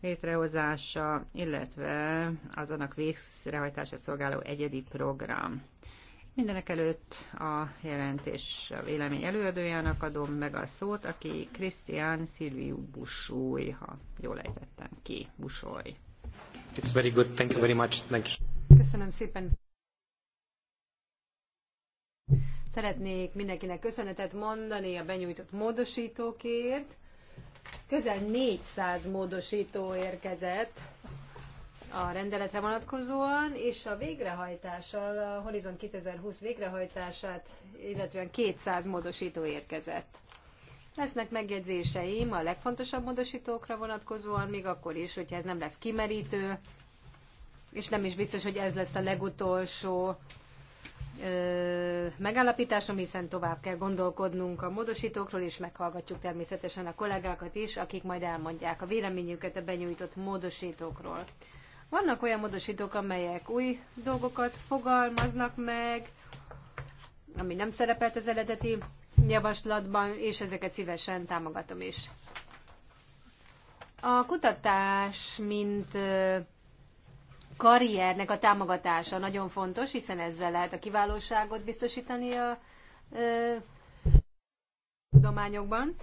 létrehozása, illetve az annak végrehajtását szolgáló egyedi program. Mindenek előtt a jelentés a vélemény előadójának adom meg a szót, aki Krisztián Szilviu Busúj, ha jól ejtettem ki, Busúj. It's very good, thank you very much. Thank you. Köszönöm szépen. Szeretnék mindenkinek köszönetet mondani a benyújtott módosítókért. Közel 400 módosító érkezett a rendeletre vonatkozóan, és a végrehajtással, a Horizon 2020 végrehajtását, illetően 200 módosító érkezett. Lesznek megjegyzéseim a legfontosabb módosítókra vonatkozóan, még akkor is, hogyha ez nem lesz kimerítő, és nem is biztos, hogy ez lesz a legutolsó megállapításom, hiszen tovább kell gondolkodnunk a módosítókról, és meghallgatjuk természetesen a kollégákat is, akik majd elmondják a véleményüket a benyújtott módosítókról. Vannak olyan módosítók, amelyek új dolgokat fogalmaznak meg, ami nem szerepelt az eredeti javaslatban, és ezeket szívesen támogatom is. A kutatás, mint karriernek a támogatása nagyon fontos, hiszen ezzel lehet a kiválóságot biztosítani a tudományokban.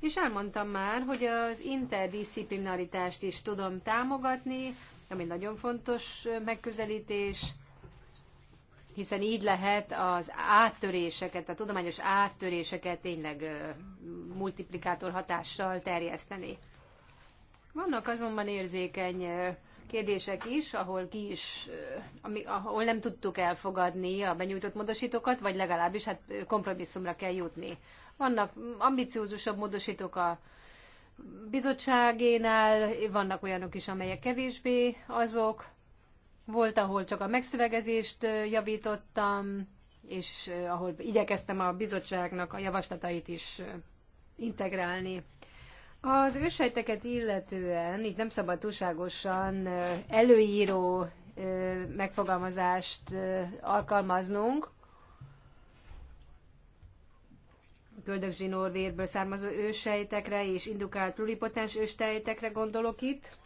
És elmondtam már, hogy az interdisziplinaritást is tudom támogatni, ami nagyon fontos megközelítés, hiszen így lehet az áttöréseket, a tudományos áttöréseket tényleg multiplikátor hatással terjeszteni. Vannak azonban érzékeny kérdések is, ahol ki is, eh, ami, ahol nem tudtuk elfogadni a benyújtott módosítókat, vagy legalábbis hát eh, kompromisszumra kell jutni. Vannak ambiciózusabb módosítók a bizottságénál, vannak olyanok is, amelyek kevésbé azok. Volt, ahol csak a megszövegezést eh, javítottam, és ahol igyekeztem a bizottságnak a javaslatait is integrálni. Az ősejteket illetően itt nem szabad túlságosan előíró megfogalmazást alkalmaznunk. Köldögzsinór vérből származó ősejtekre és indukált pluripotens ősejtekre gondolok itt.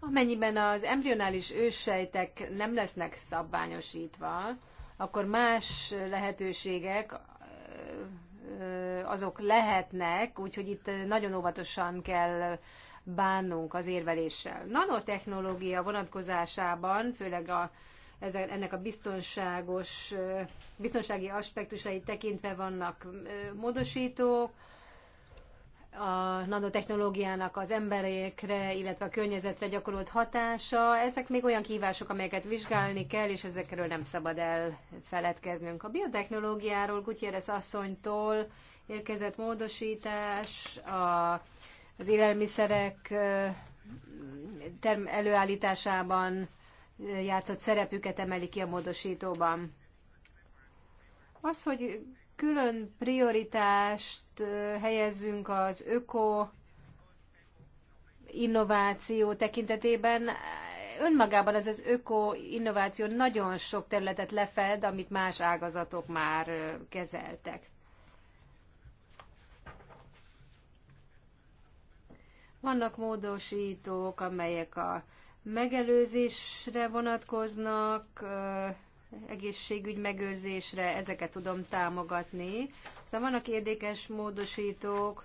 Amennyiben az embrionális őssejtek nem lesznek szabványosítva, akkor más lehetőségek azok lehetnek, úgyhogy itt nagyon óvatosan kell bánnunk az érveléssel. Nanotechnológia vonatkozásában, főleg a, ennek a biztonságos, biztonsági aspektusai tekintve vannak módosítók, a nanotechnológiának az emberekre, illetve a környezetre gyakorolt hatása, ezek még olyan kívások, amelyeket vizsgálni kell, és ezekről nem szabad elfeledkeznünk. A biotechnológiáról Gutierrez asszonytól érkezett módosítás, a, az élelmiszerek term- előállításában játszott szerepüket emeli ki a módosítóban. Az, hogy külön prioritást helyezzünk az öko innováció tekintetében. Önmagában ez az öko innováció nagyon sok területet lefed, amit más ágazatok már kezeltek. Vannak módosítók, amelyek a megelőzésre vonatkoznak, egészségügy megőrzésre, ezeket tudom támogatni. Szóval vannak érdekes módosítók,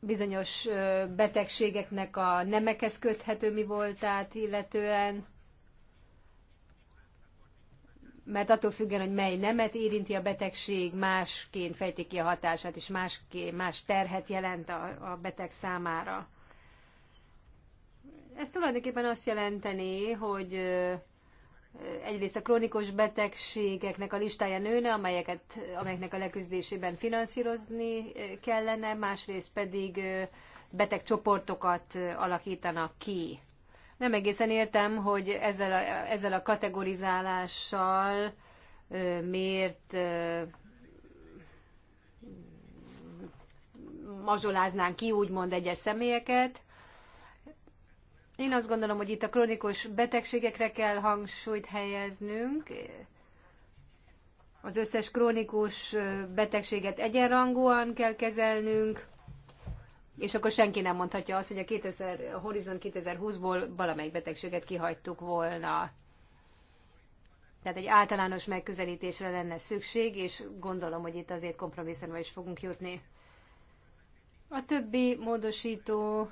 bizonyos betegségeknek a nemekhez köthető mi voltát illetően, mert attól függően, hogy mely nemet érinti a betegség, másként fejti ki a hatását, és másként, más terhet jelent a, a beteg számára. Ez tulajdonképpen azt jelenteni, hogy egyrészt a krónikus betegségeknek a listája nőne, amelyeket, amelyeknek a leküzdésében finanszírozni kellene, másrészt pedig betegcsoportokat alakítanak ki. Nem egészen értem, hogy ezzel a, ezzel a kategorizálással miért mazsoláznánk ki úgymond egyes személyeket, én azt gondolom, hogy itt a krónikus betegségekre kell hangsúlyt helyeznünk. Az összes krónikus betegséget egyenrangúan kell kezelnünk, és akkor senki nem mondhatja azt, hogy a, 2000, a Horizon 2020-ból valamelyik betegséget kihagytuk volna. Tehát egy általános megközelítésre lenne szükség, és gondolom, hogy itt azért kompromisszumra is fogunk jutni. A többi módosító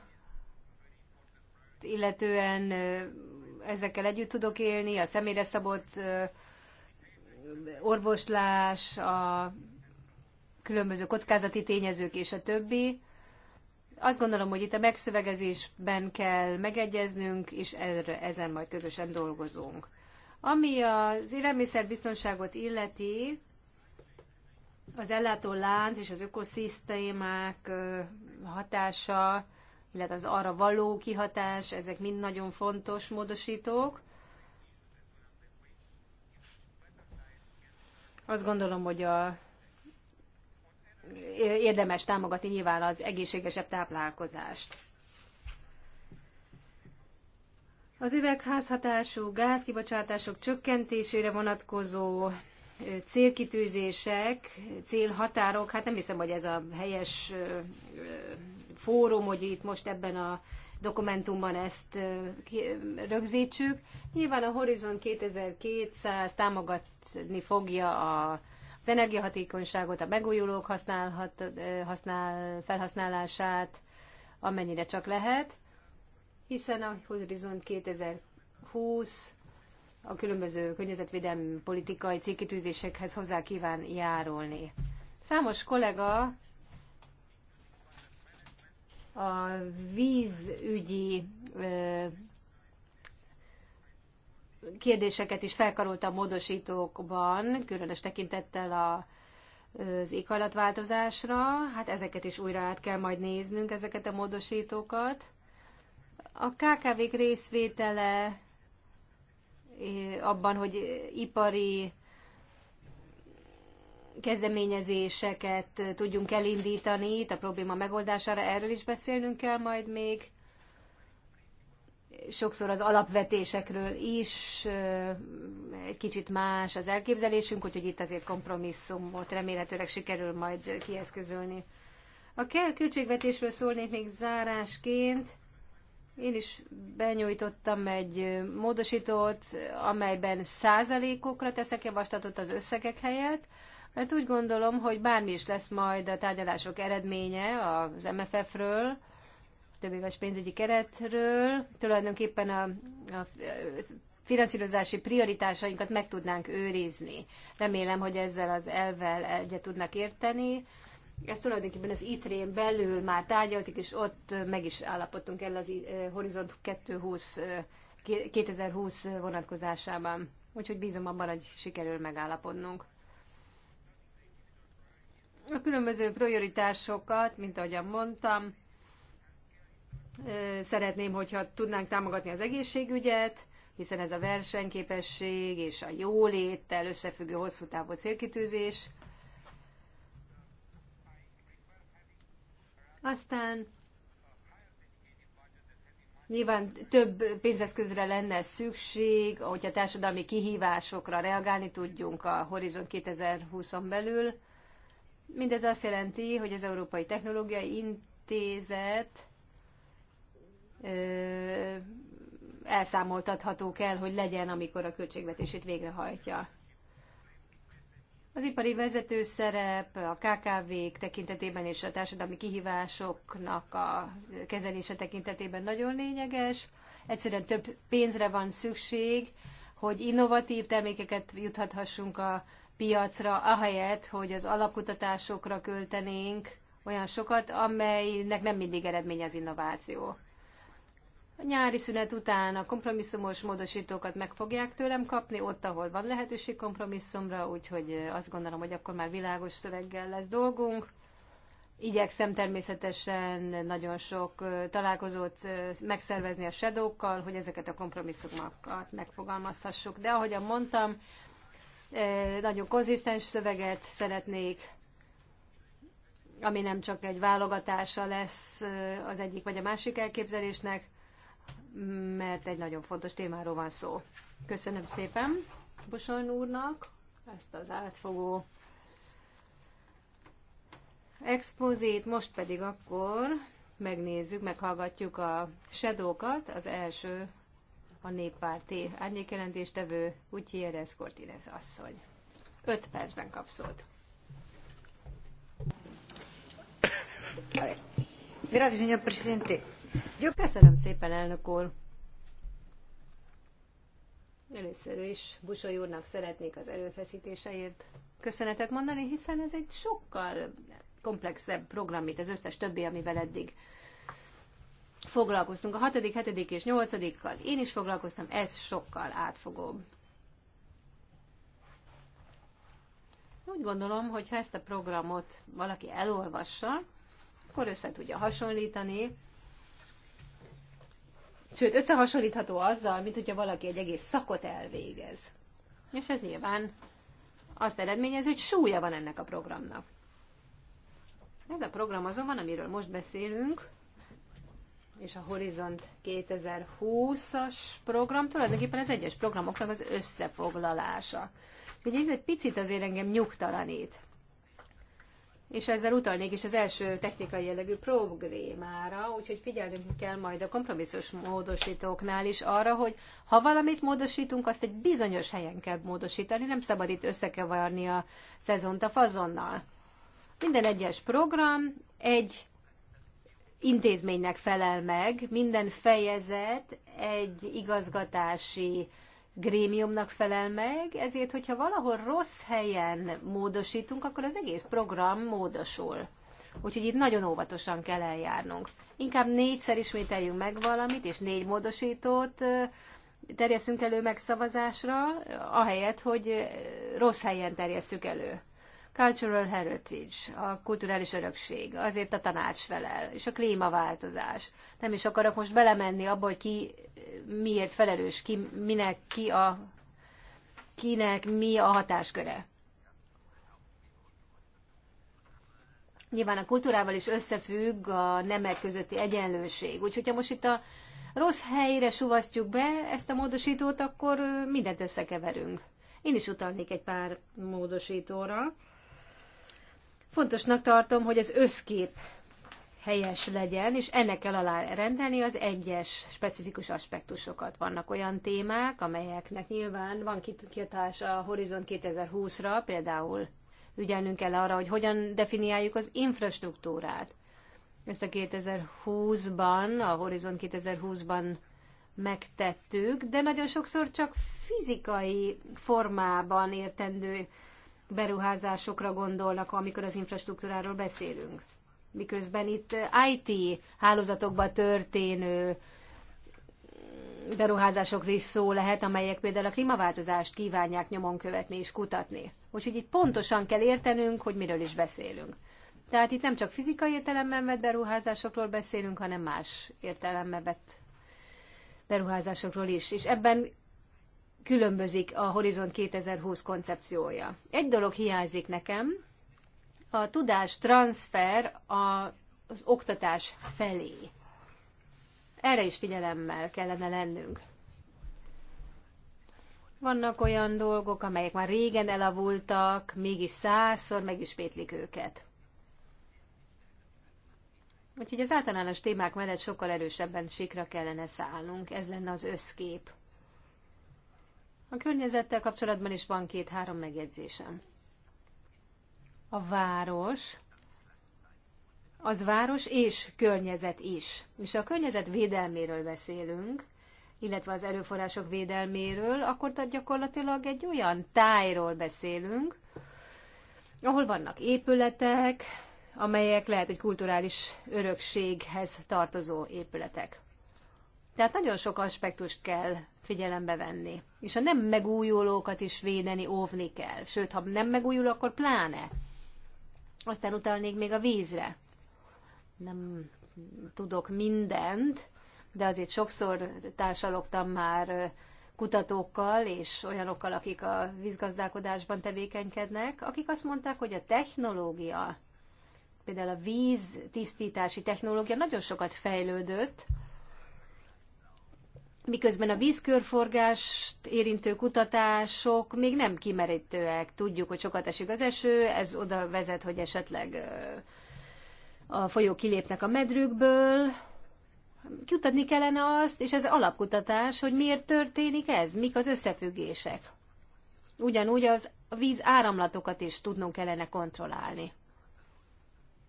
illetően ezekkel együtt tudok élni, a személyre szabott orvoslás, a különböző kockázati tényezők és a többi. Azt gondolom, hogy itt a megszövegezésben kell megegyeznünk, és erre, ezen majd közösen dolgozunk. Ami az élelmiszerbiztonságot illeti, az ellátó lánc és az ökoszisztémák hatása, illetve az arra való kihatás, ezek mind nagyon fontos módosítók. Azt gondolom, hogy a, érdemes támogatni nyilván az egészségesebb táplálkozást. Az üvegházhatású gázkibocsátások csökkentésére vonatkozó célkitűzések, célhatárok, hát nem hiszem, hogy ez a helyes fórum, hogy itt most ebben a dokumentumban ezt rögzítsük. Nyilván a Horizon 2200 támogatni fogja a, az energiahatékonyságot, a megújulók használhat, használ, felhasználását, amennyire csak lehet, hiszen a Horizon 2020 a különböző környezetvédelmi politikai célkitűzésekhez hozzá kíván járulni. Számos kollega a vízügyi kérdéseket is felkarolta a módosítókban, különös tekintettel a, az éghajlatváltozásra. Hát ezeket is újra át kell majd néznünk, ezeket a módosítókat. A KKV-k részvétele abban, hogy ipari kezdeményezéseket tudjunk elindítani itt a probléma megoldására, erről is beszélnünk kell majd még. Sokszor az alapvetésekről is egy kicsit más az elképzelésünk, úgyhogy itt azért kompromisszumot remélhetőleg sikerül majd kieszközölni. A költségvetésről szólnék még zárásként. Én is benyújtottam egy módosítót, amelyben százalékokra teszek javaslatot az összegek helyett, mert úgy gondolom, hogy bármi is lesz majd a tárgyalások eredménye az MFF-ről, több éves pénzügyi keretről, tulajdonképpen a, a finanszírozási prioritásainkat meg tudnánk őrizni. Remélem, hogy ezzel az elvel egyet tudnak érteni, ezt tulajdonképpen az ITRÉN belül már tárgyaltuk, és ott meg is állapodtunk el az eh, Horizont 2020, 2020 eh, vonatkozásában. Úgyhogy bízom abban, hogy sikerül megállapodnunk. A különböző prioritásokat, mint ahogyan mondtam, eh, szeretném, hogyha tudnánk támogatni az egészségügyet, hiszen ez a versenyképesség és a jóléttel összefüggő hosszú távú célkitűzés – Aztán nyilván több pénzeszközre lenne szükség, hogy a társadalmi kihívásokra reagálni tudjunk a Horizont 2020-on belül. Mindez azt jelenti, hogy az Európai Technológiai Intézet ö, elszámoltatható kell, hogy legyen, amikor a költségvetését végrehajtja. Az ipari vezető szerep, a KKV-k tekintetében és a társadalmi kihívásoknak a kezelése tekintetében nagyon lényeges. Egyszerűen több pénzre van szükség, hogy innovatív termékeket juthathassunk a piacra, ahelyett, hogy az alapkutatásokra költenénk olyan sokat, amelynek nem mindig eredmény az innováció. A nyári szünet után a kompromisszumos módosítókat meg fogják tőlem kapni, ott, ahol van lehetőség kompromisszumra, úgyhogy azt gondolom, hogy akkor már világos szöveggel lesz dolgunk. Igyekszem természetesen nagyon sok találkozót megszervezni a shadowkkal, hogy ezeket a kompromisszumokat megfogalmazhassuk. De ahogyan mondtam, nagyon konzisztens szöveget szeretnék, ami nem csak egy válogatása lesz az egyik vagy a másik elképzelésnek, mert egy nagyon fontos témáról van szó. Köszönöm szépen Boson úrnak ezt az átfogó expozét, most pedig akkor megnézzük, meghallgatjuk a shadowkat, az első a néppárti árnyékjelentéstevő Gutierrez Kortinez asszony. Öt percben kapszolt. Grazie, signor señor presidente. Jó, köszönöm szépen, elnök úr. Először is Busoly úrnak szeretnék az erőfeszítéseért köszönetet mondani, hiszen ez egy sokkal komplexebb program, mint az összes többi, amivel eddig foglalkoztunk. A 6., 7. és 8. kal én is foglalkoztam, ez sokkal átfogóbb. Úgy gondolom, hogy ha ezt a programot valaki elolvassa, akkor össze tudja hasonlítani Sőt, összehasonlítható azzal, mint hogyha valaki egy egész szakot elvégez. És ez nyilván azt eredményez, hogy súlya van ennek a programnak. Ez a program azonban, amiről most beszélünk, és a Horizont 2020-as program tulajdonképpen az egyes programoknak az összefoglalása. Ugye ez egy picit azért engem nyugtalanít és ezzel utalnék is az első technikai jellegű problémára, úgyhogy figyelnünk kell majd a kompromisszus módosítóknál is arra, hogy ha valamit módosítunk, azt egy bizonyos helyen kell módosítani, nem szabad itt összekevarni a szezont a fazonnal. Minden egyes program egy intézménynek felel meg, minden fejezet egy igazgatási grémiumnak felel meg, ezért, hogyha valahol rossz helyen módosítunk, akkor az egész program módosul. Úgyhogy itt nagyon óvatosan kell eljárnunk. Inkább négyszer ismételjünk meg valamit, és négy módosítót terjeszünk elő megszavazásra, ahelyett, hogy rossz helyen terjesszük elő. Cultural Heritage, a kulturális örökség, azért a tanács felel, és a klímaváltozás. Nem is akarok most belemenni abba, hogy ki miért felelős, ki, minek, ki a, kinek mi a hatásköre. Nyilván a kultúrával is összefügg a nemek közötti egyenlőség. Úgyhogy ha most itt a rossz helyre suvasztjuk be ezt a módosítót, akkor mindent összekeverünk. Én is utalnék egy pár módosítóra, Fontosnak tartom, hogy az összkép helyes legyen, és ennek kell alá rendelni az egyes specifikus aspektusokat. Vannak olyan témák, amelyeknek nyilván van kitása a Horizon 2020-ra, például ügyelnünk kell arra, hogy hogyan definiáljuk az infrastruktúrát. Ezt a 2020-ban, a Horizon 2020-ban megtettük, de nagyon sokszor csak fizikai formában értendő beruházásokra gondolnak, amikor az infrastruktúráról beszélünk. Miközben itt IT hálózatokban történő beruházásokról is szó lehet, amelyek például a klímaváltozást kívánják nyomon követni és kutatni. Úgyhogy itt pontosan kell értenünk, hogy miről is beszélünk. Tehát itt nem csak fizikai értelemben vett beruházásokról beszélünk, hanem más értelemben vett beruházásokról is. És ebben különbözik a Horizont 2020 koncepciója. Egy dolog hiányzik nekem, a tudás transfer az oktatás felé. Erre is figyelemmel kellene lennünk. Vannak olyan dolgok, amelyek már régen elavultak, mégis százszor megismétlik őket. Úgyhogy az általános témák mellett sokkal erősebben sikra kellene szállnunk, ez lenne az összkép. A környezettel kapcsolatban is van két-három megjegyzésem. A város, az város és környezet is. És a környezet védelméről beszélünk, illetve az erőforrások védelméről, akkor gyakorlatilag egy olyan tájról beszélünk, ahol vannak épületek, amelyek lehet, hogy kulturális örökséghez tartozó épületek. Tehát nagyon sok aspektust kell figyelembe venni. És a nem megújulókat is védeni, óvni kell. Sőt, ha nem megújul, akkor pláne. Aztán utalnék még a vízre. Nem tudok mindent, de azért sokszor társalogtam már kutatókkal és olyanokkal, akik a vízgazdálkodásban tevékenykednek, akik azt mondták, hogy a technológia, például a víz tisztítási technológia nagyon sokat fejlődött, miközben a vízkörforgást érintő kutatások még nem kimerítőek. Tudjuk, hogy sokat esik az eső, ez oda vezet, hogy esetleg a folyók kilépnek a medrükből. Kutatni kellene azt, és ez alapkutatás, hogy miért történik ez, mik az összefüggések. Ugyanúgy az a víz áramlatokat is tudnunk kellene kontrollálni.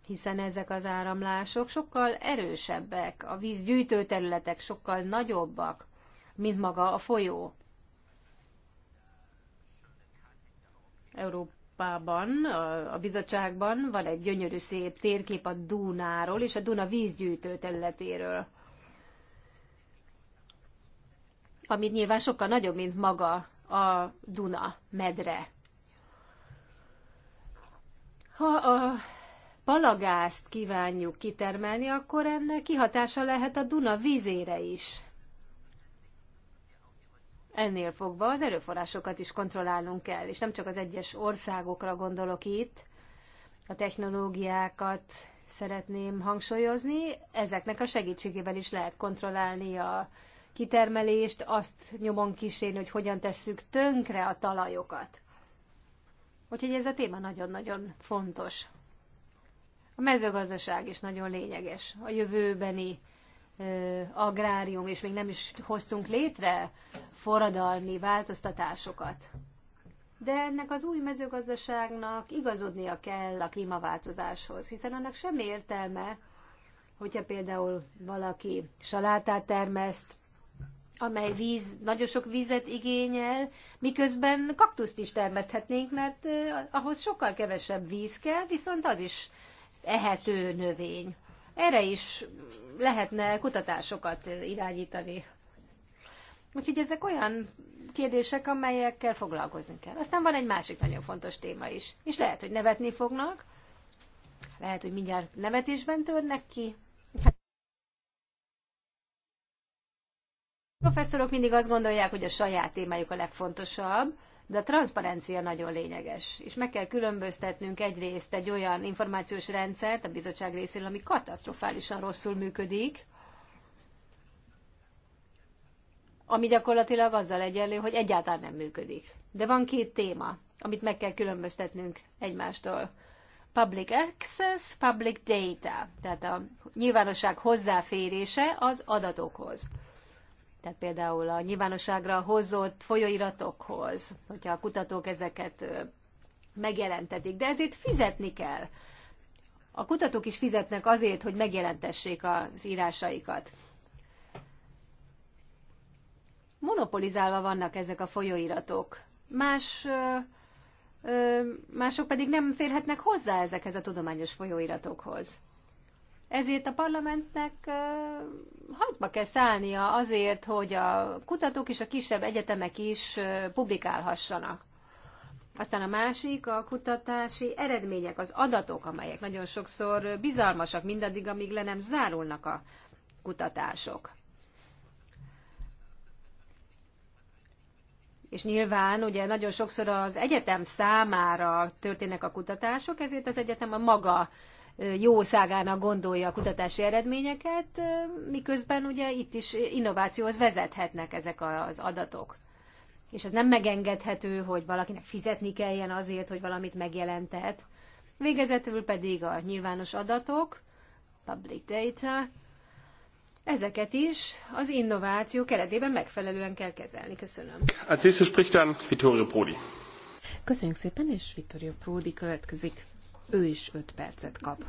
Hiszen ezek az áramlások sokkal erősebbek, a víz gyűjtő területek sokkal nagyobbak mint maga a folyó. Európában, a bizottságban van egy gyönyörű szép térkép a Dunáról és a Duna vízgyűjtő területéről, amit nyilván sokkal nagyobb, mint maga a Duna medre. Ha a palagázt kívánjuk kitermelni, akkor ennek kihatása lehet a Duna vízére is ennél fogva az erőforrásokat is kontrollálnunk kell, és nem csak az egyes országokra gondolok itt, a technológiákat szeretném hangsúlyozni, ezeknek a segítségével is lehet kontrollálni a kitermelést, azt nyomon kísérni, hogy hogyan tesszük tönkre a talajokat. Úgyhogy ez a téma nagyon-nagyon fontos. A mezőgazdaság is nagyon lényeges. A jövőbeni agrárium, és még nem is hoztunk létre forradalmi változtatásokat. De ennek az új mezőgazdaságnak igazodnia kell a klímaváltozáshoz, hiszen annak semmi értelme, hogyha például valaki salátát termeszt, amely víz, nagyon sok vizet igényel, miközben kaktuszt is termeszthetnénk, mert ahhoz sokkal kevesebb víz kell, viszont az is ehető növény. Erre is lehetne kutatásokat irányítani. Úgyhogy ezek olyan kérdések, amelyekkel foglalkozni kell. Aztán van egy másik nagyon fontos téma is. És lehet, hogy nevetni fognak, lehet, hogy mindjárt nevetésben törnek ki. A professzorok mindig azt gondolják, hogy a saját témájuk a legfontosabb, de a transzparencia nagyon lényeges, és meg kell különböztetnünk egyrészt egy olyan információs rendszert a bizottság részéről, ami katasztrofálisan rosszul működik, ami gyakorlatilag azzal egyenlő, hogy egyáltalán nem működik. De van két téma, amit meg kell különböztetnünk egymástól. Public access, public data, tehát a nyilvánosság hozzáférése az adatokhoz tehát például a nyilvánosságra hozott folyóiratokhoz, hogyha a kutatók ezeket megjelentetik. De ezért fizetni kell. A kutatók is fizetnek azért, hogy megjelentessék az írásaikat. Monopolizálva vannak ezek a folyóiratok. Más, mások pedig nem férhetnek hozzá ezekhez a tudományos folyóiratokhoz. Ezért a parlamentnek harcba kell szállnia azért, hogy a kutatók és a kisebb egyetemek is publikálhassanak. Aztán a másik, a kutatási eredmények, az adatok, amelyek nagyon sokszor bizalmasak mindaddig, amíg le nem zárulnak a kutatások. És nyilván ugye nagyon sokszor az egyetem számára történnek a kutatások, ezért az egyetem a maga jószágának gondolja a kutatási eredményeket, miközben ugye itt is innovációhoz vezethetnek ezek az adatok. És ez nem megengedhető, hogy valakinek fizetni kelljen azért, hogy valamit megjelentet. Végezetül pedig a nyilvános adatok, public data, Ezeket is az innováció keretében megfelelően kell kezelni. Köszönöm. Az spricht dann Vittorio Prodi. Köszönjük szépen, és Vittorio Prodi következik ő is 5 percet kap.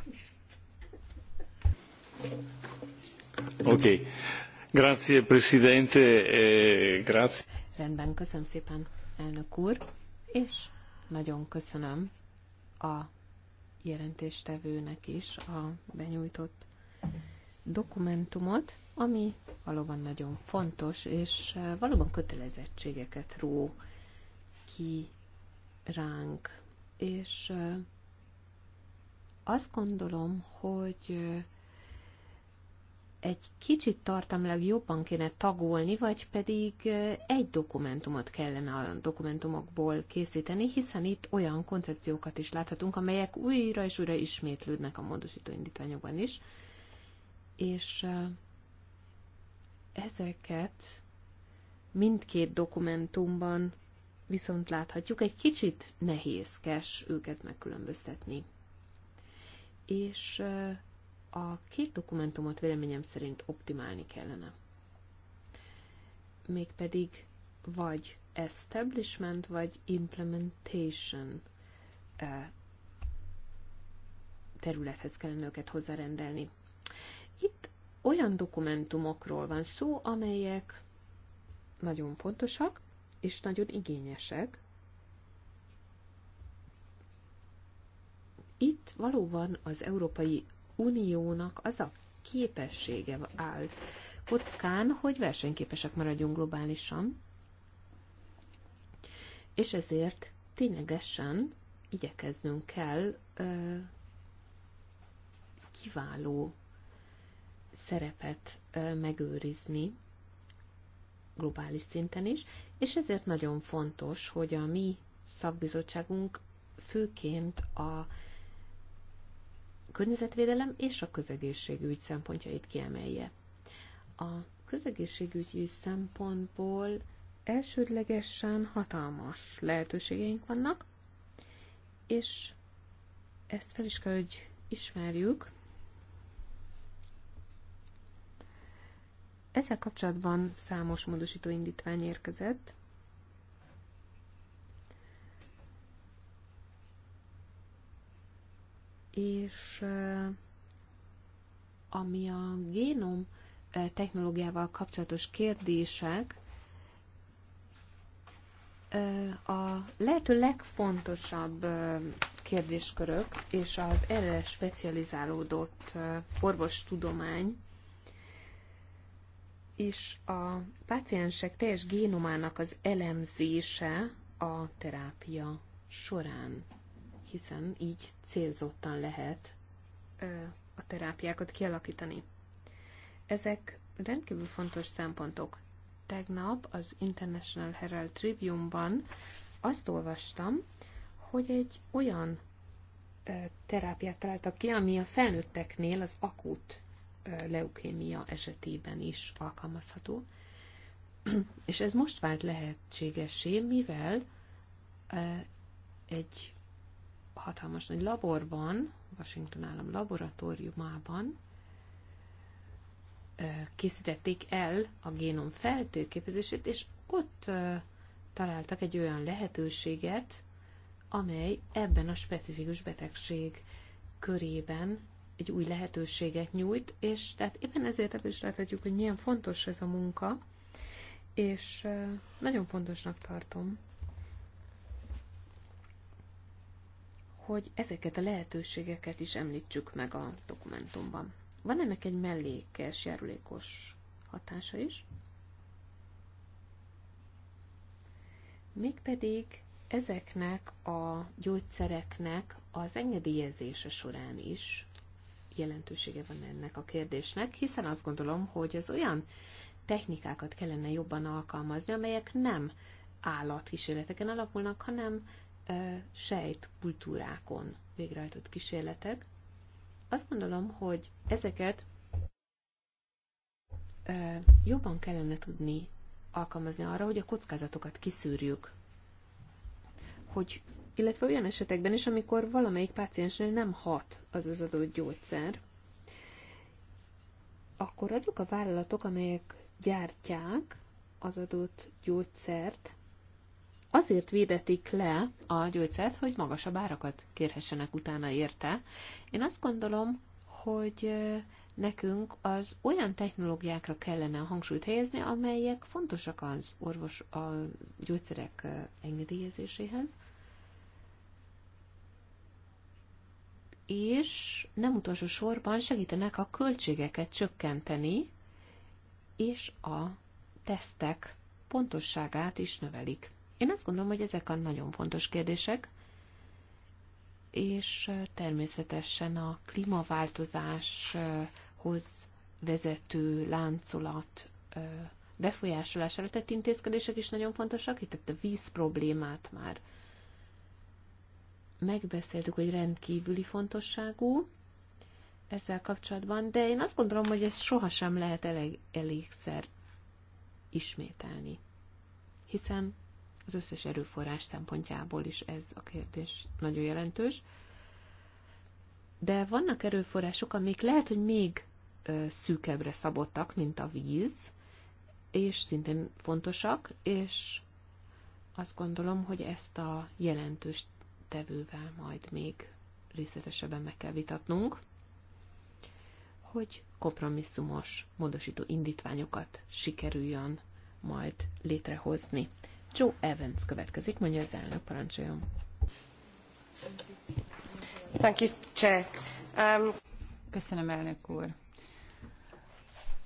Oké. Okay. Grazie, Presidente. Eh, grazie. Rendben, köszönöm szépen, elnök úr, és nagyon köszönöm a jelentéstevőnek is a benyújtott dokumentumot, ami valóban nagyon fontos, és e, valóban kötelezettségeket ró ki ránk, és e, azt gondolom, hogy egy kicsit tartalmilag jobban kéne tagolni, vagy pedig egy dokumentumot kellene a dokumentumokból készíteni, hiszen itt olyan koncepciókat is láthatunk, amelyek újra és újra ismétlődnek a módosító indítványokban is, és ezeket mindkét dokumentumban viszont láthatjuk, egy kicsit nehézkes őket megkülönböztetni és a két dokumentumot véleményem szerint optimálni kellene. Mégpedig vagy establishment, vagy implementation területhez kellene őket hozzárendelni. Itt olyan dokumentumokról van szó, amelyek nagyon fontosak és nagyon igényesek, itt valóban az Európai Uniónak az a képessége áll kockán, hogy versenyképesek maradjunk globálisan, és ezért ténylegesen igyekeznünk kell ö, kiváló szerepet ö, megőrizni globális szinten is, és ezért nagyon fontos, hogy a mi szakbizottságunk főként a környezetvédelem és a közegészségügy szempontjait kiemelje. A közegészségügyi szempontból elsődlegesen hatalmas lehetőségeink vannak, és ezt fel is kell, hogy ismerjük. Ezzel kapcsolatban számos módosító indítvány érkezett, és ami a génom technológiával kapcsolatos kérdések, a lehető legfontosabb kérdéskörök és az erre specializálódott orvostudomány és a páciensek teljes génomának az elemzése a terápia során hiszen így célzottan lehet a terápiákat kialakítani. Ezek rendkívül fontos szempontok. Tegnap az International Herald Tribune-ban azt olvastam, hogy egy olyan terápiát találtak ki, ami a felnőtteknél az akut leukémia esetében is alkalmazható. És ez most vált lehetségesé, mivel egy hatalmas nagy laborban, Washington állam laboratóriumában készítették el a génom feltérképezését, és ott találtak egy olyan lehetőséget, amely ebben a specifikus betegség körében egy új lehetőséget nyújt, és tehát éppen ezért ebből is láthatjuk, hogy milyen fontos ez a munka, és nagyon fontosnak tartom hogy ezeket a lehetőségeket is említsük meg a dokumentumban. Van ennek egy mellékes, járulékos hatása is, mégpedig ezeknek a gyógyszereknek az engedélyezése során is jelentősége van ennek a kérdésnek, hiszen azt gondolom, hogy az olyan technikákat kellene jobban alkalmazni, amelyek nem állatkísérleteken alapulnak, hanem sejtkultúrákon végrehajtott kísérletek. Azt gondolom, hogy ezeket jobban kellene tudni alkalmazni arra, hogy a kockázatokat kiszűrjük. Hogy, illetve olyan esetekben is, amikor valamelyik páciensnél nem hat az az adott gyógyszer, akkor azok a vállalatok, amelyek gyártják az adott gyógyszert, azért védetik le a gyógyszert, hogy magasabb árakat kérhessenek utána érte. Én azt gondolom, hogy nekünk az olyan technológiákra kellene a hangsúlyt helyezni, amelyek fontosak az orvos a gyógyszerek engedélyezéséhez, és nem utolsó sorban segítenek a költségeket csökkenteni, és a tesztek pontosságát is növelik. Én azt gondolom, hogy ezek a nagyon fontos kérdések, és természetesen a klímaváltozáshoz vezető láncolat befolyásolására tett intézkedések is nagyon fontosak. Itt a víz problémát már megbeszéltük, hogy rendkívüli fontosságú ezzel kapcsolatban, de én azt gondolom, hogy ezt sohasem lehet elég, elégszer ismételni. Hiszen az összes erőforrás szempontjából is ez a kérdés nagyon jelentős. De vannak erőforrások, amik lehet, hogy még szűkebbre szabottak, mint a víz, és szintén fontosak, és azt gondolom, hogy ezt a jelentős tevővel majd még részletesebben meg kell vitatnunk, hogy kompromisszumos módosító indítványokat sikerüljön majd létrehozni. Joe Evans következik, mondja az elnök, parancsoljon. Thank you, Chair. Um... Köszönöm, elnök úr.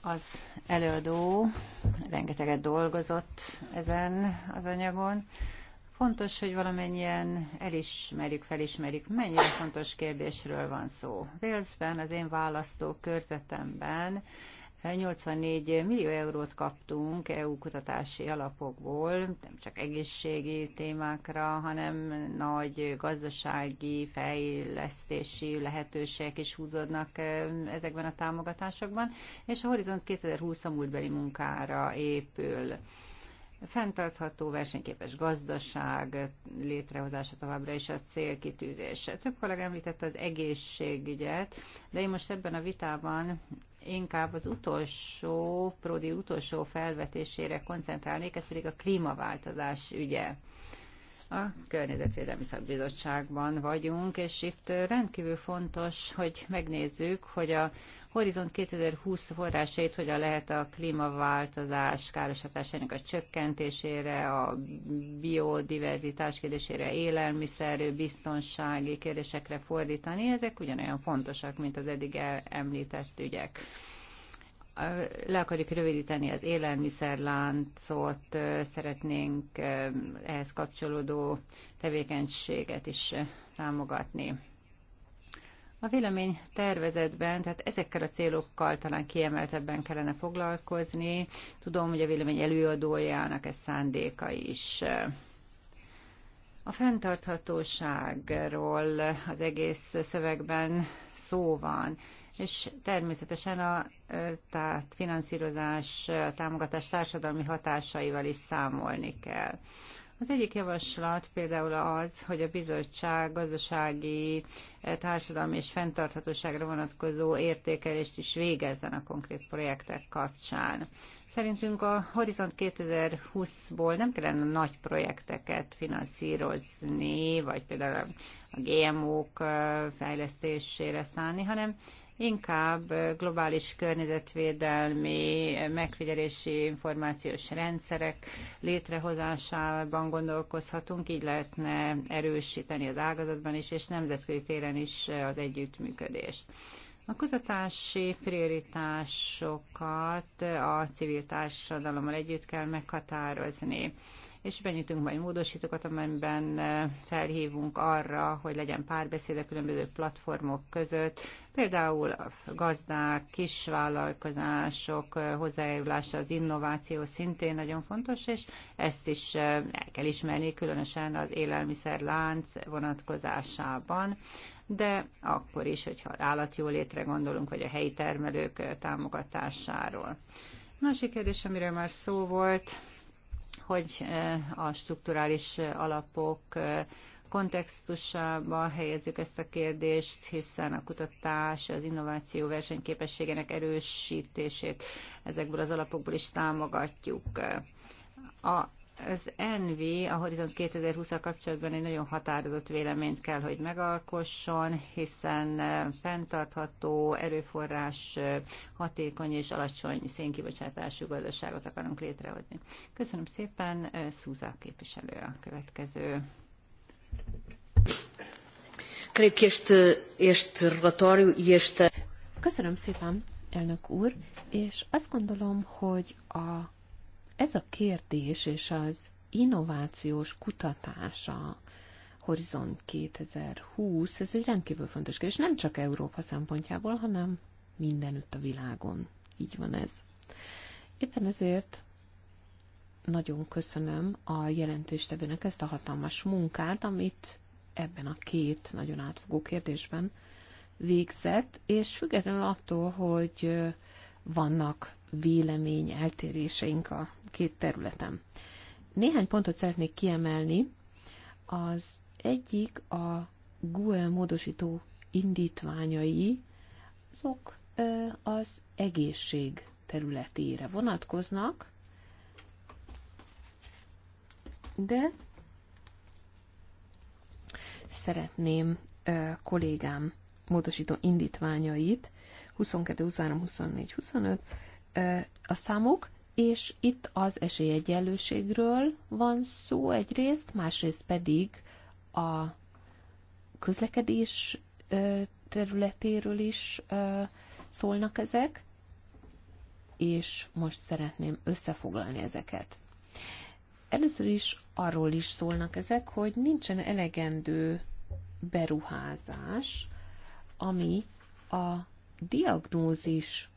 Az előadó rengeteget dolgozott ezen az anyagon. Fontos, hogy valamennyien elismerjük, felismerjük, mennyire fontos kérdésről van szó. Walesben, az én választó körzetemben 84 millió eurót kaptunk EU kutatási alapokból, nem csak egészségi témákra, hanem nagy gazdasági, fejlesztési lehetőségek is húzódnak e, ezekben a támogatásokban, és a Horizont 2020 a múltbeli munkára épül fenntartható, versenyképes gazdaság létrehozása továbbra is a célkitűzése. Több kollega említette az egészségügyet, de én most ebben a vitában inkább az utolsó, Prodi utolsó felvetésére koncentrálnék, ez pedig a klímaváltozás ügye. A Környezetvédelmi Szakbizottságban vagyunk, és itt rendkívül fontos, hogy megnézzük, hogy a, Horizont 2020 forrásait hogyan lehet a klímaváltozás káros hatásának a csökkentésére, a biodiverzitás kérdésére, élelmiszer, biztonsági kérdésekre fordítani, ezek ugyanolyan fontosak, mint az eddig említett ügyek le akarjuk rövidíteni az élelmiszerláncot, szeretnénk ehhez kapcsolódó tevékenységet is támogatni. A vélemény tervezetben, tehát ezekkel a célokkal talán kiemeltebben kellene foglalkozni. Tudom, hogy a vélemény előadójának ez szándéka is. A fenntarthatóságról az egész szövegben szó van, és természetesen a tehát finanszírozás, a támogatás társadalmi hatásaival is számolni kell. Az egyik javaslat például az, hogy a bizottság gazdasági, eh, társadalmi és fenntarthatóságra vonatkozó értékelést is végezzen a konkrét projektek kapcsán. Szerintünk a Horizont 2020-ból nem kellene nagy projekteket finanszírozni, vagy például a GMO-k eh, fejlesztésére szállni, hanem inkább globális környezetvédelmi megfigyelési információs rendszerek létrehozásában gondolkozhatunk, így lehetne erősíteni az ágazatban is, és nemzetközi téren is az együttműködést. A kutatási prioritásokat a civil társadalommal együtt kell meghatározni, és benyújtunk majd módosítókat, amelyben eh, felhívunk arra, hogy legyen párbeszéd a különböző platformok között, például a gazdák, kisvállalkozások eh, hozzájárulása az innováció szintén nagyon fontos, és ezt is eh, el kell ismerni, különösen az élelmiszerlánc vonatkozásában de akkor is, hogyha állatjólétre gondolunk, vagy a helyi termelők támogatásáról. Másik kérdés, amiről már szó volt, hogy a strukturális alapok kontextusába helyezzük ezt a kérdést, hiszen a kutatás, az innováció versenyképességének erősítését ezekből az alapokból is támogatjuk. A az NV a Horizont 2020-a kapcsolatban egy nagyon határozott véleményt kell, hogy megalkosson, hiszen fenntartható erőforrás, hatékony és alacsony szénkibocsátású gazdaságot akarunk létrehozni. Köszönöm szépen, Szúza képviselő a következő. E Köszönöm szépen, elnök úr, és azt gondolom, hogy a ez a kérdés és az innovációs kutatása Horizont 2020, ez egy rendkívül fontos kérdés, nem csak Európa szempontjából, hanem mindenütt a világon. Így van ez. Éppen ezért nagyon köszönöm a jelentéstevőnek ezt a hatalmas munkát, amit ebben a két nagyon átfogó kérdésben végzett, és függetlenül attól, hogy vannak vélemény eltéréseink a két területen. Néhány pontot szeretnék kiemelni. Az egyik a Google módosító indítványai, azok az egészség területére vonatkoznak, de szeretném kollégám módosító indítványait 22, 23, 24, 25 a számuk, és itt az esélyegyenlőségről van szó egyrészt, másrészt pedig a közlekedés területéről is szólnak ezek, és most szeretném összefoglalni ezeket. Először is arról is szólnak ezek, hogy nincsen elegendő beruházás, ami a diagnózis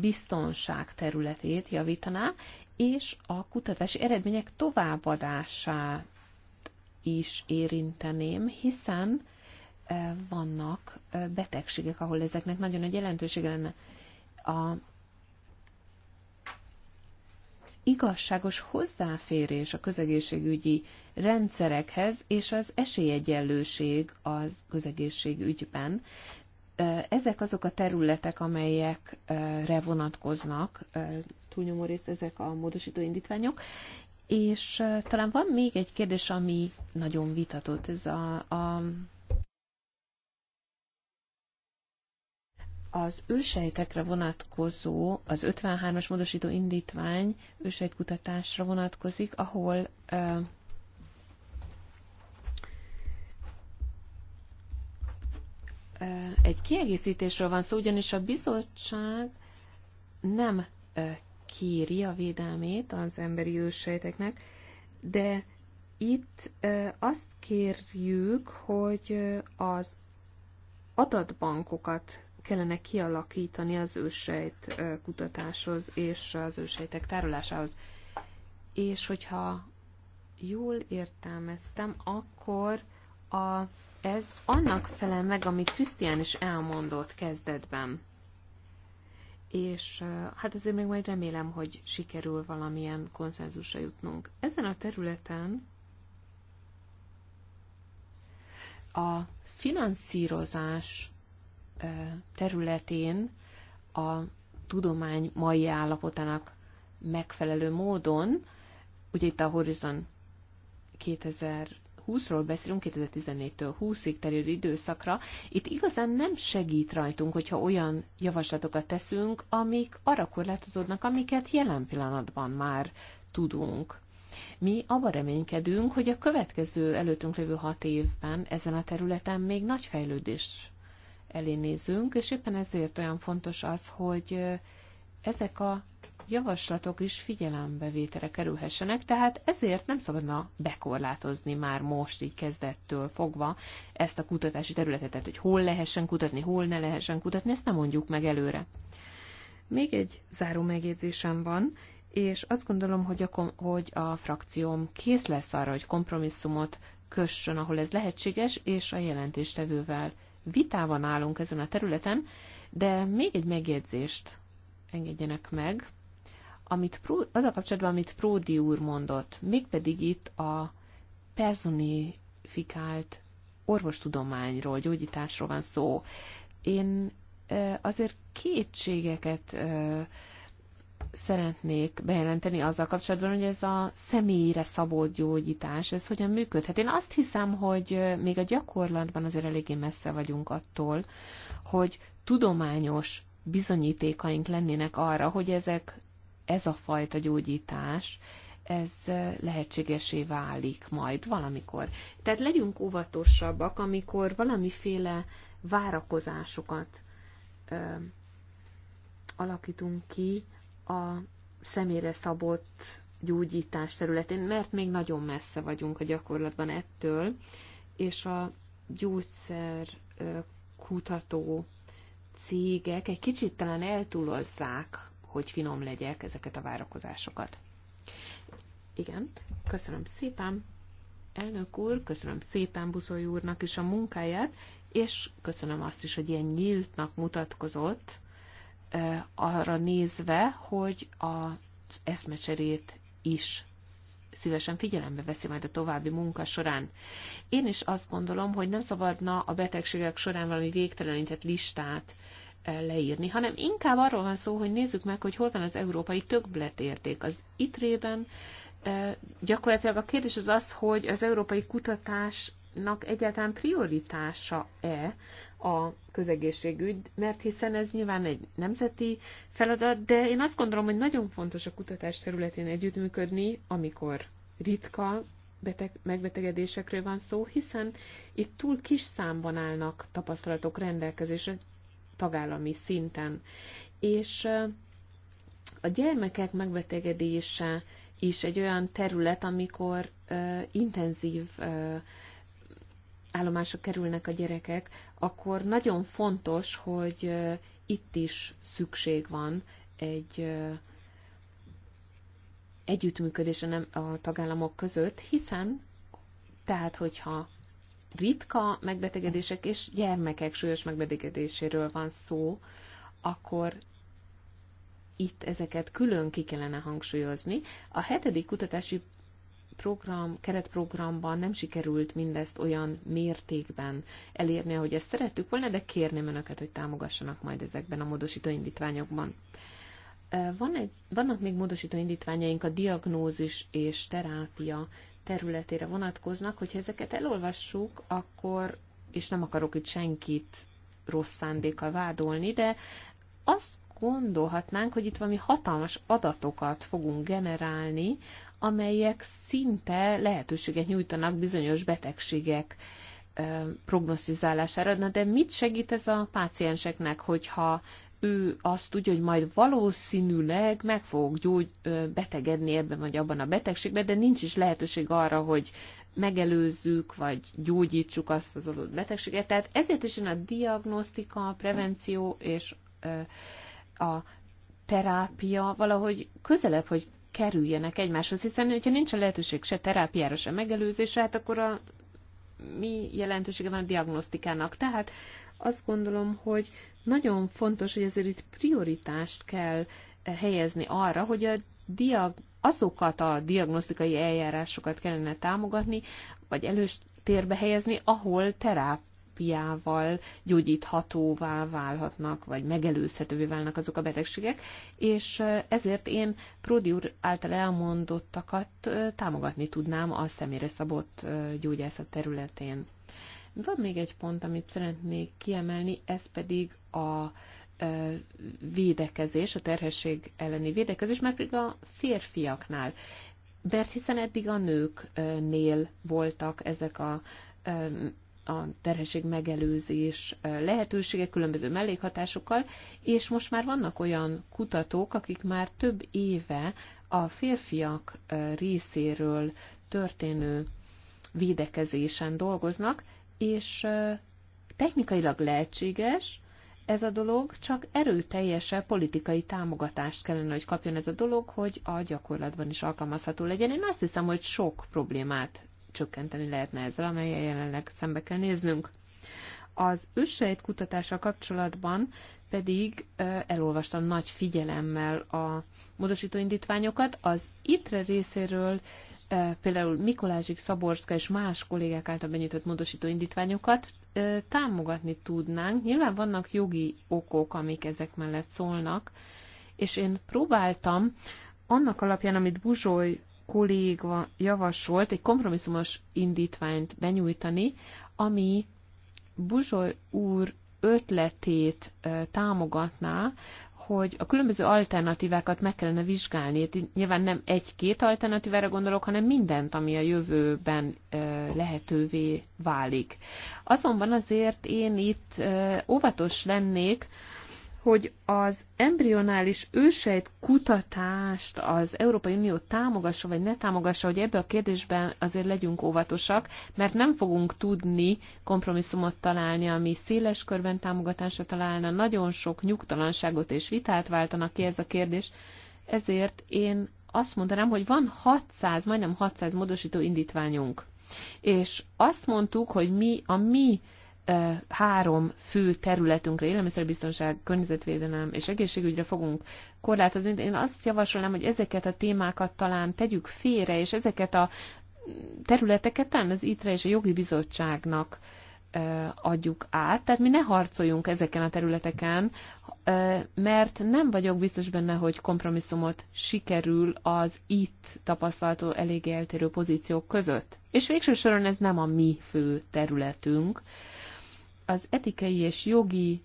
biztonság területét javítaná, és a kutatási eredmények továbbadását is érinteném, hiszen e, vannak e, betegségek, ahol ezeknek nagyon nagy jelentősége lenne. A igazságos hozzáférés a közegészségügyi rendszerekhez és az esélyegyenlőség a közegészségügyben ezek azok a területek, amelyekre vonatkoznak, túlnyomó részt ezek a módosító indítványok, és talán van még egy kérdés, ami nagyon vitatott, ez a, a az ősejtekre vonatkozó, az 53-as módosító indítvány ősejtkutatásra vonatkozik, ahol egy kiegészítésről van szó, ugyanis a bizottság nem kéri a védelmét az emberi őssejteknek, de itt azt kérjük, hogy az adatbankokat kellene kialakítani az ősejt kutatáshoz és az ősejtek tárolásához. És hogyha jól értelmeztem, akkor a, ez annak felel meg, amit Krisztián is elmondott kezdetben. És hát azért még majd remélem, hogy sikerül valamilyen konszenzusra jutnunk. Ezen a területen a finanszírozás területén a tudomány mai állapotának megfelelő módon, ugye itt a Horizon 2000 2020-ról beszélünk, 2014-től 20-ig terjedő időszakra, itt igazán nem segít rajtunk, hogyha olyan javaslatokat teszünk, amik arra korlátozódnak, amiket jelen pillanatban már tudunk. Mi abba reménykedünk, hogy a következő előttünk lévő hat évben ezen a területen még nagy fejlődés elé nézünk, és éppen ezért olyan fontos az, hogy ezek a javaslatok is figyelembevételre kerülhessenek, tehát ezért nem szabadna bekorlátozni már most így kezdettől fogva ezt a kutatási területet, tehát hogy hol lehessen kutatni, hol ne lehessen kutatni, ezt nem mondjuk meg előre. Még egy záró megjegyzésem van, és azt gondolom, hogy a, hogy a frakcióm kész lesz arra, hogy kompromisszumot kössön, ahol ez lehetséges, és a jelentéstevővel vitában állunk ezen a területen, de még egy megjegyzést engedjenek meg, amit Pró, az a kapcsolatban, amit Pródi úr mondott, mégpedig itt a personifikált orvostudományról, gyógyításról van szó. Én azért kétségeket szeretnék bejelenteni azzal kapcsolatban, hogy ez a személyre szabott gyógyítás, ez hogyan működhet. Én azt hiszem, hogy még a gyakorlatban azért eléggé messze vagyunk attól, hogy tudományos bizonyítékaink lennének arra, hogy ezek, ez a fajta gyógyítás, ez lehetségesé válik majd valamikor. Tehát legyünk óvatosabbak, amikor valamiféle várakozásokat ö, alakítunk ki a személyre szabott gyógyítás területén, mert még nagyon messze vagyunk a gyakorlatban ettől, és a gyógyszer kutató cégek egy kicsit talán eltúlozzák, hogy finom legyek ezeket a várakozásokat. Igen, köszönöm szépen, elnök úr, köszönöm szépen Buzoly úrnak is a munkáját, és köszönöm azt is, hogy ilyen nyíltnak mutatkozott, eh, arra nézve, hogy az eszmecserét is szívesen figyelembe veszi majd a további munka során. Én is azt gondolom, hogy nem szabadna a betegségek során valami végtelenített listát e, leírni, hanem inkább arról van szó, hogy nézzük meg, hogy hol van az európai többletérték. Az itrében. E, gyakorlatilag a kérdés az az, hogy az európai kutatás kormánynak egyáltalán prioritása-e a közegészségügy, mert hiszen ez nyilván egy nemzeti feladat, de én azt gondolom, hogy nagyon fontos a kutatás területén együttműködni, amikor ritka beteg, megbetegedésekről van szó, hiszen itt túl kis számban állnak tapasztalatok rendelkezésre tagállami szinten. És a gyermekek megbetegedése is egy olyan terület, amikor uh, intenzív uh, állomásra kerülnek a gyerekek, akkor nagyon fontos, hogy itt is szükség van egy együttműködésre nem a tagállamok között, hiszen tehát, hogyha ritka megbetegedések és gyermekek súlyos megbetegedéséről van szó, akkor itt ezeket külön ki kellene hangsúlyozni. A hetedik kutatási program, keretprogramban nem sikerült mindezt olyan mértékben elérni, ahogy ezt szerettük volna, de kérném önöket, hogy támogassanak majd ezekben a módosító indítványokban. Van egy, vannak még módosító indítványaink a diagnózis és terápia területére vonatkoznak, hogyha ezeket elolvassuk, akkor, és nem akarok itt senkit rossz szándékkal vádolni, de azt gondolhatnánk, hogy itt valami hatalmas adatokat fogunk generálni amelyek szinte lehetőséget nyújtanak bizonyos betegségek prognosztizálására. Na de mit segít ez a pácienseknek, hogyha ő azt tudja, hogy majd valószínűleg meg fogok gyógy, betegedni ebben vagy abban a betegségben, de nincs is lehetőség arra, hogy megelőzzük, vagy gyógyítsuk azt az adott betegséget. Tehát ezért is jön a diagnosztika, a prevenció és a terápia valahogy közelebb, hogy kerüljenek egymáshoz, hiszen hogyha nincs a lehetőség se terápiára, se megelőzésre, hát akkor a mi jelentősége van a diagnosztikának. Tehát azt gondolom, hogy nagyon fontos, hogy ezért itt prioritást kell eh, helyezni arra, hogy a diag, azokat a diagnosztikai eljárásokat kellene támogatni, vagy elős térbe helyezni, ahol teráp terápiával gyógyíthatóvá válhatnak, vagy megelőzhetővé válnak azok a betegségek, és ezért én Pródi úr által elmondottakat támogatni tudnám a személyre szabott gyógyászat területén. Van még egy pont, amit szeretnék kiemelni, ez pedig a védekezés, a terhesség elleni védekezés, már pedig a férfiaknál. Mert hiszen eddig a nőknél voltak ezek a a terhesség megelőzés lehetőségek különböző mellékhatásokkal, és most már vannak olyan kutatók, akik már több éve a férfiak részéről történő védekezésen dolgoznak, és technikailag lehetséges, ez a dolog, csak erőteljesen politikai támogatást kellene, hogy kapjon ez a dolog, hogy a gyakorlatban is alkalmazható legyen. Én azt hiszem, hogy sok problémát csökkenteni lehetne ezzel, amelyel jelenleg szembe kell néznünk. Az őssejt kutatása kapcsolatban pedig elolvastam nagy figyelemmel a módosító indítványokat. Az ITRE részéről például Mikolázsik Szaborszka és más kollégák által benyújtott módosító indítványokat támogatni tudnánk. Nyilván vannak jogi okok, amik ezek mellett szólnak, és én próbáltam annak alapján, amit Buzsoly kolléga javasolt egy kompromisszumos indítványt benyújtani, ami Buzsol úr ötletét támogatná, hogy a különböző alternatívákat meg kellene vizsgálni. Itt nyilván nem egy-két alternatívára gondolok, hanem mindent, ami a jövőben lehetővé válik. Azonban azért én itt óvatos lennék, hogy az embrionális ősejt kutatást az Európai Unió támogassa, vagy ne támogassa, hogy ebbe a kérdésben azért legyünk óvatosak, mert nem fogunk tudni kompromisszumot találni, ami széles körben támogatásra találna, nagyon sok nyugtalanságot és vitát váltanak ki ez a kérdés, ezért én azt mondanám, hogy van 600, majdnem 600 módosító indítványunk. És azt mondtuk, hogy mi a mi három fő területünkre, élelmiszerbiztonság, környezetvédelem és egészségügyre fogunk korlátozni. Én azt javasolnám, hogy ezeket a témákat talán tegyük félre, és ezeket a területeket talán az ITRE és a jogi bizottságnak adjuk át, tehát mi ne harcoljunk ezeken a területeken, mert nem vagyok biztos benne, hogy kompromisszumot sikerül az itt tapasztalható eléggé eltérő pozíciók között. És végső soron ez nem a mi fő területünk, az etikai és jogi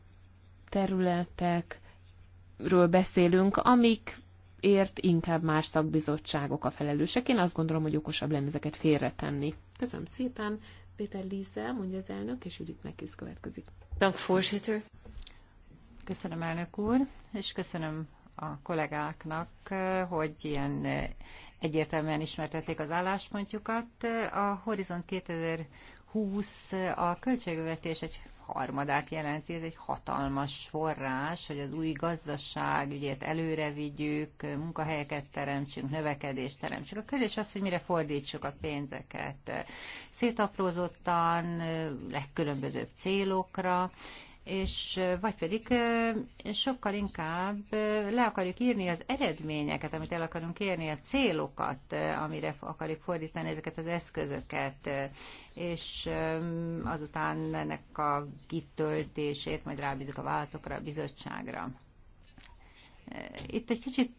területekről beszélünk, amik ért inkább más szakbizottságok a felelősek. Én azt gondolom, hogy okosabb lenne ezeket félretenni. Köszönöm szépen. Péter Líze, mondja az elnök, és Judit Mekisz következik. Köszönöm, elnök úr, és köszönöm a kollégáknak, hogy ilyen egyértelműen ismertették az álláspontjukat. A Horizont 2020 20 a költségvetés egy harmadát jelenti, ez egy hatalmas forrás, hogy az új gazdaság ügyét előre vigyük, munkahelyeket teremtsünk, növekedést teremtsünk. A kérdés az, hogy mire fordítsuk a pénzeket. Szétaprózottan, legkülönbözőbb célokra, és vagy pedig sokkal inkább le akarjuk írni az eredményeket, amit el akarunk érni, a célokat, amire akarjuk fordítani ezeket az eszközöket, és azután ennek a kitöltését majd rábízunk a váltokra, a bizottságra itt egy kicsit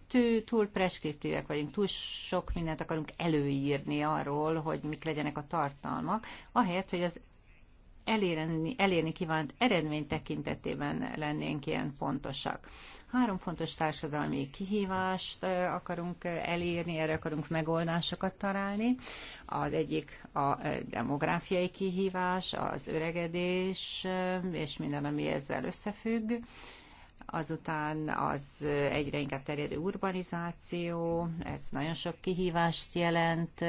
túl, preskriptívek vagyunk, túl sok mindent akarunk előírni arról, hogy mik legyenek a tartalmak, ahelyett, hogy az elérni, elérni kívánt eredmény tekintetében lennénk ilyen fontosak. Három fontos társadalmi kihívást akarunk elérni, erre akarunk megoldásokat találni. Az egyik a demográfiai kihívás, az öregedés, és minden, ami ezzel összefügg azután az egyre inkább terjedő urbanizáció, ez nagyon sok kihívást jelent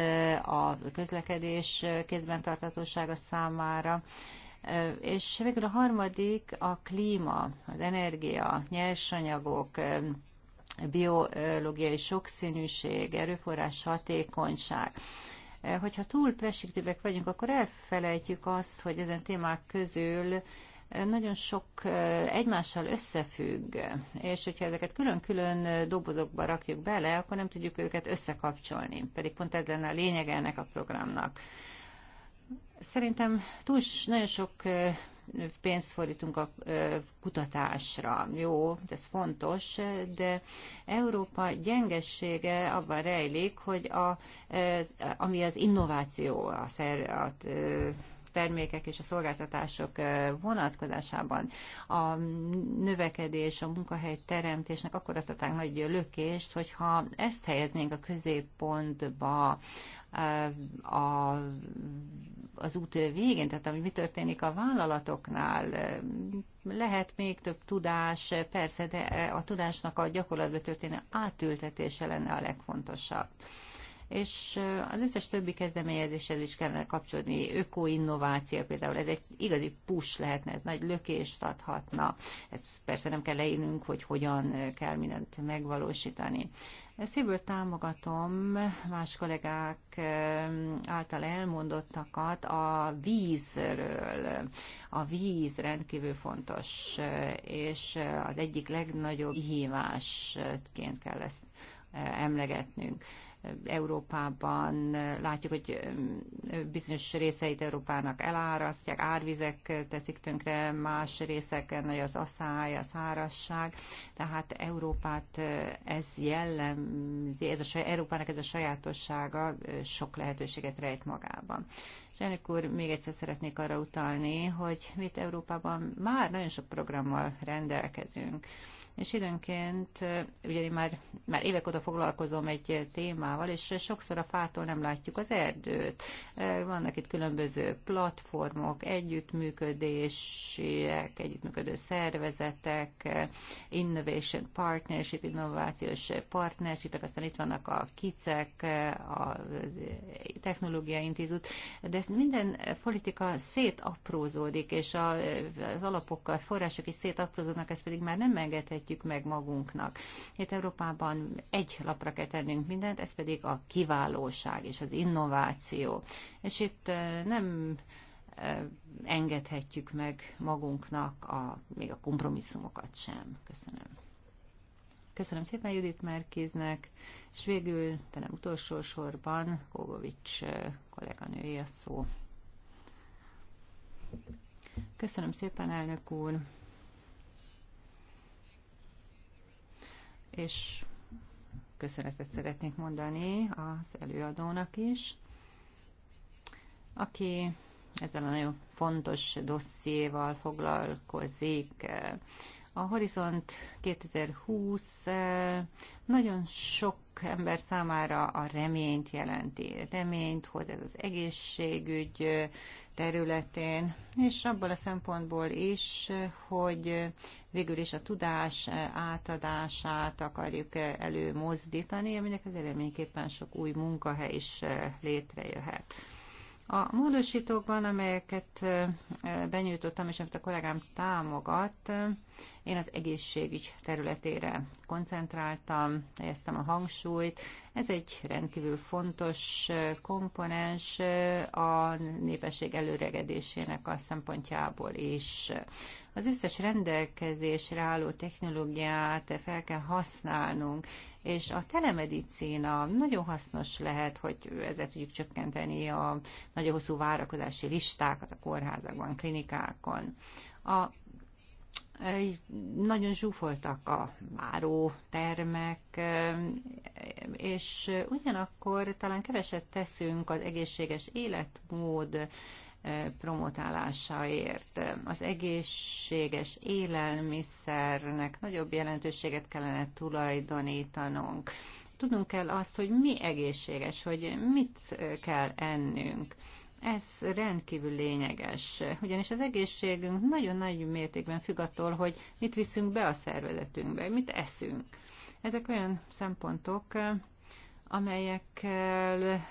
a közlekedés kézben tartatósága számára, és végül a harmadik a klíma, az energia, nyersanyagok, biológiai sokszínűség, erőforrás hatékonyság hogyha túl prescriptívek vagyunk, akkor elfelejtjük azt, hogy ezen témák közül nagyon sok eh, egymással összefügg, és hogyha ezeket külön-külön eh, dobozokba rakjuk bele, akkor nem tudjuk őket összekapcsolni, pedig pont ez lenne a lényeg ennek a programnak. Szerintem túl nagyon sok eh, pénzt fordítunk a kutatásra. Jó, ez fontos, de Európa gyengessége abban rejlik, hogy a, ami az innováció, a, szer, a termékek és a szolgáltatások vonatkozásában a növekedés, a munkahely teremtésnek akkor adhatnánk nagy lökést, hogyha ezt helyeznénk a középpontba, a, az út végén, tehát ami mi történik a vállalatoknál, lehet még több tudás, persze, de a tudásnak a gyakorlatban történő átültetése lenne a legfontosabb és az összes többi kezdeményezéshez is kellene kapcsolódni, ökoinnováció például, ez egy igazi push lehetne, ez nagy lökést adhatna, ezt persze nem kell leírnunk, hogy hogyan kell mindent megvalósítani. Szívből támogatom más kollégák által elmondottakat a vízről. A víz rendkívül fontos, és az egyik legnagyobb hívásként kell ezt emlegetnünk. Európában látjuk, hogy bizonyos részeit Európának elárasztják, árvizek teszik tönkre, más részeken nagy az asszály, a szárasság, tehát Európát ez jellemzi, ez a, Európának ez a sajátossága sok lehetőséget rejt magában. És elnök úr, még egyszer szeretnék arra utalni, hogy mi itt Európában már nagyon sok programmal rendelkezünk. És időnként, ugye én már, már évek óta foglalkozom egy témával, és sokszor a fától nem látjuk az erdőt. Vannak itt különböző platformok, együttműködések, együttműködő szervezetek, innovation partnership, innovációs partnership, aztán itt vannak a kicek, a technológiai intézet, de ez minden politika szétaprózódik, és a, az alapokkal, források is szétaprózódnak, ezt pedig már nem engedhetjük meg magunknak. Itt Európában egy lapra kell tennünk mindent, ez pedig a kiválóság és az innováció. És itt nem engedhetjük meg magunknak a, még a kompromisszumokat sem. Köszönöm. Köszönöm szépen Judit Merkéznek, és végül, de nem utolsó sorban, Kogovics kolléganői a szó. Köszönöm szépen, elnök úr. És köszönetet szeretnék mondani az előadónak is, aki ezzel a nagyon fontos dossziéval foglalkozik, a Horizont 2020 nagyon sok ember számára a reményt jelenti. Reményt hoz ez az egészségügy területén, és abból a szempontból is, hogy végül is a tudás átadását akarjuk előmozdítani, aminek az eredményképpen sok új munkahely is létrejöhet. A módosítókban, amelyeket benyújtottam, és amit a kollégám támogat, én az egészségügy területére koncentráltam, helyeztem a hangsúlyt. Ez egy rendkívül fontos komponens a népesség előregedésének a szempontjából is. Az összes rendelkezésre álló technológiát fel kell használnunk, és a telemedicína nagyon hasznos lehet, hogy ezzel tudjuk csökkenteni a nagyon hosszú várakozási listákat a kórházakban, klinikákon. A nagyon zsúfoltak a váró termek, és ugyanakkor talán keveset teszünk az egészséges életmód promotálásáért. Az egészséges élelmiszernek nagyobb jelentőséget kellene tulajdonítanunk. Tudnunk kell azt, hogy mi egészséges, hogy mit kell ennünk. Ez rendkívül lényeges, ugyanis az egészségünk nagyon nagy mértékben függ attól, hogy mit viszünk be a szervezetünkbe, mit eszünk. Ezek olyan szempontok, amelyekkel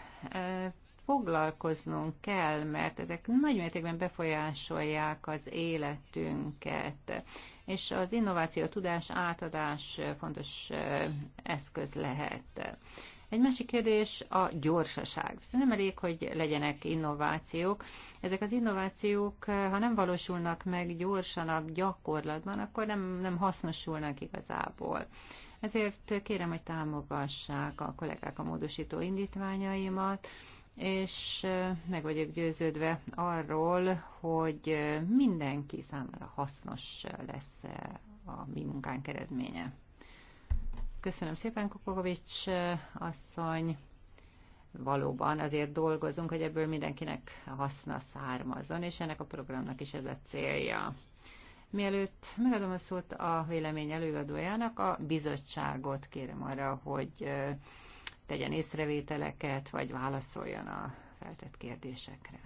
foglalkoznunk kell, mert ezek nagy mértékben befolyásolják az életünket, és az innováció tudás átadás fontos eh, eszköz lehet. Egy másik kérdés a gyorsaság. Nem elég, hogy legyenek innovációk. Ezek az innovációk, eh, ha nem valósulnak meg gyorsan a gyakorlatban, akkor nem, nem hasznosulnak igazából. Ezért kérem, hogy támogassák a kollégák a módosító indítványaimat, és meg vagyok győződve arról, hogy mindenki számára hasznos lesz a mi munkánk eredménye. Köszönöm szépen, Kokovics asszony. Valóban azért dolgozunk, hogy ebből mindenkinek haszna származzon, és ennek a programnak is ez a célja. Mielőtt megadom a szót a vélemény előadójának, a bizottságot kérem arra, hogy tegyen észrevételeket, vagy válaszoljon a feltett kérdésekre.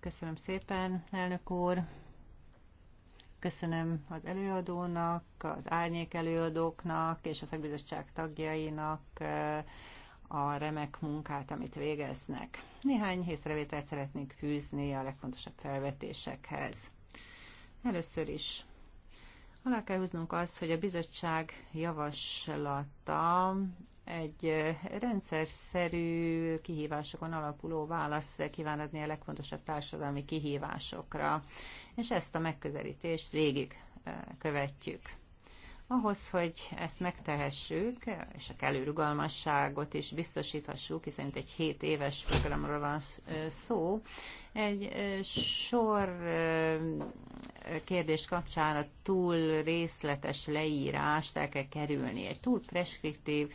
Köszönöm szépen, elnök úr! Köszönöm az előadónak, az árnyék előadóknak és a szakbizottság tagjainak eh, a remek munkát, amit végeznek. Néhány észrevételt szeretnék fűzni a legfontosabb felvetésekhez. Először is Alá kell húznunk azt, hogy a bizottság javaslata egy rendszer szerű kihívásokon alapuló válasz kíván adni a legfontosabb társadalmi kihívásokra, és ezt a megközelítést végig követjük. Ahhoz, hogy ezt megtehessük, és a kellő rugalmasságot is biztosíthassuk, hiszen itt egy 7 éves programról van szó, egy sor kérdés kapcsán a túl részletes leírást el kell kerülni. Egy túl preskriptív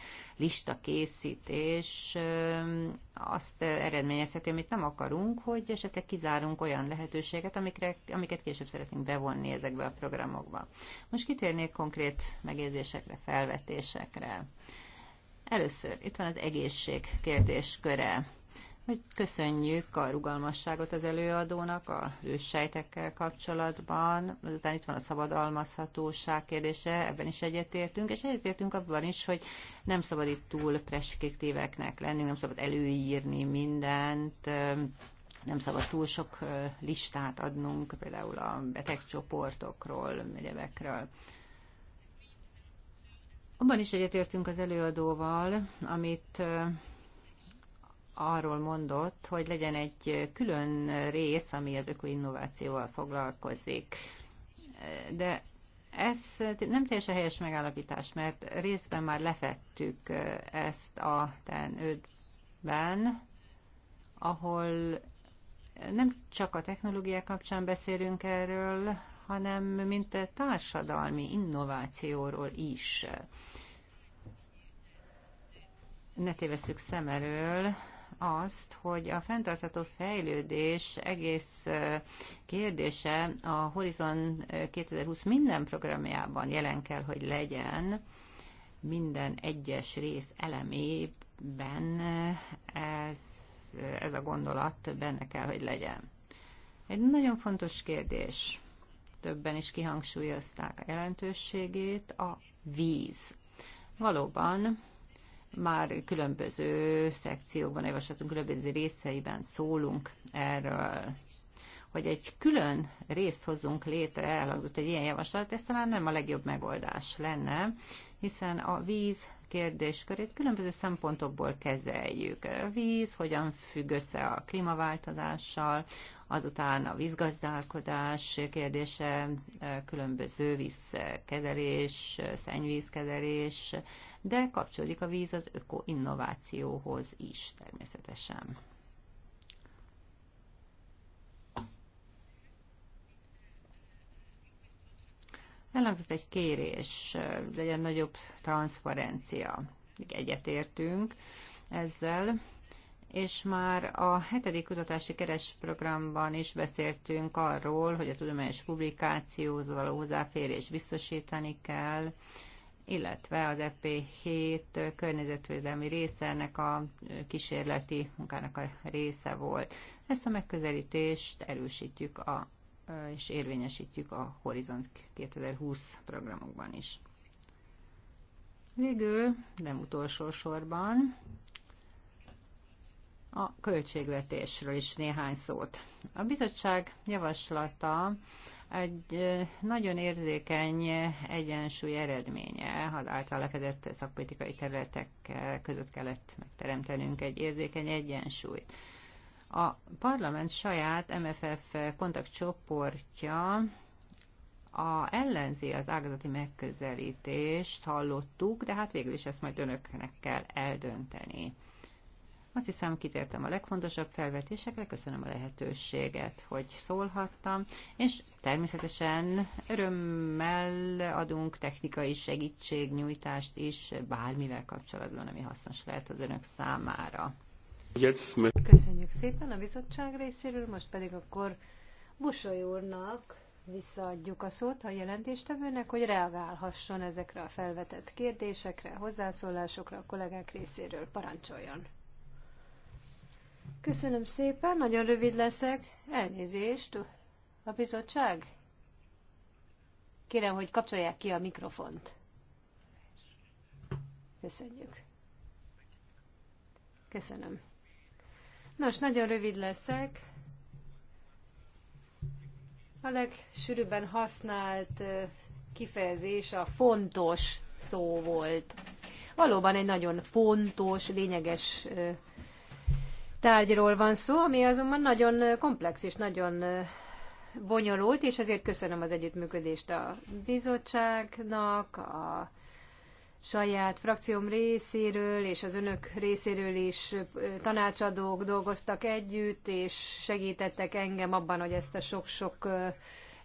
készítés azt eredményezheti, amit nem akarunk, hogy esetleg kizárunk olyan lehetőséget, amikre, amiket később szeretnénk bevonni ezekbe a programokba. Most kitérnék konkrét megjegyzésekre, felvetésekre. Először itt van az egészség kérdésköre hogy köszönjük a rugalmasságot az előadónak az őssejtekkel kapcsolatban. Azután itt van a szabadalmazhatóság kérdése, ebben is egyetértünk, és egyetértünk abban is, hogy nem szabad itt túl preskriptíveknek lenni, nem szabad előírni mindent, nem szabad túl sok listát adnunk, például a betegcsoportokról, egyebekről. Abban is egyetértünk az előadóval, amit arról mondott, hogy legyen egy külön rész, ami az ökoinnovációval foglalkozik. De ez nem teljesen helyes megállapítás, mert részben már lefettük ezt a TEN-5-ben, ahol nem csak a technológiák kapcsán beszélünk erről, hanem mint a társadalmi innovációról is. Ne tévesszük szem elől, azt, hogy a fenntartható fejlődés egész kérdése a Horizon 2020 minden programjában jelen kell, hogy legyen, minden egyes rész elemében ez, ez a gondolat benne kell, hogy legyen. Egy nagyon fontos kérdés, többen is kihangsúlyozták a jelentőségét, a víz. Valóban már különböző szekciókban, javaslatunk különböző részeiben szólunk erről hogy egy külön részt hozzunk létre, elhangzott egy ilyen javaslat, ez talán nem a legjobb megoldás lenne, hiszen a víz kérdéskörét különböző szempontokból kezeljük. A víz hogyan függ össze a klímaváltozással, azután a vízgazdálkodás kérdése, különböző vízkezelés, szennyvízkezelés, de kapcsolódik a víz az ökoinnovációhoz is természetesen. Elhangzott egy kérés, legyen nagyobb transzparencia. Egyetértünk ezzel, és már a hetedik kutatási keresprogramban is beszéltünk arról, hogy a tudományos publikációhoz való hozzáférés biztosítani kell, illetve az EP7 környezetvédelmi része ennek a kísérleti munkának a része volt. Ezt a megközelítést erősítjük a, és érvényesítjük a Horizont 2020 programokban is. Végül, nem utolsó sorban, a költségvetésről is néhány szót. A bizottság javaslata egy nagyon érzékeny egyensúly eredménye ha által lefedett szakpolitikai területek között kellett megteremtenünk egy érzékeny egyensúlyt. A parlament saját MFF kontaktcsoportja a, ellenzi az ágazati megközelítést, hallottuk, de hát végül is ezt majd önöknek kell eldönteni. Azt hiszem, kitértem a legfontosabb felvetésekre, köszönöm a lehetőséget, hogy szólhattam, és természetesen örömmel adunk technikai segítségnyújtást is bármivel kapcsolatban, ami hasznos lehet az önök számára. Köszönjük szépen a bizottság részéről, most pedig akkor Busoly úrnak visszaadjuk a szót a jelentéstevőnek, hogy reagálhasson ezekre a felvetett kérdésekre, hozzászólásokra a kollégák részéről. Parancsoljon! Köszönöm szépen, nagyon rövid leszek. Elnézést, a bizottság. Kérem, hogy kapcsolják ki a mikrofont. Köszönjük. Köszönöm. Nos, nagyon rövid leszek. A legsűrűbben használt kifejezés a fontos szó volt. Valóban egy nagyon fontos, lényeges tárgyról van szó, ami azonban nagyon komplex és nagyon bonyolult, és ezért köszönöm az együttműködést a bizottságnak, a saját frakcióm részéről és az önök részéről is tanácsadók dolgoztak együtt, és segítettek engem abban, hogy ezt a sok-sok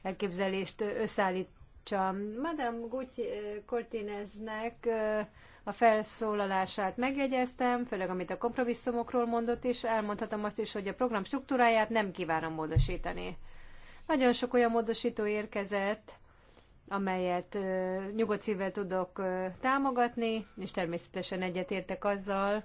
elképzelést összeállítsam. Madame Guty Cortineznek a felszólalását megjegyeztem, főleg amit a kompromisszumokról mondott, és elmondhatom azt is, hogy a program struktúráját nem kívánom módosítani. Nagyon sok olyan módosító érkezett, amelyet ö, nyugodt szívvel tudok ö, támogatni, és természetesen egyetértek azzal,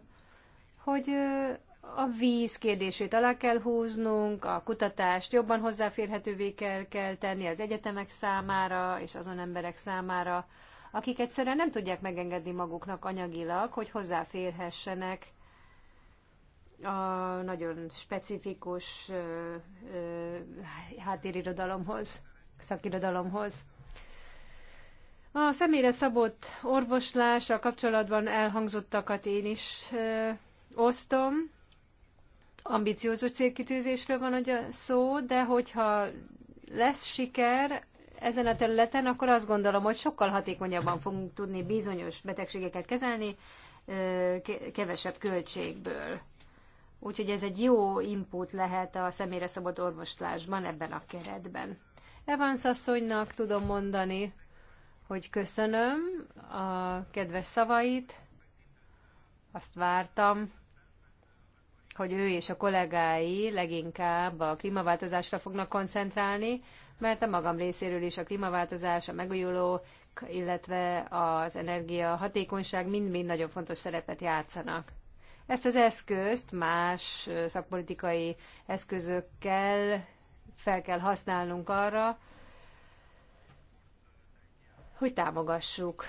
hogy ö, a víz kérdését alá kell húznunk, a kutatást jobban hozzáférhetővé kell, kell tenni az egyetemek számára és azon emberek számára, akik egyszerűen nem tudják megengedni maguknak anyagilag, hogy hozzáférhessenek a nagyon specifikus ö, ö, háttérirodalomhoz, szakirodalomhoz. A személyre szabott orvoslás a kapcsolatban elhangzottakat én is ö, osztom. Ambiciózus célkitűzésről van ugye szó, de hogyha lesz siker, ezen a területen, akkor azt gondolom, hogy sokkal hatékonyabban fogunk tudni bizonyos betegségeket kezelni kevesebb költségből. Úgyhogy ez egy jó input lehet a személyre szabad orvoslásban ebben a keretben. Evans asszonynak tudom mondani, hogy köszönöm a kedves szavait, azt vártam, hogy ő és a kollégái leginkább a klímaváltozásra fognak koncentrálni, mert a magam részéről is a klímaváltozás, a megújuló, illetve az energia hatékonyság mind-mind nagyon fontos szerepet játszanak. Ezt az eszközt más szakpolitikai eszközökkel fel kell használnunk arra, hogy támogassuk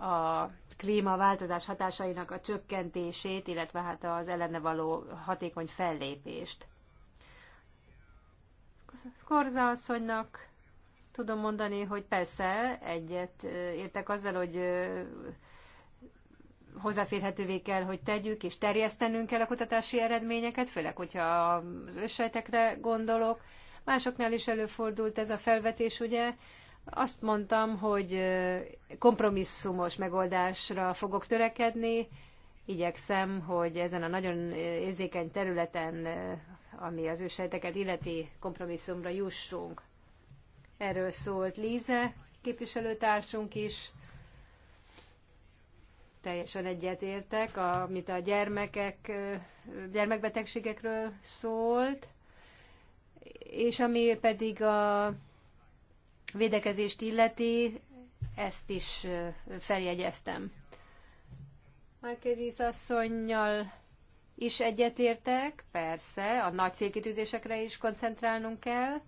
a klímaváltozás hatásainak a csökkentését, illetve hát az ellene való hatékony fellépést. Korza asszonynak tudom mondani, hogy persze egyet értek azzal, hogy hozzáférhetővé kell, hogy tegyük, és terjesztenünk kell a kutatási eredményeket, főleg, hogyha az ősejtekre gondolok. Másoknál is előfordult ez a felvetés, ugye? Azt mondtam, hogy kompromisszumos megoldásra fogok törekedni, igyekszem, hogy ezen a nagyon érzékeny területen, eh, ami az sejteket illeti kompromisszumra jussunk. Erről szólt Líze, képviselőtársunk is. Teljesen egyetértek, amit a gyermekek, eh, gyermekbetegségekről szólt, és ami pedig a védekezést illeti, ezt is eh, feljegyeztem. Márkezis asszonynal is egyetértek, persze, a nagy célkitűzésekre is koncentrálnunk kell,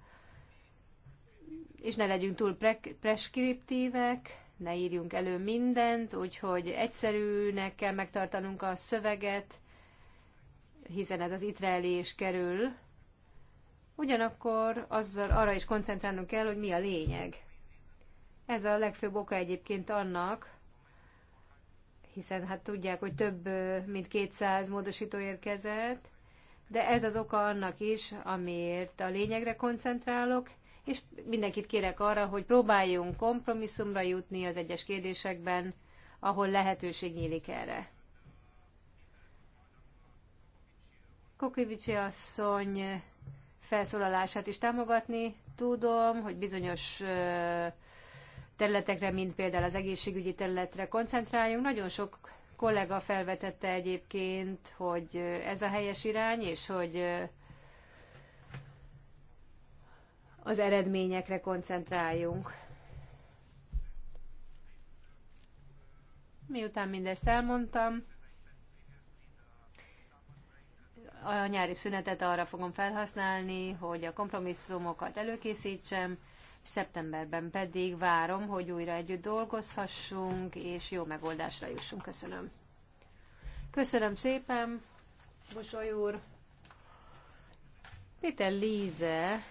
és ne legyünk túl pre- preskriptívek, ne írjunk elő mindent, úgyhogy egyszerűnek kell megtartanunk a szöveget, hiszen ez az itre is kerül. Ugyanakkor azzal arra is koncentrálnunk kell, hogy mi a lényeg. Ez a legfőbb oka egyébként annak, hiszen hát tudják, hogy több mint 200 módosító érkezett, de ez az oka annak is, amiért a lényegre koncentrálok, és mindenkit kérek arra, hogy próbáljunk kompromisszumra jutni az egyes kérdésekben, ahol lehetőség nyílik erre. Kokivicsi asszony felszólalását is támogatni tudom, hogy bizonyos területekre, mint például az egészségügyi területre koncentráljunk. Nagyon sok kollega felvetette egyébként, hogy ez a helyes irány, és hogy az eredményekre koncentráljunk. Miután mindezt elmondtam, a nyári szünetet arra fogom felhasználni, hogy a kompromisszumokat előkészítsem, szeptemberben pedig várom, hogy újra együtt dolgozhassunk, és jó megoldásra jussunk. Köszönöm. Köszönöm szépen, Bosoly úr. Péter Líze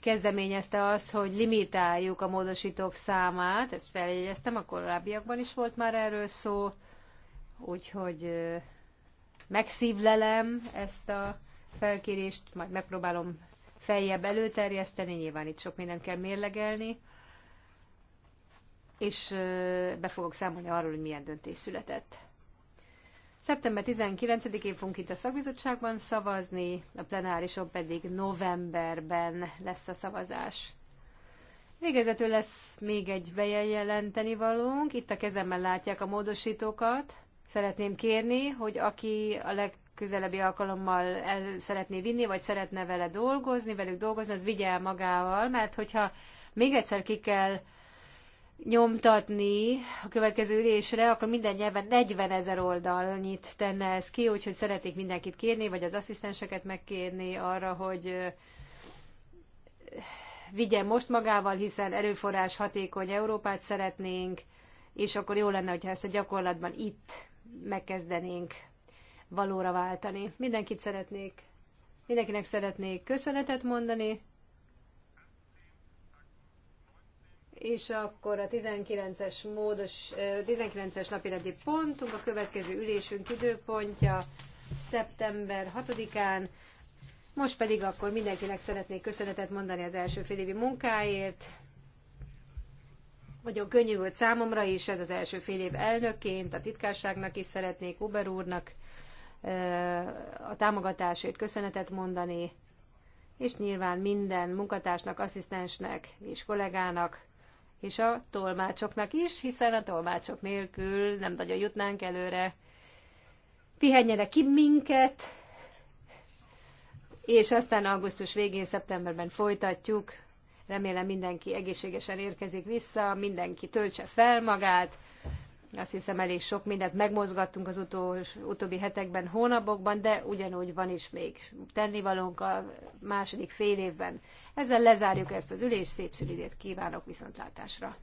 kezdeményezte azt, hogy limitáljuk a módosítók számát, ezt feljegyeztem, a korábbiakban is volt már erről szó, úgyhogy megszívlelem ezt a felkérést, majd megpróbálom feljebb előterjeszteni, nyilván itt sok mindent kell mérlegelni, és be fogok számolni arról, hogy milyen döntés született. Szeptember 19-én fogunk itt a szakbizottságban szavazni, a plenárison pedig novemberben lesz a szavazás. Végezetül lesz még egy bejelenteni valónk. Itt a kezemben látják a módosítókat. Szeretném kérni, hogy aki a leg legközelebbi alkalommal el szeretné vinni, vagy szeretne vele dolgozni, velük dolgozni, az el magával, mert hogyha még egyszer ki kell nyomtatni a következő ülésre, akkor minden nyelven 40 ezer oldalnyit tenne ez ki, úgyhogy szeretnék mindenkit kérni, vagy az asszisztenseket megkérni arra, hogy vigye most magával, hiszen erőforrás hatékony Európát szeretnénk, és akkor jó lenne, hogyha ezt a gyakorlatban itt megkezdenénk valóra váltani. Mindenkit szeretnék, mindenkinek szeretnék köszönetet mondani, és akkor a 19-es, módos, 19-es napirendi pontunk, a következő ülésünk időpontja szeptember 6-án, most pedig akkor mindenkinek szeretnék köszönetet mondani az első félévi munkáért. Nagyon könnyű volt számomra is, ez az első fél év elnökként, a titkárságnak is szeretnék, Uber úrnak, a támogatásért köszönetet mondani, és nyilván minden munkatársnak, asszisztensnek és kollégának, és a tolmácsoknak is, hiszen a tolmácsok nélkül nem nagyon jutnánk előre. Pihenjenek ki minket, és aztán augusztus végén, szeptemberben folytatjuk. Remélem mindenki egészségesen érkezik vissza, mindenki töltse fel magát, azt hiszem elég sok mindent megmozgattunk az utó, utóbbi hetekben, hónapokban, de ugyanúgy van is még tennivalónk a második fél évben. Ezzel lezárjuk ezt az ülést, szép szülidét kívánok viszontlátásra!